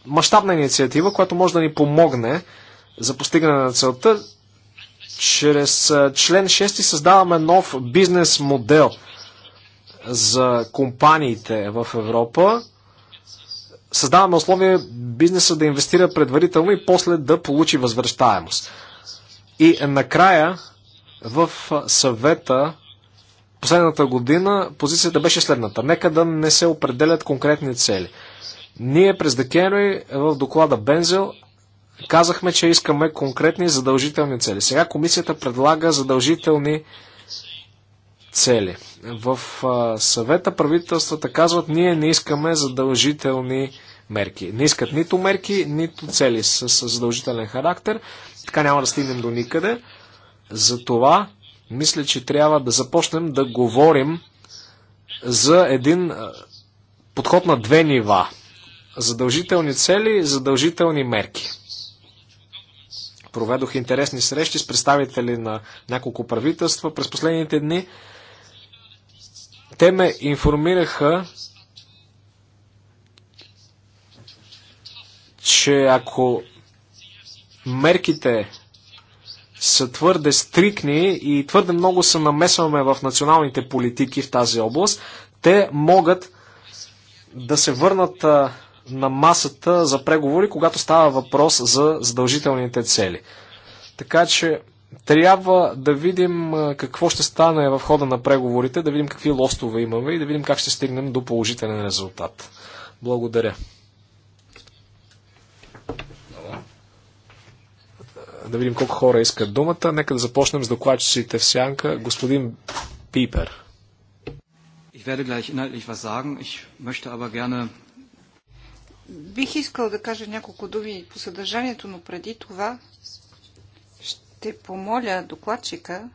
Speaker 2: мащабна инициатива, която може да ни помогне за постигане на целта. Чрез член 6 създаваме нов бизнес модел за компаниите в Европа. Създаваме условия бизнеса да инвестира предварително и после да получи възвръщаемост. И накрая в съвета последната година позицията беше следната. Нека да не се определят конкретни цели. Ние през декември в доклада Бензел казахме, че искаме конкретни задължителни цели. Сега комисията предлага задължителни цели. В съвета правителствата казват, ние не искаме задължителни мерки. Не искат нито мерки, нито цели с задължителен характер. Така няма да стигнем до никъде. Затова мисля, че трябва да започнем да говорим за един подход на две нива. Задължителни цели, задължителни мерки. Проведох интересни срещи с представители на няколко правителства през последните дни. Те ме информираха, че ако мерките са твърде стрикни и твърде много се намесваме в националните политики в тази област, те могат да се върнат на масата за преговори, когато става въпрос за задължителните цели. Така че трябва да видим какво ще стане в хода на преговорите, да видим какви лостове имаме и да видим как ще стигнем до положителен резултат. Благодаря. Да видим колко хора искат думата. Нека да започнем с докладчиците в сянка. Господин Пипер. Ich werde gleich inhaltlich was sagen. Ich möchte aber gerne
Speaker 3: Бих искал да кажа няколко думи по съдържанието, но преди това ще помоля докладчика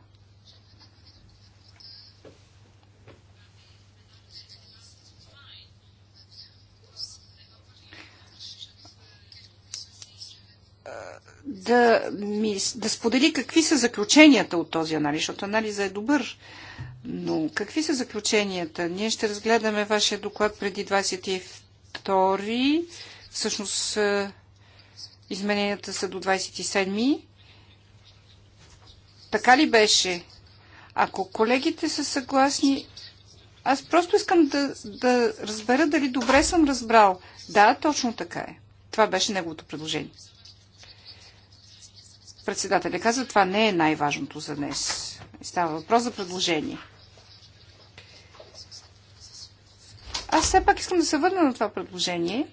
Speaker 3: да, ми, да сподели какви са заключенията от този анализ, защото анализа е добър. Но какви са заключенията? Ние ще разгледаме вашия доклад преди Втори, Всъщност е, измененията са до 27. Така ли беше? Ако колегите са съгласни, аз просто искам да, да разбера дали добре съм разбрал. Да, точно така е. Това беше неговото предложение. Председателя каза, това не е най-важното за днес. Става въпрос за предложение. Аз все пак искам да се върна на това предложение,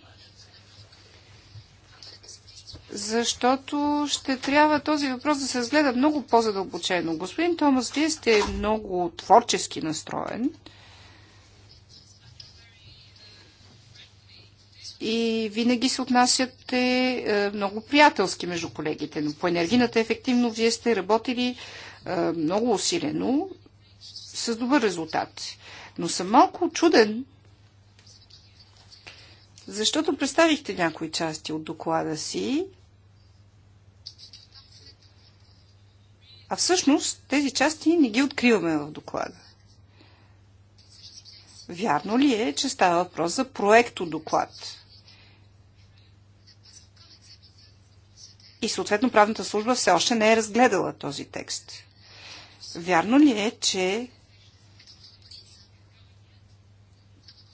Speaker 3: защото ще трябва този въпрос да се разгледа много по-задълбочено. Господин Томас, вие сте много творчески настроен. и винаги се отнасяте е, много приятелски между колегите. Но по енергийната ефективно вие сте работили е, много усилено с добър резултат. Но съм малко чуден защото представихте някои части от доклада си, а всъщност тези части не ги откриваме в доклада. Вярно ли е, че става въпрос за от доклад? И съответно правната служба все още не е разгледала този текст. Вярно ли е, че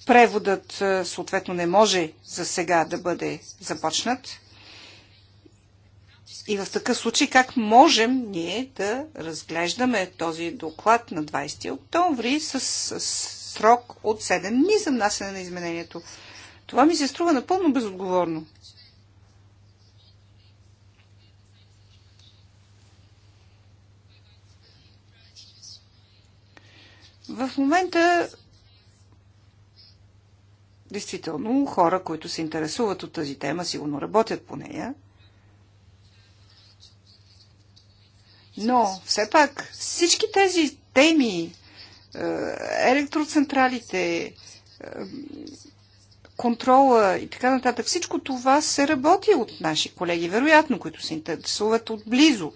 Speaker 3: Преводът е, съответно не може за сега да бъде започнат. И в такъв случай как можем ние да разглеждаме този доклад на 20 октомври с, с срок от 7 дни за внасяне на изменението? Това ми се струва напълно безотговорно. В момента Действително, хора, които се интересуват от тази тема, сигурно работят по нея. Но, все пак, всички тези теми, е, електроцентралите, е, контрола и така нататък, всичко това се работи от наши колеги, вероятно, които се интересуват отблизо.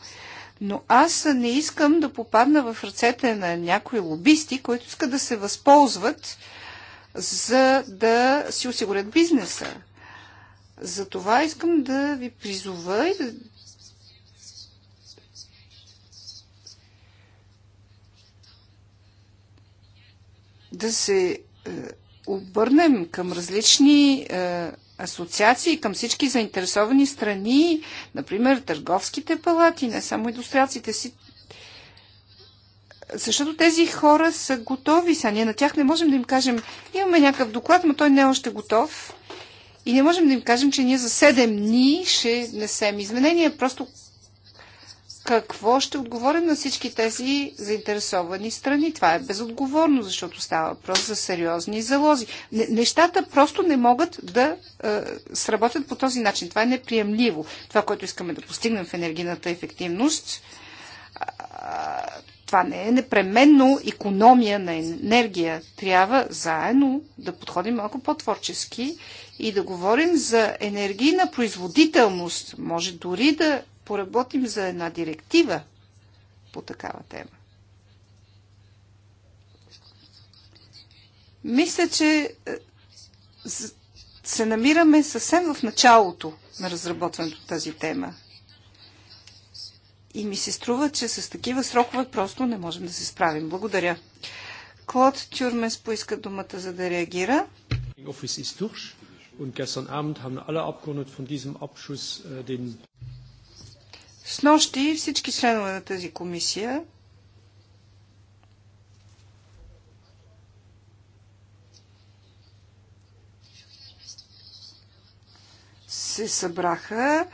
Speaker 3: Но аз не искам да попадна в ръцете на някои лобисти, които искат да се възползват за да си осигурят бизнеса. За това искам да ви призова и да да се е, обърнем към различни е, асоциации, към всички заинтересовани страни, например търговските палати, не само индустриалците, си, защото тези хора са готови са. Ние на тях не можем да им кажем, имаме някакъв доклад, но той не е още готов. И не можем да им кажем, че ние за 7 дни ще несем изменения. Просто какво ще отговорим на всички тези заинтересовани страни? Това е безотговорно, защото става въпрос за сериозни залози. Нещата просто не могат да е, сработят по този начин. Това е неприемливо. Това, което искаме да постигнем в енергийната ефективност, това не е непременно економия на енергия. Трябва заедно да подходим малко по-творчески и да говорим за енергийна производителност. Може дори да поработим за една директива по такава тема. Мисля, че е, се намираме съвсем в началото на разработването тази тема. И ми се струва, че с такива срокове просто не можем да се справим. Благодаря. Клод Тюрмес поиска думата, за да реагира. Äh, с нощи всички членове на тази комисия се събраха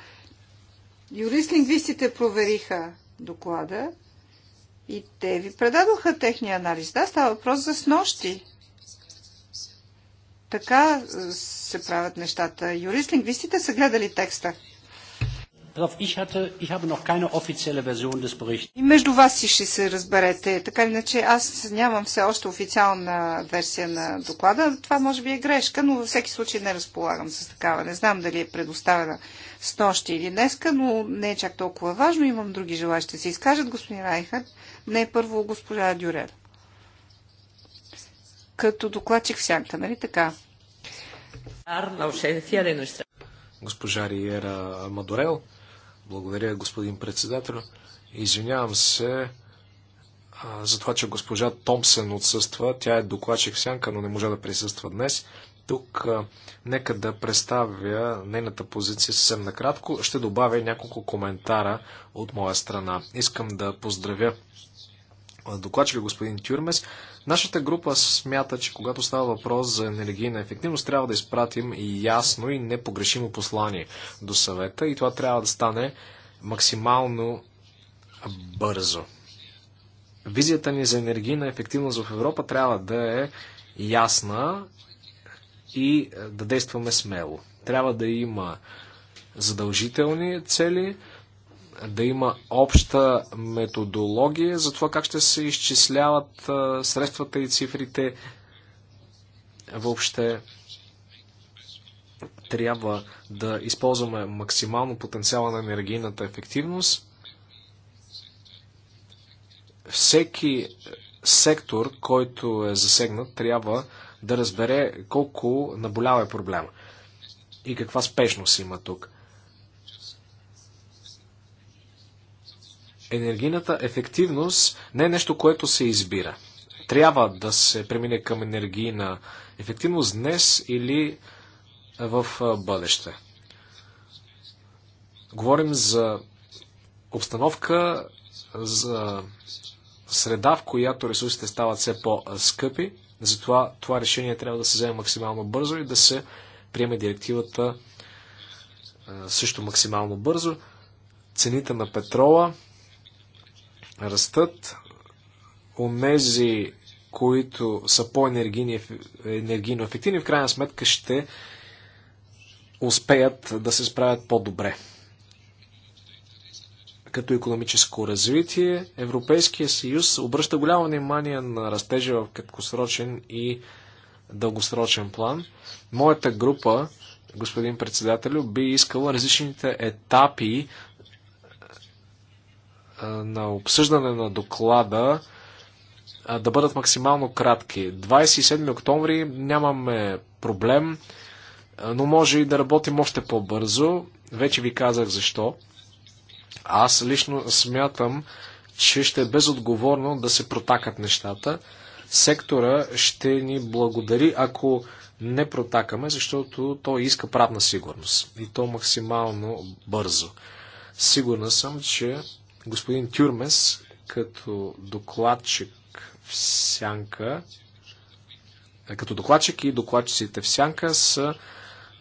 Speaker 3: Юрист-лингвистите провериха доклада и те ви предадоха техния анализ. Да, става въпрос за снощи. Така се правят нещата. Юрист-лингвистите са гледали текста. И между вас си ще се разберете. Така или иначе, аз нямам все още официална версия на доклада. Това може би е грешка, но във всеки случай не разполагам с такава. Не знам дали е предоставена с нощи или днеска, но не е чак толкова важно. Имам други желащи да се изкажат. Господин Райхард, не е първо госпожа Дюрер. Като докладчик в сянка, нали така? Е
Speaker 2: госпожа Риера Мадорел, благодаря, господин председател. Извинявам се а, за това, че госпожа Томсен отсъства. Тя е докладчик в сянка, но не можа да присъства днес. Тук а, нека да представя нейната позиция съвсем накратко. Ще добавя няколко коментара от моя страна. Искам да поздравя докладчика господин Тюрмес. Нашата група смята, че когато става въпрос за енергийна ефективност, трябва да изпратим и ясно и непогрешимо послание до съвета и това трябва да стане максимално бързо. Визията ни за енергийна ефективност в Европа трябва да е ясна и да действаме смело. Трябва да има задължителни цели, да има обща методология за това как ще се изчисляват средствата и цифрите. Въобще трябва да използваме максимално потенциала на енергийната ефективност. Всеки сектор, който е засегнат, трябва да разбере колко наболява е проблема и каква спешност има тук. енергийната ефективност не е нещо, което се избира. Трябва да се премине към енергийна ефективност днес или в бъдеще. Говорим за обстановка, за среда, в която ресурсите стават все по-скъпи. Затова това решение трябва да се вземе максимално бързо и да се приеме директивата също максимално бързо. Цените на петрола растат. Онези, които са по-енергийно ефективни, в крайна сметка ще успеят да се справят по-добре. Като економическо развитие, Европейския съюз обръща голямо внимание на растежа в краткосрочен и дългосрочен план. Моята група, господин председателю, би искала различните етапи на обсъждане на доклада да бъдат максимално кратки. 27 октомври нямаме проблем, но може и да работим още по-бързо. Вече ви казах защо. Аз лично смятам, че ще е безотговорно да се протакат нещата. Сектора ще ни благодари, ако не протакаме, защото той иска правна сигурност. И то максимално бързо. Сигурна съм, че господин Тюрмес като докладчик в сянка, е, като докладчик и докладчиците в сянка са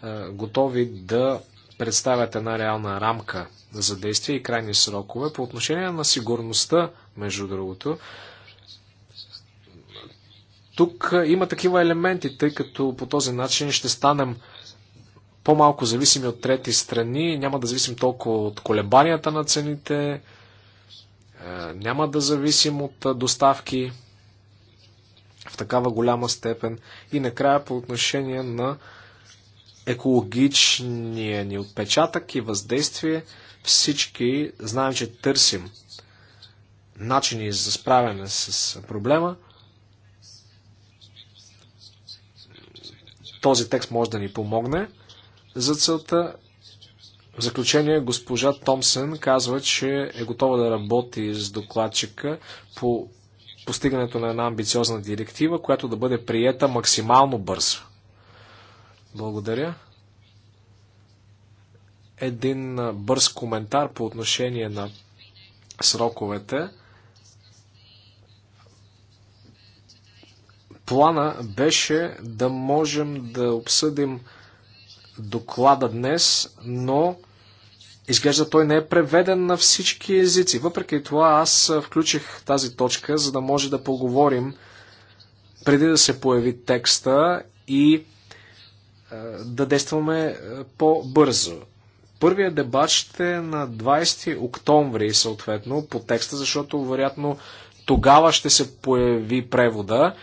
Speaker 2: е, готови да представят една реална рамка за действие и крайни срокове. По отношение на сигурността, между другото, тук е, има такива елементи, тъй като по този начин ще станем по-малко зависими от трети страни, няма да зависим толкова от колебанията на цените, е, няма да зависим от е, доставки в такава голяма степен. И накрая по отношение на екологичния ни отпечатък и въздействие, всички знаем, че търсим начини за справяне с проблема. Този текст може да ни помогне за целта. В заключение, госпожа Томсън казва, че е готова да работи с докладчика по постигането на една амбициозна директива, която да бъде приета максимално бързо. Благодаря. Един бърз коментар по отношение на сроковете. Плана беше да можем да обсъдим доклада днес, но изглежда той не е преведен на всички езици. Въпреки това аз включих тази точка, за да може да поговорим преди да се появи текста и е, да действаме е, по-бързо. Първият дебат ще е на 20 октомври, съответно, по текста, защото вероятно тогава ще се появи превода.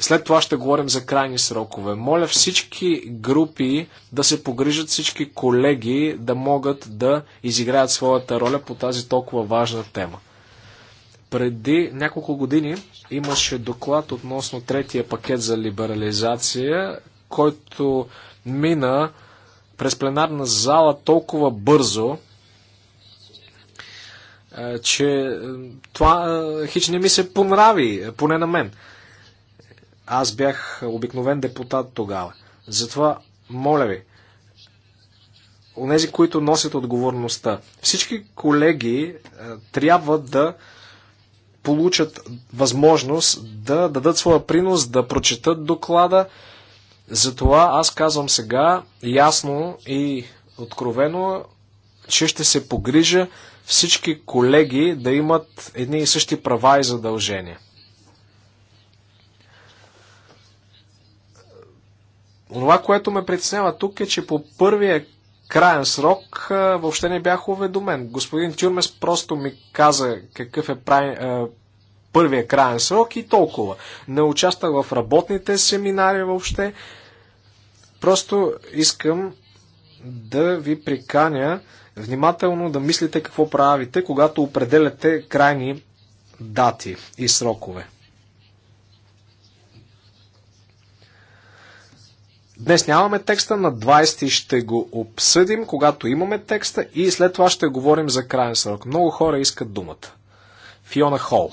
Speaker 2: След това ще говорим за крайни срокове. Моля всички групи да се погрижат, всички колеги да могат да изиграят своята роля по тази толкова важна тема. Преди няколко години имаше доклад относно третия пакет за либерализация, който мина през пленарна зала толкова бързо, е, че е, това е, хич не ми се понрави, поне на мен. Аз бях обикновен депутат тогава. Затова, моля ви, онези, които носят отговорността, всички колеги е, трябва да получат възможност да дадат своя принос, да прочетат доклада. Затова аз казвам сега ясно и откровено, че ще се погрижа всички колеги да имат едни и същи права и задължения. Това, което ме притеснява тук е, че по първия краен срок въобще не бях уведомен. Господин Тюрмес просто ми каза какъв е прай, първия краен срок и толкова. Не участвах в работните семинари въобще. Просто искам да ви приканя внимателно да мислите какво правите, когато определяте крайни дати и срокове. Днес нямаме текста, на 20 ще го обсъдим, когато имаме текста и след това ще говорим за крайен срок. Много хора искат думата. Фиона Хол.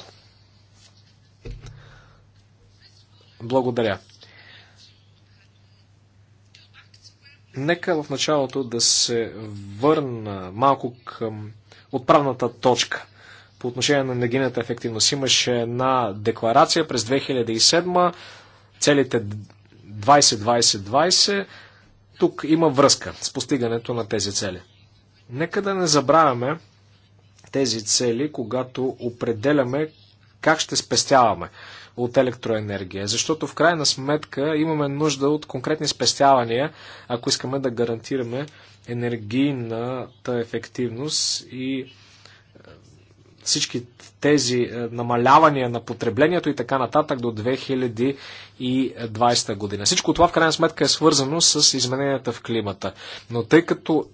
Speaker 2: Благодаря. Нека в началото да се върна малко към отправната точка по отношение на енергийната ефективност. Имаше една декларация през 2007 целите 20-20-20, тук има връзка с постигането на тези цели. Нека да не забравяме тези цели, когато определяме как ще спестяваме от електроенергия. Защото в крайна сметка имаме нужда от конкретни спестявания, ако искаме да гарантираме енергийната ефективност и всички тези е, намалявания на потреблението и така нататък до 2020 година. Всичко това в крайна сметка е свързано с измененията в климата. Но тъй като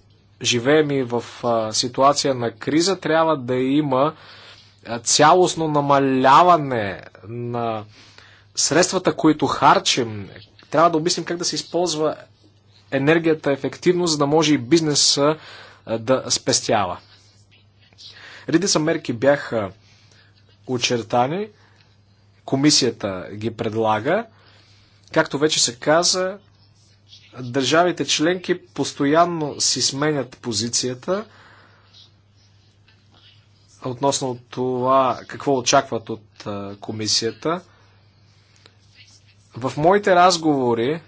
Speaker 2: живеем и в е, ситуация на криза, трябва да има е, цялостно намаляване на средствата, които харчим. Трябва да обмислим как да се използва енергията ефективно, за да може и бизнеса да спестява. Редица мерки бяха очертани, комисията ги предлага. Както вече се каза, държавите членки постоянно си сменят позицията относно това какво очакват от комисията. В моите разговори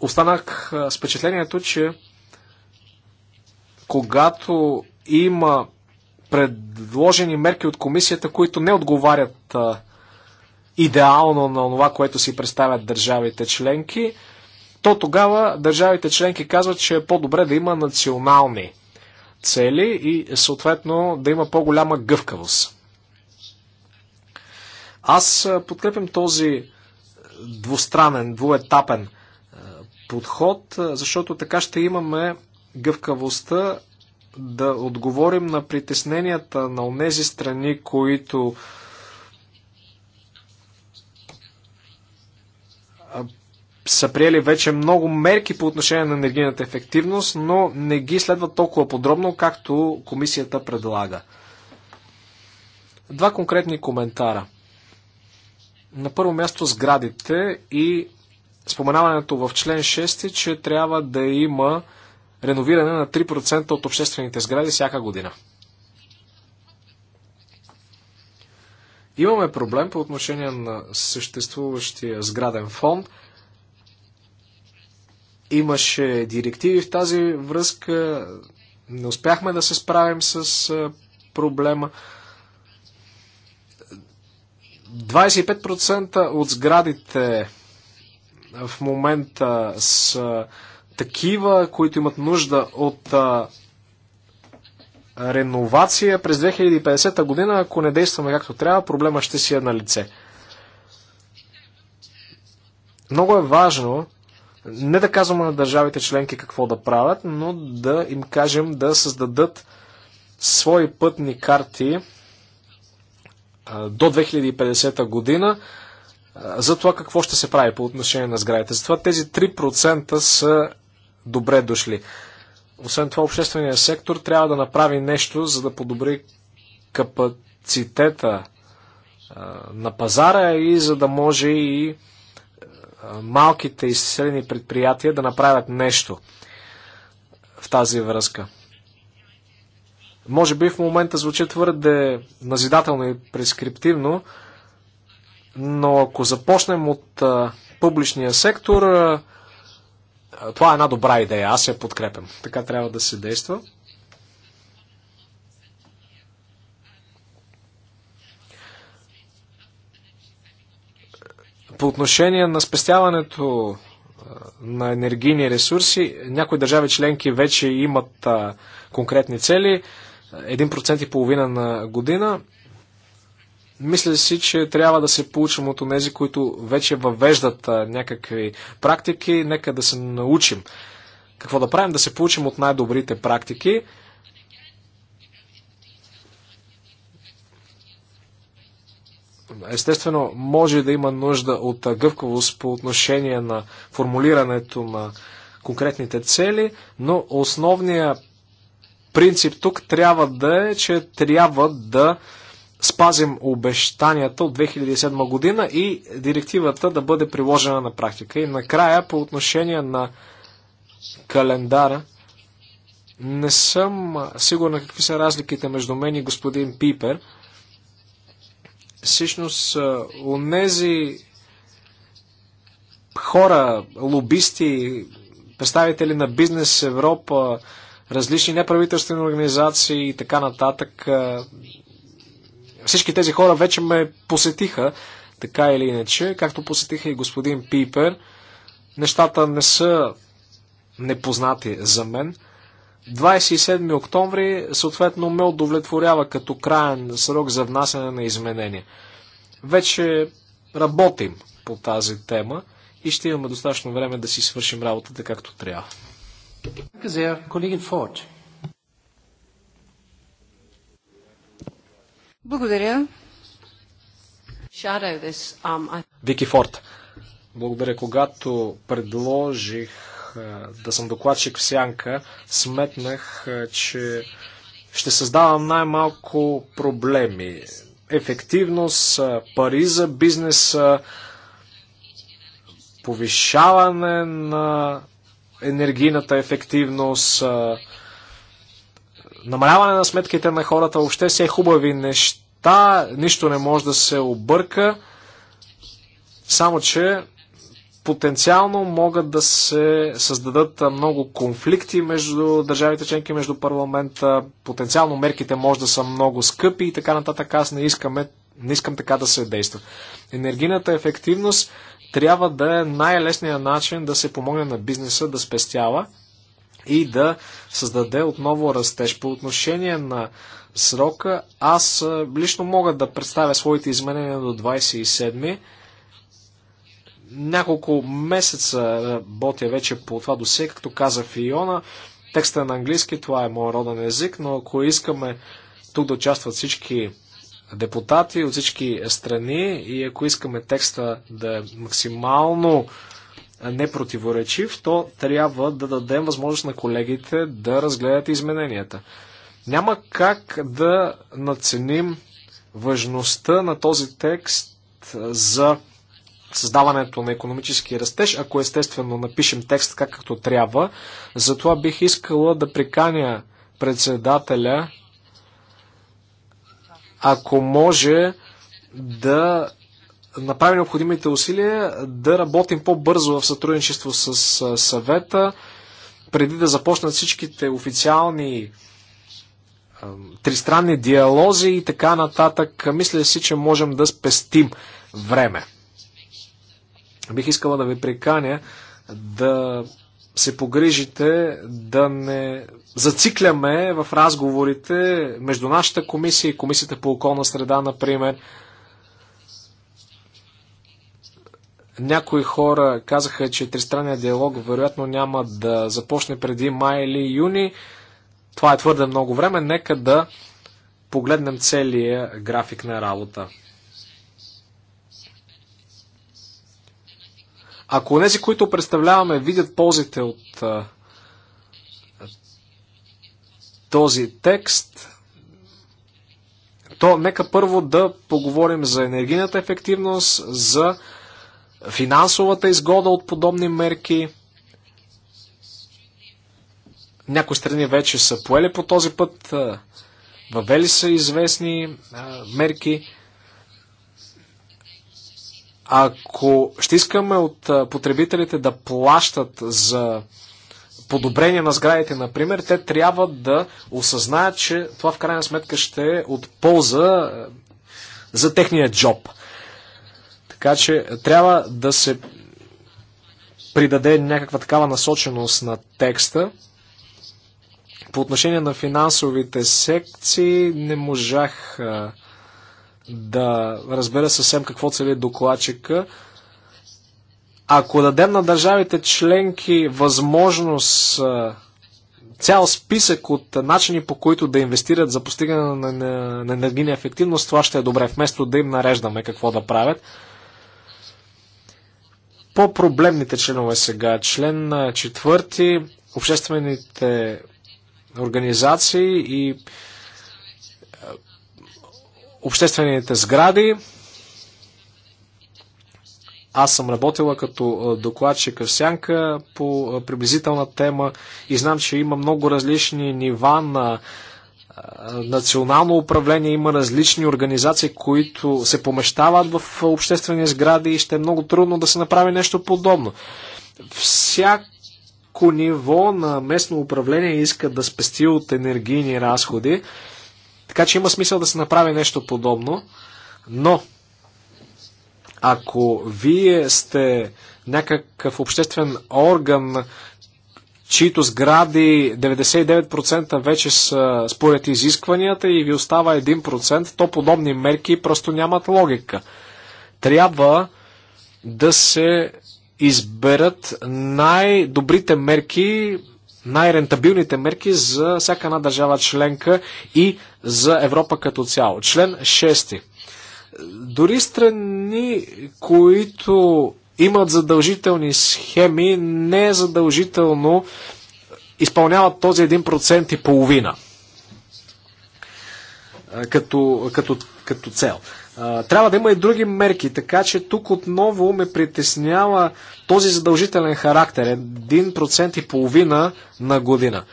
Speaker 2: останах с впечатлението, че когато има предложени мерки от комисията, които не отговарят а, идеално на това, което си представят държавите членки, то тогава държавите членки казват, че е по-добре да има национални цели и съответно да има по-голяма гъвкавост. Аз подкрепям този двустранен, двуетапен подход, защото така ще имаме гъвкавостта да отговорим на притесненията на онези страни, които са приели вече много мерки по отношение на енергийната ефективност, но не ги следва толкова подробно, както комисията предлага. Два конкретни коментара. На първо място сградите и споменаването в член 6, че трябва да има реновиране на 3% от обществените сгради всяка година. Имаме проблем по отношение на съществуващия сграден фонд. Имаше директиви в тази връзка. Не успяхме да се справим с проблема. 25% от сградите в момента са такива, които имат нужда от а, реновация през 2050 година, ако не действаме както трябва, проблема ще си е на лице. Много е важно не да казваме на държавите членки какво да правят, но да им кажем да създадат свои пътни карти а, до 2050 година, за това какво ще се прави по отношение на сградите. Затова тези 3% са добре дошли. Освен това, общественият сектор трябва да направи нещо, за да подобри капацитета на пазара и за да може и малките и средни предприятия да направят нещо в тази връзка. Може би в момента звучи твърде назидателно и прескриптивно, но ако започнем от публичния сектор, това е една добра идея, аз я подкрепям. Така трябва да се действа. По отношение на спестяването на енергийни ресурси, някои държави членки вече имат конкретни цели. 1,5% и половина на година. Мисля си, че трябва да се получим от тези, които вече въвеждат някакви практики. Нека да се научим какво да правим, да се получим от най-добрите практики. Естествено, може да има нужда от гъвкавост по отношение на формулирането на конкретните цели, но основният принцип тук трябва да е, че трябва да спазим обещанията от 2007 година и директивата да бъде приложена на практика. И накрая, по отношение на календара, не съм сигурна какви са разликите между мен и господин Пипер. Всъщност, у нези хора, лобисти, представители на бизнес Европа, различни неправителствени организации и така нататък, всички тези хора вече ме посетиха, така или иначе, както посетиха и господин Пипер. Нещата не са непознати за мен. 27 октомври съответно ме удовлетворява като краен срок за внасяне на изменения. Вече работим по тази тема и ще имаме достатъчно време да си свършим работата както трябва. Колегин Форд.
Speaker 3: Благодаря. Um,
Speaker 2: Вики Форд. Благодаря. Когато предложих да съм докладчик в Сянка, сметнах, че ще създавам най-малко проблеми. Ефективност, пари за бизнеса, повишаване на енергийната ефективност, намаляване на сметките на хората, въобще все хубави неща, нищо не може да се обърка, само че потенциално могат да се създадат много конфликти между държавите членки, между парламента, потенциално мерките може да са много скъпи и така нататък. Аз не, искаме, не искам така да се действа. Енергийната ефективност трябва да е най-лесният начин да се помогне на бизнеса да спестява и да създаде отново растеж. По отношение на срока, аз лично мога да представя своите изменения до 27 няколко месеца работя вече по това досе, както каза Фиона. Текста е на английски, това е моят роден език, но ако искаме тук да участват всички депутати от всички страни и ако искаме текста да е максимално непротиворечив, то трябва да дадем възможност на колегите да разгледат измененията. Няма как да наценим важността на този текст за създаването на економически растеж, ако естествено напишем текст така както трябва. Затова бих искала да приканя председателя, ако може да направим необходимите усилия да работим по-бързо в сътрудничество с съвета, преди да започнат всичките официални тристранни диалози и така нататък. Мисля си, че можем да спестим време. Бих искала да ви приканя да се погрижите да не зацикляме в разговорите между нашата комисия и комисията по околна среда, например, Някои хора казаха, че тристранният диалог вероятно няма да започне преди май или юни. Това е твърде много време. Нека да погледнем целия график на работа. Ако тези, които представляваме, видят ползите от а, този текст, то нека първо да поговорим за енергийната ефективност, за финансовата изгода от подобни мерки. Някои страни вече са поели по този път, въвели са известни мерки. Ако ще искаме от потребителите да плащат за подобрение на сградите, например, те трябва да осъзнаят, че това в крайна сметка ще е от полза за техния джоб. Така че трябва да се придаде някаква такава насоченост на текста. По отношение на финансовите секции не можах да разбера съвсем какво цели докладчика. Ако дадем на държавите членки възможност цял списък от начини по които да инвестират за постигане на, на, на енергийна ефективност, това ще е добре, вместо да им нареждаме какво да правят по-проблемните членове сега. Член четвърти, обществените организации и обществените сгради. Аз съм работила като докладчик в Сянка по приблизителна тема и знам, че има много различни нива на национално управление, има различни организации, които се помещават в обществени сгради и ще е много трудно да се направи нещо подобно. Всяко ниво на местно управление иска да спести от енергийни разходи, така че има смисъл да се направи нещо подобно, но ако вие сте някакъв обществен орган чието сгради 99% вече са според изискванията и ви остава 1%, то подобни мерки просто нямат логика. Трябва да се изберат най-добрите мерки, най-рентабилните мерки за всяка една държава членка и за Европа като цяло. Член 6. Дори страни, които имат задължителни схеми, не задължително изпълняват този 1% и половина като, като, като цел. Трябва да има и други мерки, така че тук отново ме притеснява този задължителен характер 1% и половина на година.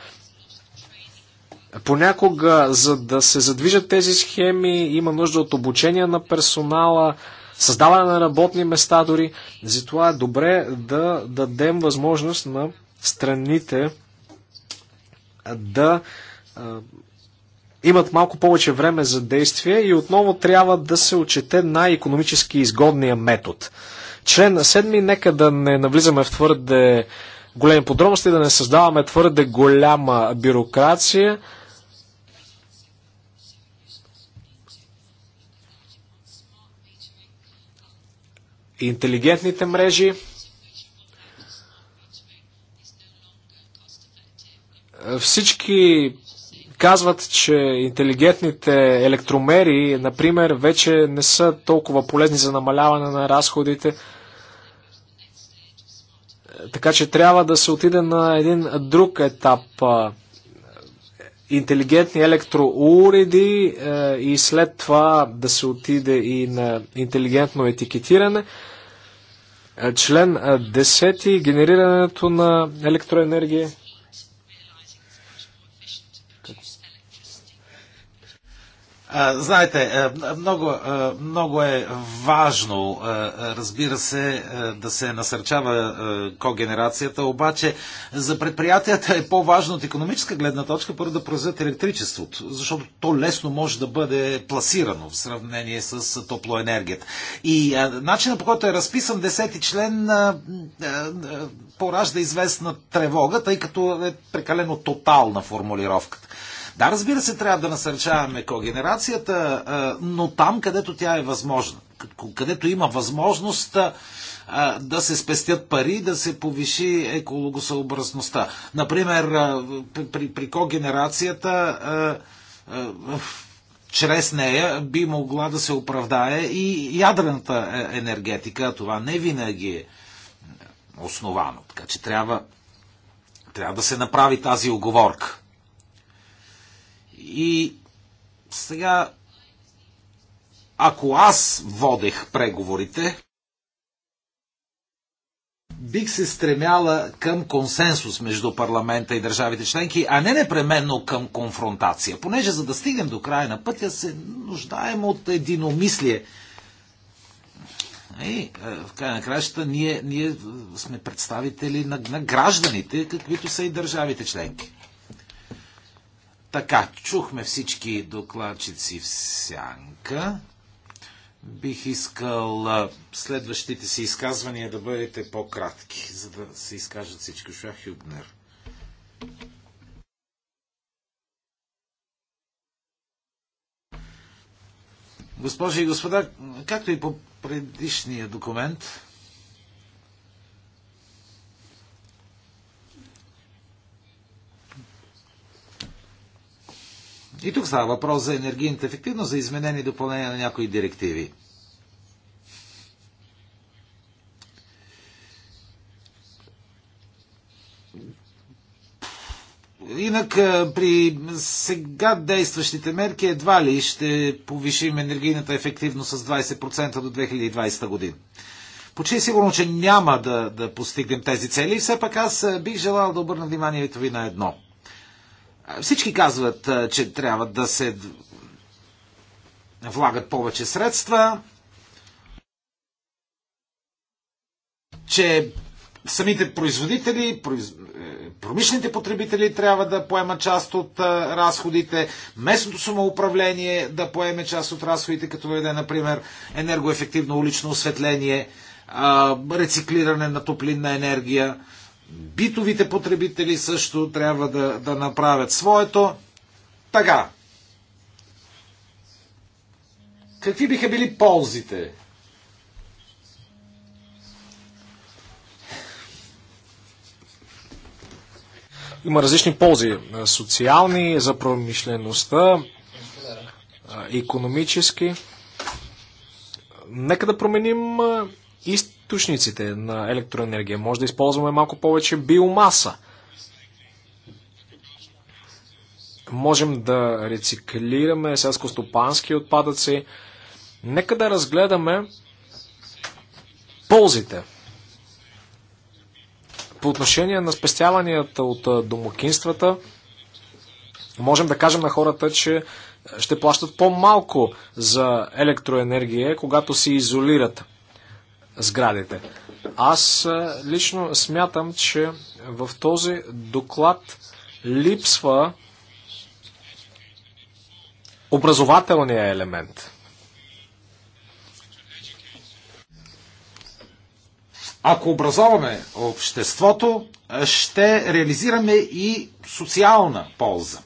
Speaker 2: Понякога, за да се задвижат тези схеми, има нужда от обучение на персонала, създаване на работни места дори. Затова е добре да дадем възможност на страните да имат малко повече време за действие и отново трябва да се отчете най-економически изгодния метод. Член 7, нека да не навлизаме в твърде големи подробности, да не създаваме твърде голяма бюрокрация. интелигентните мрежи. Всички казват, че интелигентните електромери, например, вече не са толкова полезни за намаляване на разходите. Така че трябва да се отиде на един друг етап. Интелигентни електроуреди е, и след това да се отиде и на интелигентно етикетиране. Член 10. Генерирането на
Speaker 1: електроенергия. Знаете, много, много е важно, разбира се, да се насърчава когенерацията, обаче за предприятията е по-важно от економическа гледна точка първо да произведат електричеството, защото то лесно може да бъде пласирано в сравнение с топлоенергията. И начинът по който е разписан 10 член поражда известна тревога, тъй като е прекалено тотална формулировката. Да, разбира се, трябва да насърчаваме когенерацията, но там, където тя е възможна, където има възможност да се спестят пари, да се повиши екологосъобразността. Например, при, при когенерацията чрез нея би могла да се оправдае и ядрената енергетика. Това не винаги е основано. Така че трябва, трябва да се направи тази оговорка. И сега, ако аз водех преговорите, бих се стремяла към консенсус между парламента и държавите членки, а не непременно към конфронтация. Понеже за да стигнем до края на пътя се нуждаем от единомислие. И е, в край на краща ние, ние сме представители на, на гражданите, каквито са и държавите членки. Така, чухме всички докладчици в сянка. Бих искал следващите си изказвания да бъдете по-кратки, за да се изкажат всички. Шуа Хюбнер. Госпожи и господа, както и по предишния документ, И тук става въпрос за енергийната ефективност, за изменение и допълнение на някои директиви. Инак при сега действащите мерки едва ли ще повишим енергийната ефективност с 20% до 2020 година. Почти сигурно, че няма да, да постигнем тези цели. Все пак аз бих желал да обърна вниманието ви на едно – всички казват, че трябва да се влагат повече средства, че самите производители, е, промишлените потребители трябва да поемат част от разходите, местното самоуправление да поеме част от разходите, като веде, например, енергоефективно улично осветление, рециклиране на топлинна енергия битовите потребители също трябва да, да направят своето. Така. Какви биха били ползите?
Speaker 2: Има различни ползи. Социални, за промишлеността, економически. Нека да променим ист източниците на електроенергия. Може да използваме малко повече биомаса. Можем да рециклираме селско-стопански отпадъци. Нека да разгледаме ползите по отношение на спестяванията от домакинствата, можем да кажем на хората, че ще плащат по-малко за електроенергия, когато се изолират сградите. Аз лично смятам, че в този доклад липсва
Speaker 1: образователния елемент. Ако образоваме обществото, ще реализираме и социална полза.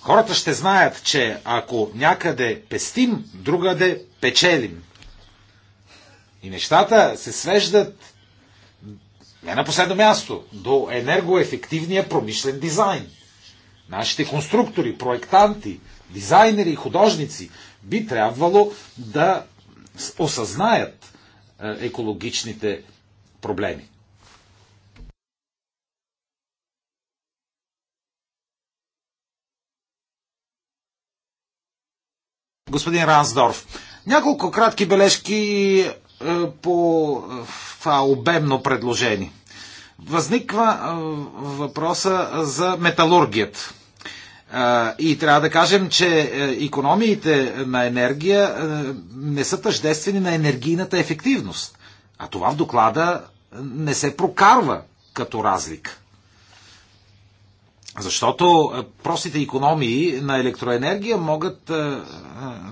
Speaker 1: Хората ще знаят, че ако някъде пестим, другаде печелим. И нещата се свеждат не на последно място до енергоефективния промишлен дизайн. Нашите конструктори, проектанти, дизайнери и художници би трябвало да осъзнаят е, екологичните проблеми. Господин Рансдорф, няколко кратки бележки е, по е, това обемно предложение. Възниква е, въпроса за металургията. И трябва да кажем, че економиите на енергия не са тъждествени на енергийната ефективност. А това в доклада не се прокарва като разлика. Защото е, простите економии на електроенергия могат е, е,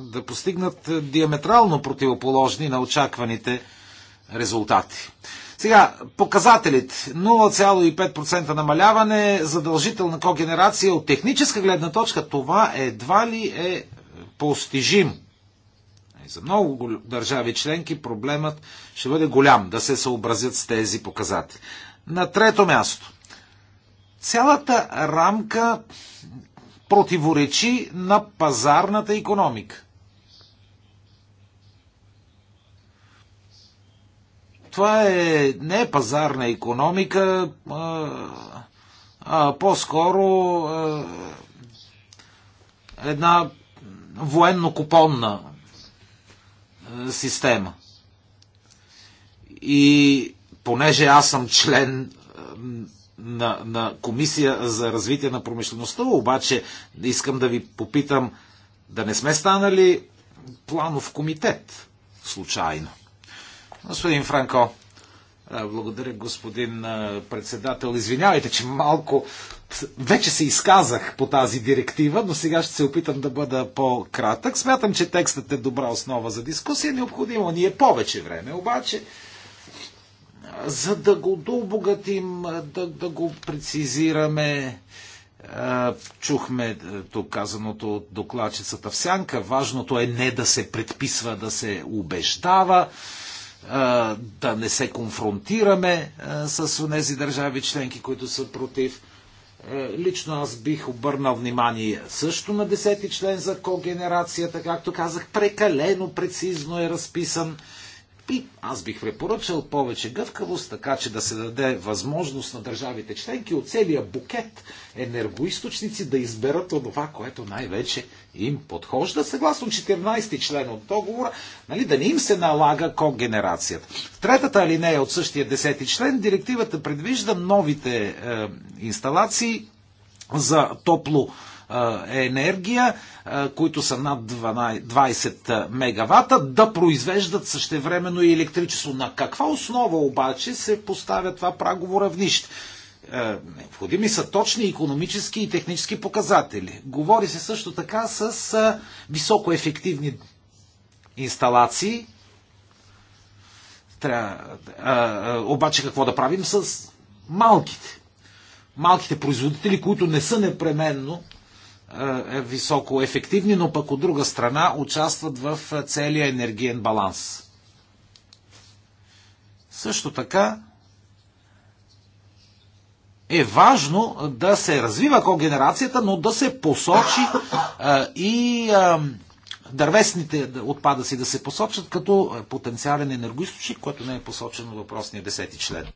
Speaker 1: да постигнат диаметрално противоположни на очакваните резултати. Сега, показателите. 0,5% намаляване, задължителна когенерация от техническа гледна точка, това едва ли е постижим. За много държави членки проблемът ще бъде голям да се съобразят с тези показатели. На трето място – Цялата рамка противоречи на пазарната економика. Това е не е пазарна економика, а, а по-скоро а, една военно-купонна система. И понеже аз съм член на, на Комисия за развитие на промишлеността, обаче искам да ви попитам да не сме станали планов комитет случайно. Господин Франко, е, благодаря, господин е, председател. Извинявайте, че малко вече се изказах по тази директива, но сега ще се опитам да бъда по-кратък. Смятам, че текстът е добра основа за дискусия. Необходимо ни е повече време, обаче за да го дообогатим, да, да го прецизираме. Е, чухме е, тук казаното от докладчицата в сянка. Важното е не да се предписва, да се убеждава, е, да не се конфронтираме с тези държави членки, които са против. Лично аз бих обърнал внимание също на 10 член за когенерацията, както казах, прекалено прецизно е разписан. И аз бих препоръчал повече гъвкавост, така че да се даде възможност на държавите членки от целия букет енергоисточници да изберат от това, което най-вече им подхожда, съгласно 14 ти член от договора, нали, да не им се налага когенерацията. В третата алинея от същия 10 член директивата предвижда новите е, инсталации за топло е, енергия които са над 20 мегавата, да произвеждат същевременно и електричество. На каква основа обаче се поставя това прагово равнище? Е, необходими са точни економически и технически показатели. Говори се също така с високоефективни инсталации. Трябва, обаче какво да правим с малките? Малките производители, които не са непременно е, е високо ефективни, но пък от друга страна участват в е, целия енергиен баланс. Също така е важно да се развива когенерацията, но да се посочи а, и а, дървесните отпадъци да се посочат като потенциален енергоисточник, което не е посочено въпросния 10 член.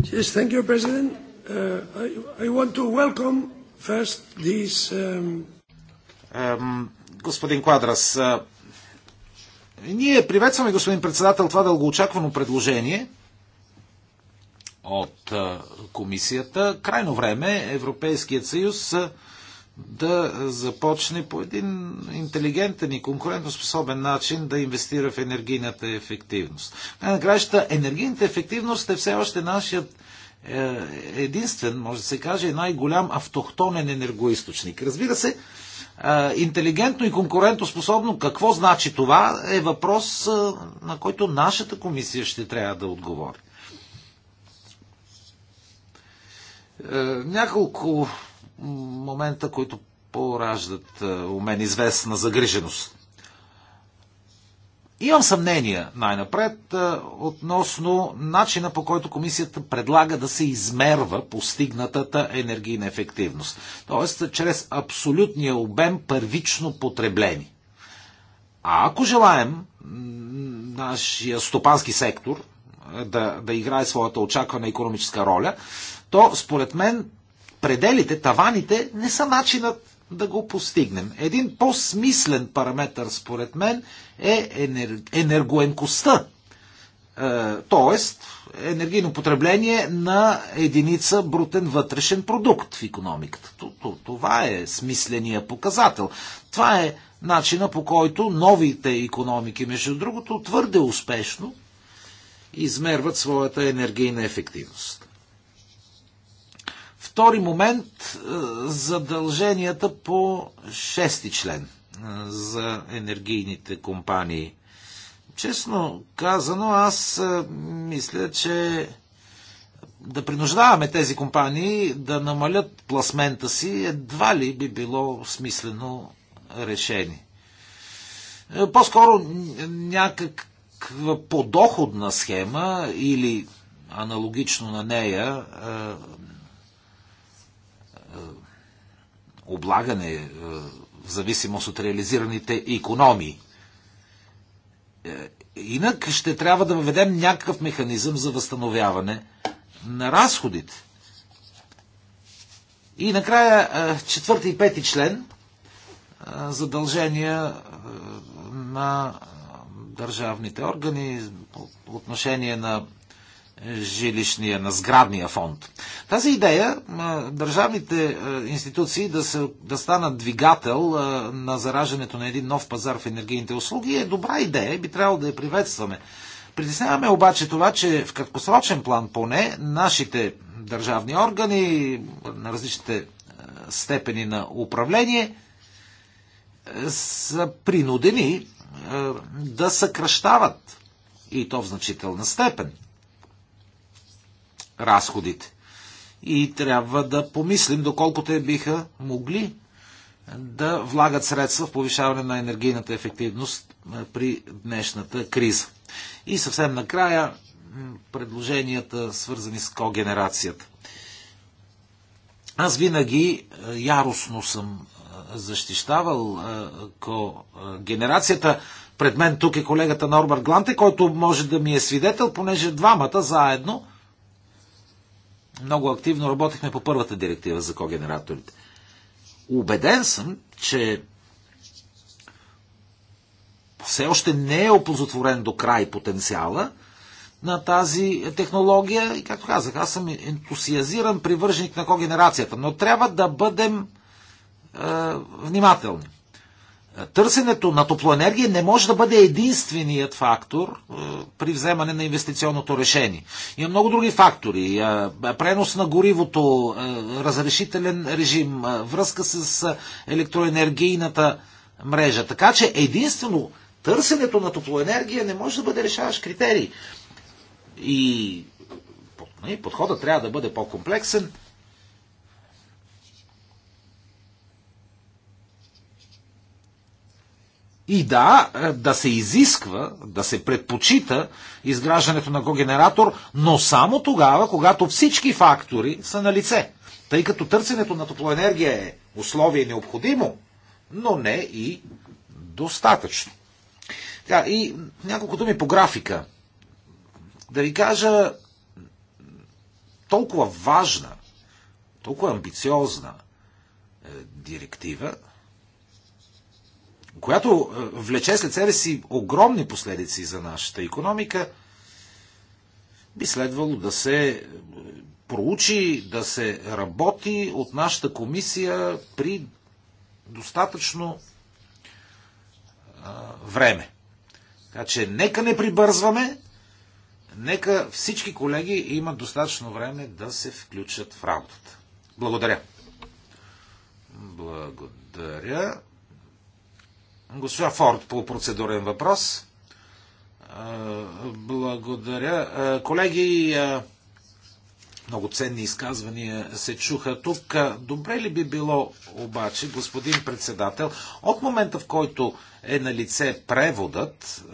Speaker 1: Yes, thank you, President. Uh, um, господин Квадрас, е, ние приветстваме, господин председател, това дългоочаквано предложение от е, комисията. Крайно време е Европейският съюз да започне по един интелигентен и конкурентоспособен начин да инвестира в енергийната ефективност. Най-накрая, енергийната ефективност е все още нашият е, единствен, може да се каже, е най-голям автохтонен енергоисточник. Разбира се, е, интелигентно и конкурентоспособно, какво значи това, е въпрос, на който нашата комисия ще трябва да отговори. Няколко момента, които пораждат у мен известна загриженост. Имам съмнения най-напред относно начина по който комисията предлага да се измерва постигнатата енергийна ефективност. Тоест, чрез абсолютния обем първично потребление. А ако желаем нашия стопански сектор да, да играе своята очаквана економическа роля, то според мен пределите, таваните не са начинът да го постигнем. Един по-смислен параметр, според мен, е енер... енергоемкостта. Е, тоест, енергийно потребление на единица брутен вътрешен продукт в економиката. Това е смисления показател. Това е начина по който новите економики, между другото, твърде успешно измерват своята енергийна ефективност втори момент е, задълженията по шести член е, за енергийните компании. Честно казано, аз е, мисля, че да принуждаваме тези компании да намалят пласмента си едва ли би било смислено решение. По-скоро някаква подоходна схема или аналогично на нея облагане е, в зависимост от реализираните економии. Е, инак ще трябва да въведем някакъв механизъм за възстановяване на разходите. И накрая е, четвърти и пети член задължения на държавните органи по отношение на жилищния, на сградния фонд. Тази идея държавните институции да, се, да станат двигател на зараждането на един нов пазар в енергийните услуги е добра идея и би трябвало да я приветстваме. Притесняваме обаче това, че в краткосрочен план поне нашите държавни органи на различните степени на управление са принудени да съкръщават и то в значителна степен разходите. И трябва да помислим доколко те биха могли да влагат средства в повишаване на енергийната ефективност при днешната криза. И съвсем накрая предложенията, свързани с когенерацията. Аз винаги яростно съм защищавал когенерацията. Пред мен тук е колегата Норбър Гланте, който може да ми е свидетел, понеже двамата заедно – много активно работехме по първата директива за когенераторите. Убеден съм, че все още не е опозотворен до край потенциала на тази технология и, както казах, аз съм ентусиазиран привърженик на когенерацията, но трябва да бъдем е, внимателни. Търсенето на топлоенергия не може да бъде единственият фактор е, при вземане на инвестиционното решение. Има много други фактори. Е, пренос на горивото, е, разрешителен режим, връзка с електроенергийната мрежа. Така че единствено търсенето на топлоенергия не може да бъде решаващ критерий. И подходът трябва да бъде по-комплексен, И да, е, да се изисква, да се предпочита изграждането на когенератор, но само тогава, когато всички фактори са на лице. Тъй като търсенето на топлоенергия е условие необходимо, но не и достатъчно. Така, и няколко думи по графика. Да ви кажа, толкова важна, толкова амбициозна е, директива, която е, влече след себе си огромни последици за нашата економика, би следвало да се е, проучи, да се работи от нашата комисия при достатъчно а, е, време. Така че нека не прибързваме, нека всички колеги имат достатъчно време да се включат в работата. Благодаря. Благодаря. Госпожа Форд по процедурен въпрос. Благодаря. Колеги, много ценни изказвания се чуха тук. Добре ли би било обаче, господин председател, от момента в който е на лице преводът,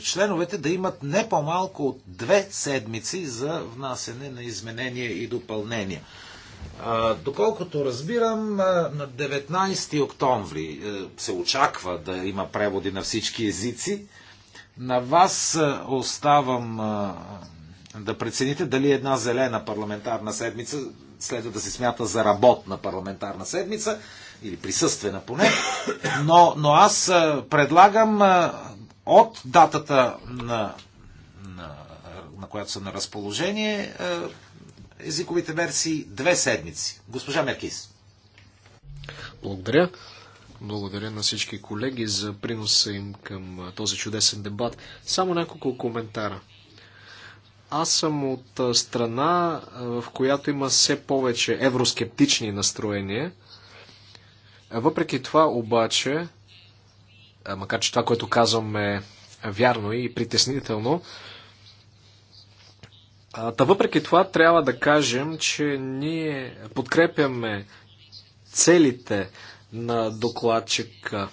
Speaker 1: членовете да имат не по-малко от две седмици за внасене на изменения и допълнения. Доколкото разбирам, на 19 октомври е, се очаква да има преводи на всички езици. На вас е, оставам да прецените дали една зелена парламентарна седмица следва да се смята за работна парламентарна седмица или присъствена поне, но, но аз е, предлагам от датата на, на, на която са на разположение езиковите версии две седмици. Госпожа Меркис.
Speaker 2: Благодаря. Благодаря на всички колеги за приноса им към този чудесен дебат. Само няколко коментара. Аз съм от страна, в която има все повече евроскептични настроения. Въпреки това обаче, макар че това, което казвам е вярно и притеснително, Та въпреки това трябва да кажем, че ние подкрепяме целите на докладчика.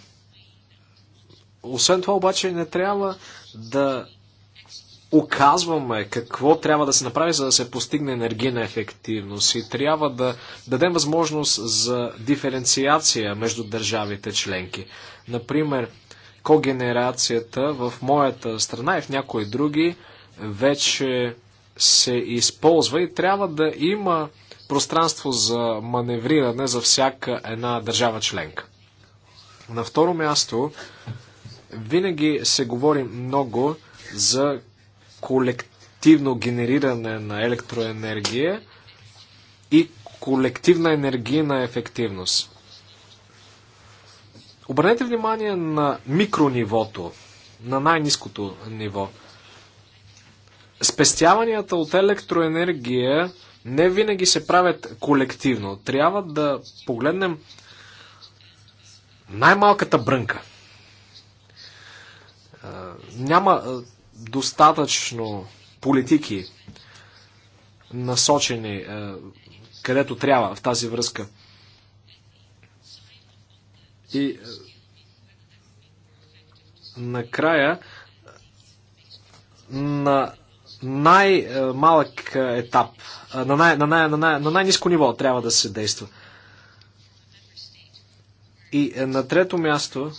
Speaker 2: Освен това обаче не трябва да оказваме какво трябва да се направи, за да се постигне енергийна ефективност и трябва да дадем възможност за диференциация между държавите членки. Например, когенерацията в моята страна и в някои други вече се използва и трябва да има пространство за маневриране за всяка една държава членка. На второ място, винаги се говори много за колективно генериране на електроенергия и колективна енергийна ефективност. Обърнете внимание на микронивото, на най-низкото ниво – Спестяванията от електроенергия не винаги се правят колективно. Трябва да погледнем най-малката брънка. Няма достатъчно политики насочени където трябва в тази връзка. И накрая на най-малък е, етап, на, най- на, най- на, най- низко ниво трябва да се действа. И е, на трето място,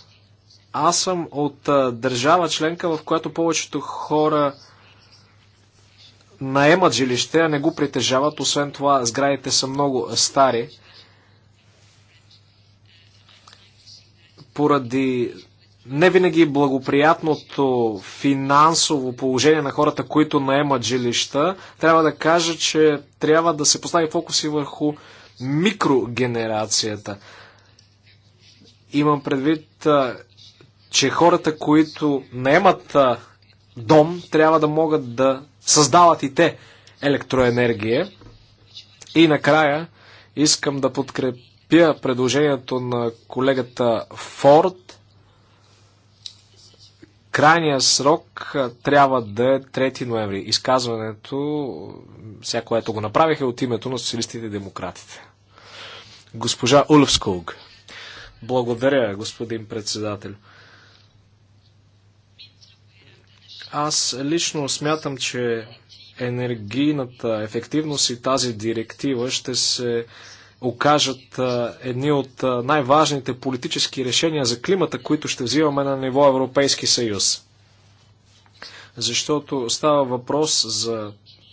Speaker 2: аз съм от е, държава членка, в която повечето хора наемат жилище, а не го притежават. Освен това, сградите са много стари. Поради не винаги е благоприятното финансово положение на хората, които наемат жилища, трябва да кажа, че трябва да се постави фокус и върху микрогенерацията. Имам предвид, че хората, които наемат дом, трябва да могат да създават и те електроенергия. И накрая искам да подкрепя предложението на колегата Форд – Крайният срок трябва да е 3 ноември. Изказването, сега което го направих, е от името на социалистите и демократите. Госпожа Улфсколг. Благодаря, господин председател. Аз лично смятам, че енергийната ефективност и тази директива ще се окажат едни от най-важните политически решения за климата, които ще взимаме на ниво Европейски съюз. Защото става въпрос за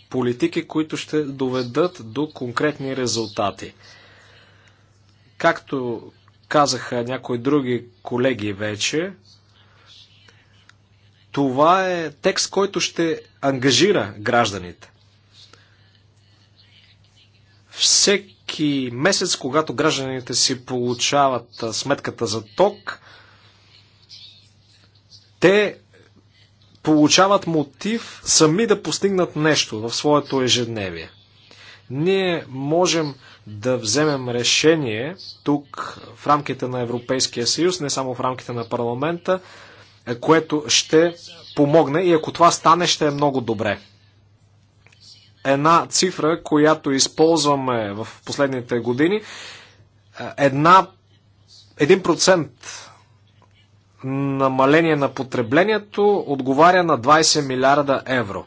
Speaker 2: политики, които ще доведат до конкретни резултати. Както казаха някои други колеги вече, това е текст, който ще ангажира гражданите. Всеки всеки месец, когато гражданите си получават сметката за ток, те получават мотив сами да постигнат нещо в своето ежедневие. Ние можем да вземем решение тук в рамките на Европейския съюз, не само в рамките на парламента, което ще помогне и ако това стане, ще е много добре една цифра, която използваме в последните години. Една, един процент намаление на потреблението отговаря на 20 милиарда евро.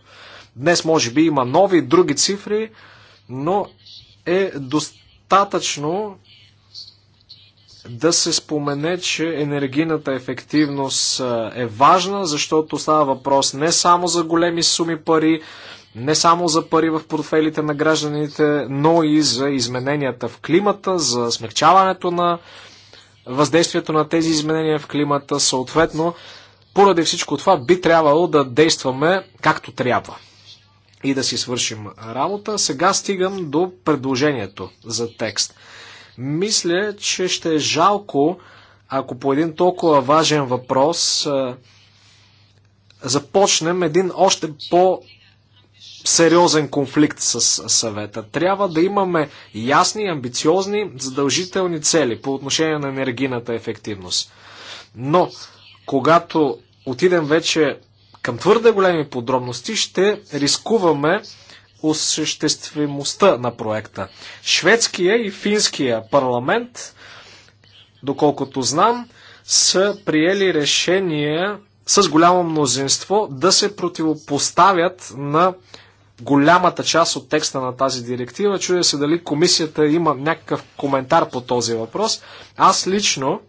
Speaker 2: Днес може би има нови, други цифри, но е достатъчно да се спомене, че енергийната ефективност е важна, защото става въпрос не само за големи суми пари, не само за пари в портфелите на гражданите, но и за измененията в климата, за смягчаването на въздействието на тези изменения в климата. Съответно, поради всичко това би трябвало да действаме както трябва и да си свършим работа. Сега стигам до предложението за текст. Мисля, че ще е жалко, ако по един толкова важен въпрос започнем един още по сериозен конфликт с съвета. Трябва да имаме ясни, амбициозни, задължителни цели по отношение на енергийната ефективност. Но, когато отидем вече към твърде големи подробности, ще рискуваме осъществимостта на проекта. Шведския и финския парламент, доколкото знам, са приели решение с голямо мнозинство да се противопоставят на голямата част от текста на тази директива. Чуя се дали комисията има някакъв коментар по този въпрос. Аз лично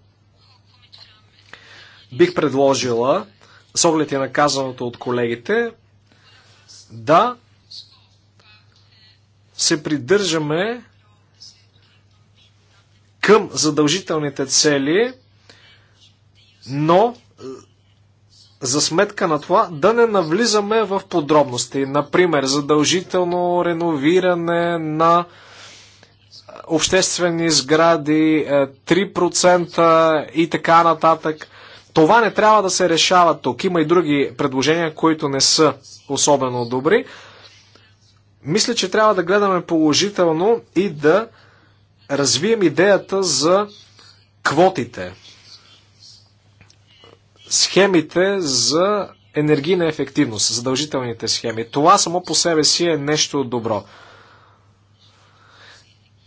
Speaker 2: бих предложила, с оглед и на казаното от колегите, да се придържаме към задължителните цели, но за сметка на това да не навлизаме в подробности. Например, задължително реновиране на е, обществени сгради, 3% е, и така нататък. Това не трябва да се решава тук. Има и други предложения, които не са особено добри. Мисля, че трябва да гледаме положително и да развием идеята за квотите схемите за енергийна ефективност, задължителните схеми. Това само по себе си е нещо добро.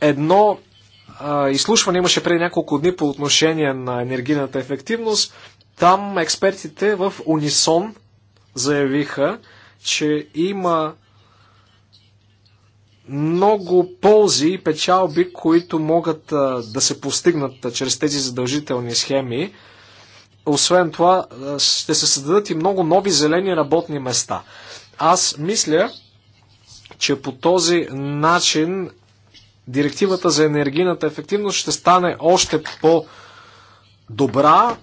Speaker 2: Едно а, изслушване имаше преди няколко дни по отношение на енергийната ефективност. Там експертите в унисон заявиха, че има много ползи и печалби, които могат а, да се постигнат а, чрез тези задължителни схеми. Освен това, ще се създадат и много нови зелени работни места. Аз мисля, че по този начин директивата за енергийната ефективност ще стане още по-добра,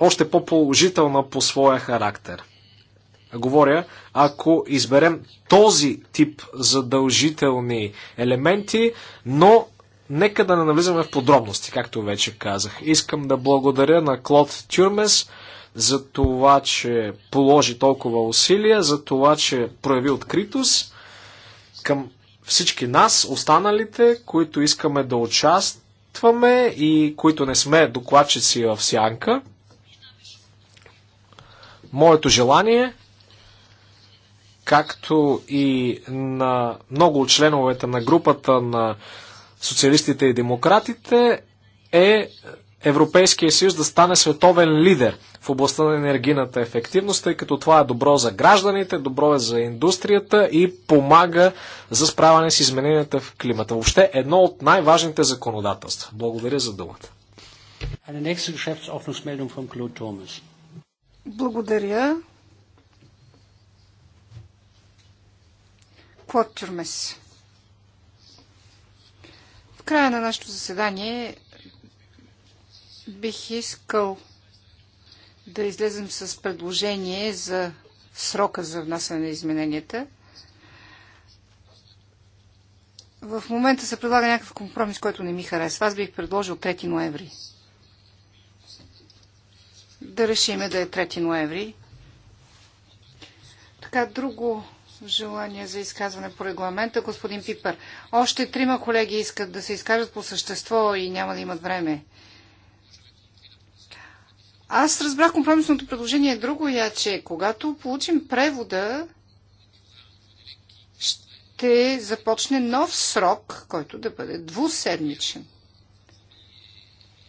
Speaker 2: още по-положителна по своя характер. Говоря, ако изберем този тип задължителни елементи, но Нека да не навлизаме в подробности, както вече казах. Искам да благодаря на Клод Тюрмес за това, че положи толкова усилия, за това, че прояви откритост към всички нас, останалите, които искаме да участваме и които не сме докладчици в сянка. Моето желание, както и на много от членовете на групата на социалистите и демократите е Европейския съюз да стане световен лидер в областта на енергийната ефективност, тъй като това е добро за гражданите, добро е за индустрията и помага за справяне с измененията в климата. Въобще едно от най-важните законодателства. Благодаря за думата.
Speaker 3: Благодаря. Клод Тюрмес. В края на нашето заседание бих искал да излезем с предложение за срока за внасяне на измененията. В момента се предлага някакъв компромис, който не ми харесва. Аз бих предложил 3 ноември. Да решиме да е 3 ноември. Така, друго желание за изказване по регламента. Господин Пипър, още трима колеги искат да се изкажат по същество и няма да имат време. Аз разбрах компромисното предложение друго я, че когато получим превода, ще започне нов срок, който да бъде двуседмичен.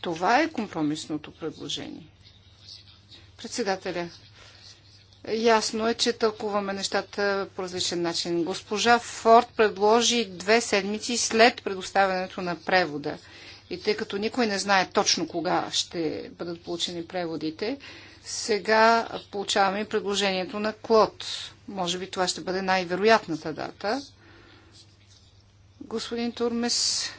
Speaker 3: Това е компромисното предложение. Председателя, Ясно е, че тълкуваме нещата по различен начин. Госпожа Форд предложи две седмици след предоставянето на превода. И тъй като никой не знае точно кога ще бъдат получени преводите, сега получаваме предложението на Клод. Може би това ще бъде най-вероятната дата. Господин Турмес,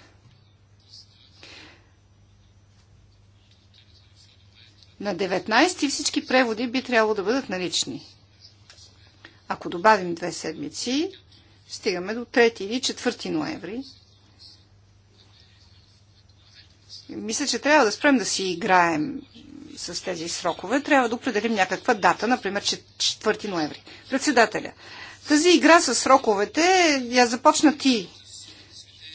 Speaker 3: на 19 всички преводи би трябвало да бъдат налични. Ако добавим две седмици, стигаме до 3 или 4 ноември. Мисля, че трябва да спрем да си играем с тези срокове. Трябва да определим някаква дата, например 4 ноември. Председателя, тази игра с сроковете я започна ти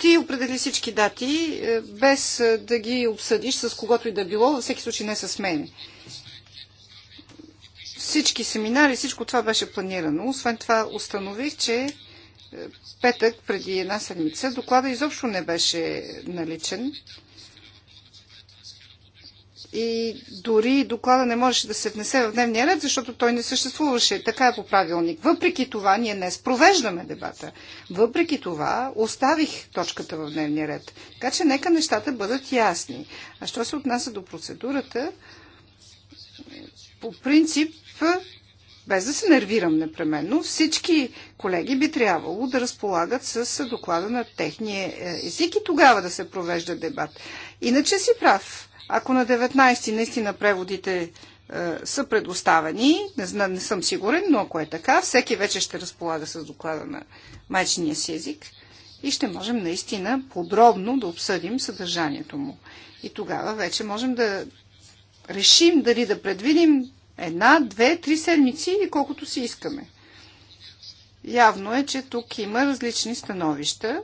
Speaker 3: ти определи всички дати, е, без е, да ги обсъдиш с когото и да било, във всеки случай не с мен. Всички семинари, всичко това беше планирано. Освен това установих, че е, петък преди една седмица доклада изобщо не беше наличен и дори доклада не можеше да се внесе в дневния ред, защото той не съществуваше. Така е по правилник. Въпреки това, ние днес провеждаме дебата. Въпреки това, оставих точката в дневния ред. Така че нека нещата бъдат ясни. А що се отнася до процедурата, по принцип, без да се нервирам непременно, всички колеги би трябвало да разполагат с доклада на техния е, език и тогава да се провежда дебат. Иначе си прав ако на 19 наистина преводите е, са предоставени, не, не съм сигурен, но ако е така, всеки вече ще разполага с доклада на майчиния си език и ще можем наистина подробно да обсъдим съдържанието му. И тогава вече можем да решим дали да предвидим една, две, три седмици или колкото си искаме. Явно е, че тук има различни становища.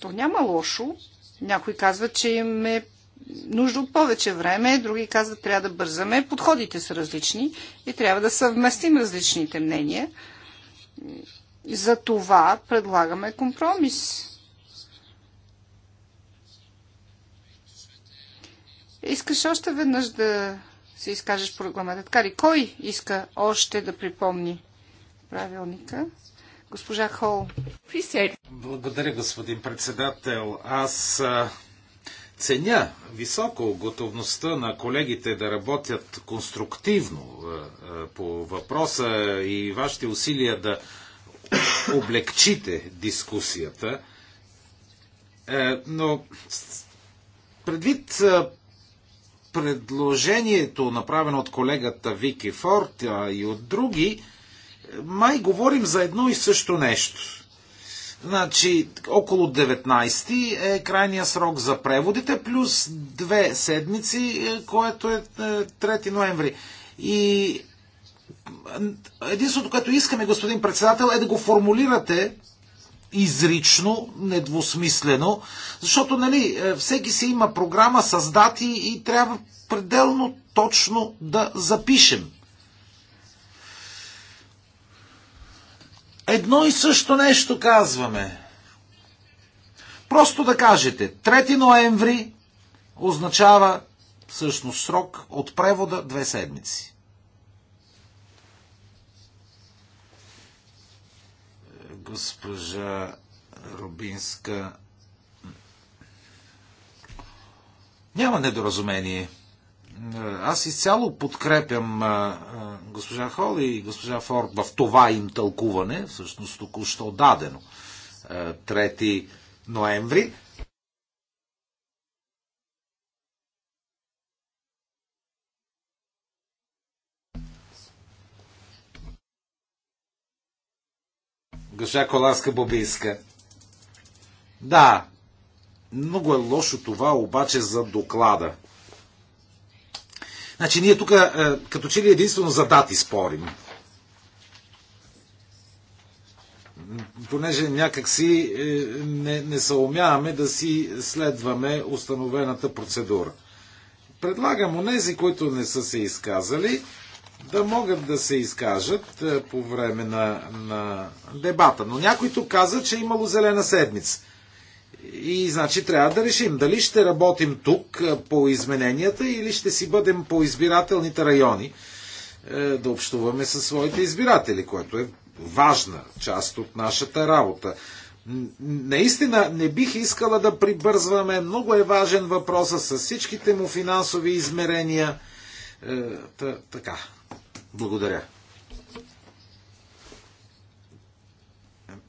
Speaker 3: То няма лошо някои казват, че им е нужда от повече време, други казват, трябва да бързаме. Подходите са различни и трябва да съвместим различните мнения. За това предлагаме компромис. Искаш още веднъж да се изкажеш по регламента. Така ли, кой иска още да припомни правилника? Госпожа Хол.
Speaker 1: Благодаря, господин председател. Аз ценя високо готовността на колегите да работят конструктивно по въпроса и вашите усилия да облегчите дискусията. Е, но предвид предложението, направено от колегата Вики Форд и от други, май говорим за едно и също нещо. Значи, около 19 е крайния срок за преводите, плюс две седмици, е, което е 3 е, ноември. И е, единството, което искаме, господин председател, е да го формулирате изрично, недвусмислено, защото, нали, всеки си има програма с дати и трябва пределно точно да запишем Едно и също нещо казваме. Просто да кажете, 3 ноември означава всъщност срок от превода две седмици. Госпожа Рубинска. Няма недоразумение. Аз изцяло подкрепям госпожа Хол и госпожа Форд в това им тълкуване, всъщност току-що дадено 3 ноември. Госпожа Коласка Бобийска. Да, много е лошо това обаче за доклада. Значи ние тук е, като че ли единствено за дати спорим. Понеже някакси е, не, не съумяваме да си следваме установената процедура. Предлагам онези, които не са се изказали, да могат да се изкажат е, по време на, на дебата. Но някой тук каза, че е имало зелена седмица. И значи трябва да решим дали ще работим тук по измененията или ще си бъдем по избирателните райони е, да общуваме със своите избиратели, което е важна част от нашата работа. Наистина не бих искала да прибързваме. Много е важен въпроса с всичките му финансови измерения. Е, та, така. Благодаря.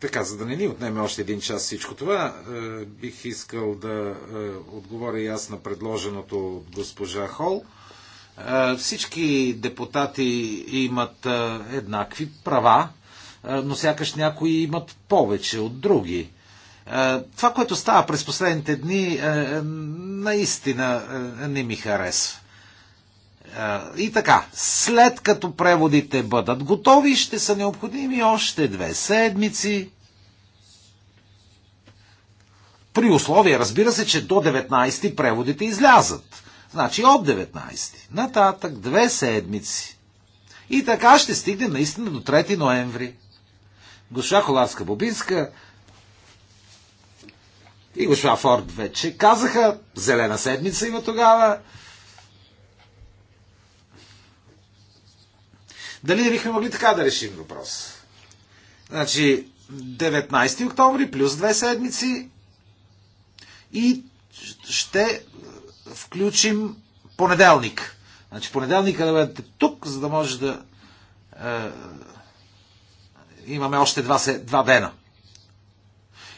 Speaker 1: Така, за да не ни отнеме още един час всичко това, е, бих искал да е, отговоря и аз на предложеното от госпожа Хол. Е, всички депутати имат е, еднакви права, е, но сякаш някои имат повече от други. Е, това, което става през последните дни, е, е наистина е, не ми харесва. И така, след като преводите бъдат готови, ще са необходими още две седмици. При условие, разбира се, че до 19 ти преводите излязат. Значи от 19 нататък две седмици. И така ще стигнем наистина до 3 ноември. Госпожа Холарска-Бобинска и госпожа Форд вече казаха, зелена седмица има тогава, Дали не бихме могли така да решим въпрос? Значи, 19 октомври плюс две седмици и ще включим понеделник. Значи понеделника да бъдете тук, за да може да е, имаме още два, два дена.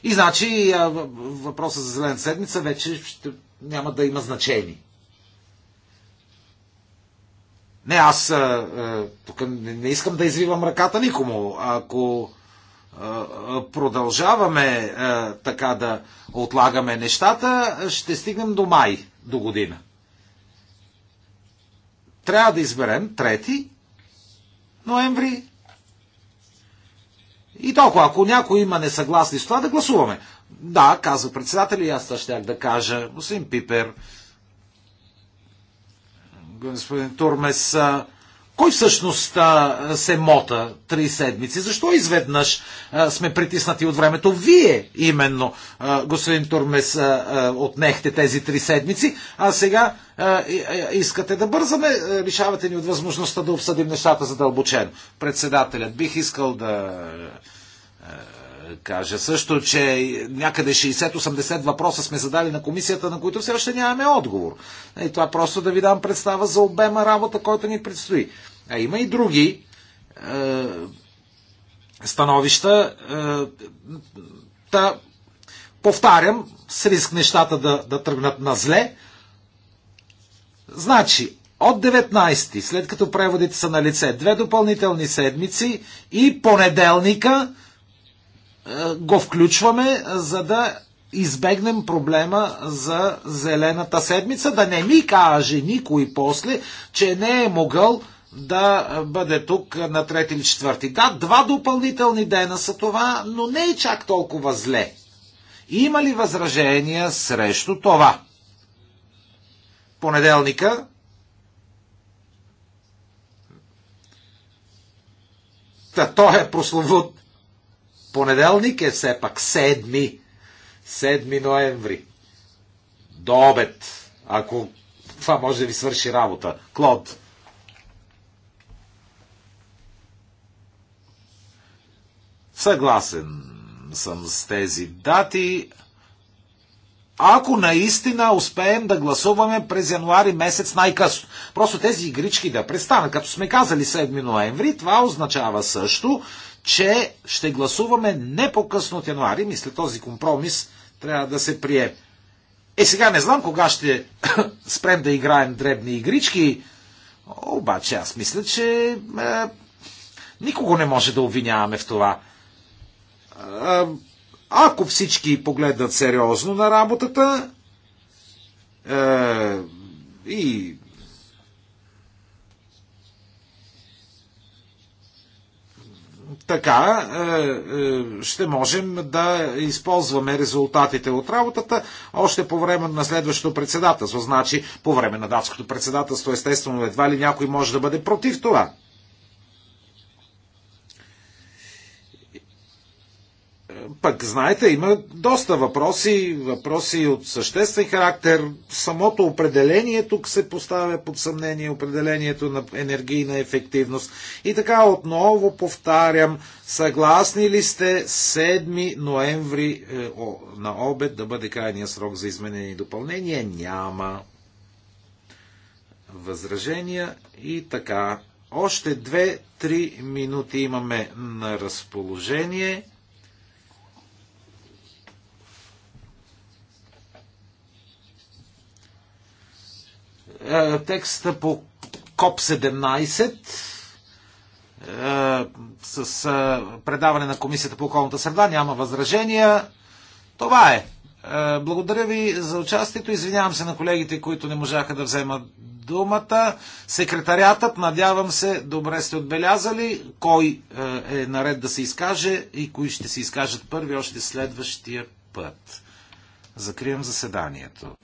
Speaker 1: И значи е, въпроса за зелената седмица вече ще, няма да има значение. Не, аз а, а, тук не искам да извивам ръката никому. Ако а, продължаваме а, така да отлагаме нещата, ще стигнем до май до година. Трябва да изберем 3 ноември. И толкова, ако някой има несъгласни с това, да гласуваме. Да, казва председател и аз щях да кажа, господин Пипер, господин Турмес, кой всъщност се мота три седмици? Защо изведнъж сме притиснати от времето? Вие именно, господин Турмес, отнехте тези три седмици, а сега искате да бързаме, лишавате ни от възможността да обсъдим нещата задълбочено. Председателят, бих искал да кажа също, че някъде 60-80 въпроса сме задали на комисията, на които все още нямаме отговор. И е, това просто да ви дам представа за обема работа, който ни предстои. А има и други е, становища. Е, та, повтарям, с риск нещата да, да тръгнат на зле. Значи, от 19, след като преводите са на лице, две допълнителни седмици и понеделника е, го включваме, за да избегнем проблема за зелената седмица, да не ми каже никой после, че не е могъл да бъде тук на трети или четвърти. Да, два допълнителни дена са това, но не е чак толкова зле. Има ли възражения срещу това? Понеделника Та, той е прословут понеделник е все пак 7, 7 ноември. До обед, ако това може да ви свърши работа. Клод. Съгласен съм с тези дати. Ако наистина успеем да гласуваме през януари месец най-късно. Просто тези игрички да престанат. Като сме казали 7 ноември, това означава също, че ще гласуваме не по-късно от януари. Мисля, този компромис трябва да се приеме. Е, сега не знам кога ще спрем да играем дребни игрички, обаче аз мисля, че е, никого не може да обвиняваме в това. Е, ако всички погледнат сериозно на работата е, и така е, е, ще можем да използваме резултатите от работата още по време на следващото председателство. Значи, по време на датското председателство, естествено, едва ли някой може да бъде против това. пък, знаете, има доста въпроси, въпроси от съществен характер. Самото определение тук се поставя под съмнение, определението на енергийна ефективност. И така отново повтарям, съгласни ли сте 7 ноември е, о, на обед да бъде крайния срок за изменение и допълнение? Няма възражения и така. Още 2-3 минути имаме на разположение. Е, текста по КОП-17 е, с е, предаване на Комисията по околната среда. Няма възражения. Това е. Благодаря ви за участието. Извинявам се на колегите, които не можаха да вземат думата. Секретариатът, надявам се, добре сте отбелязали кой е наред да се изкаже и кои ще се изкажат първи още следващия път. Закривам заседанието.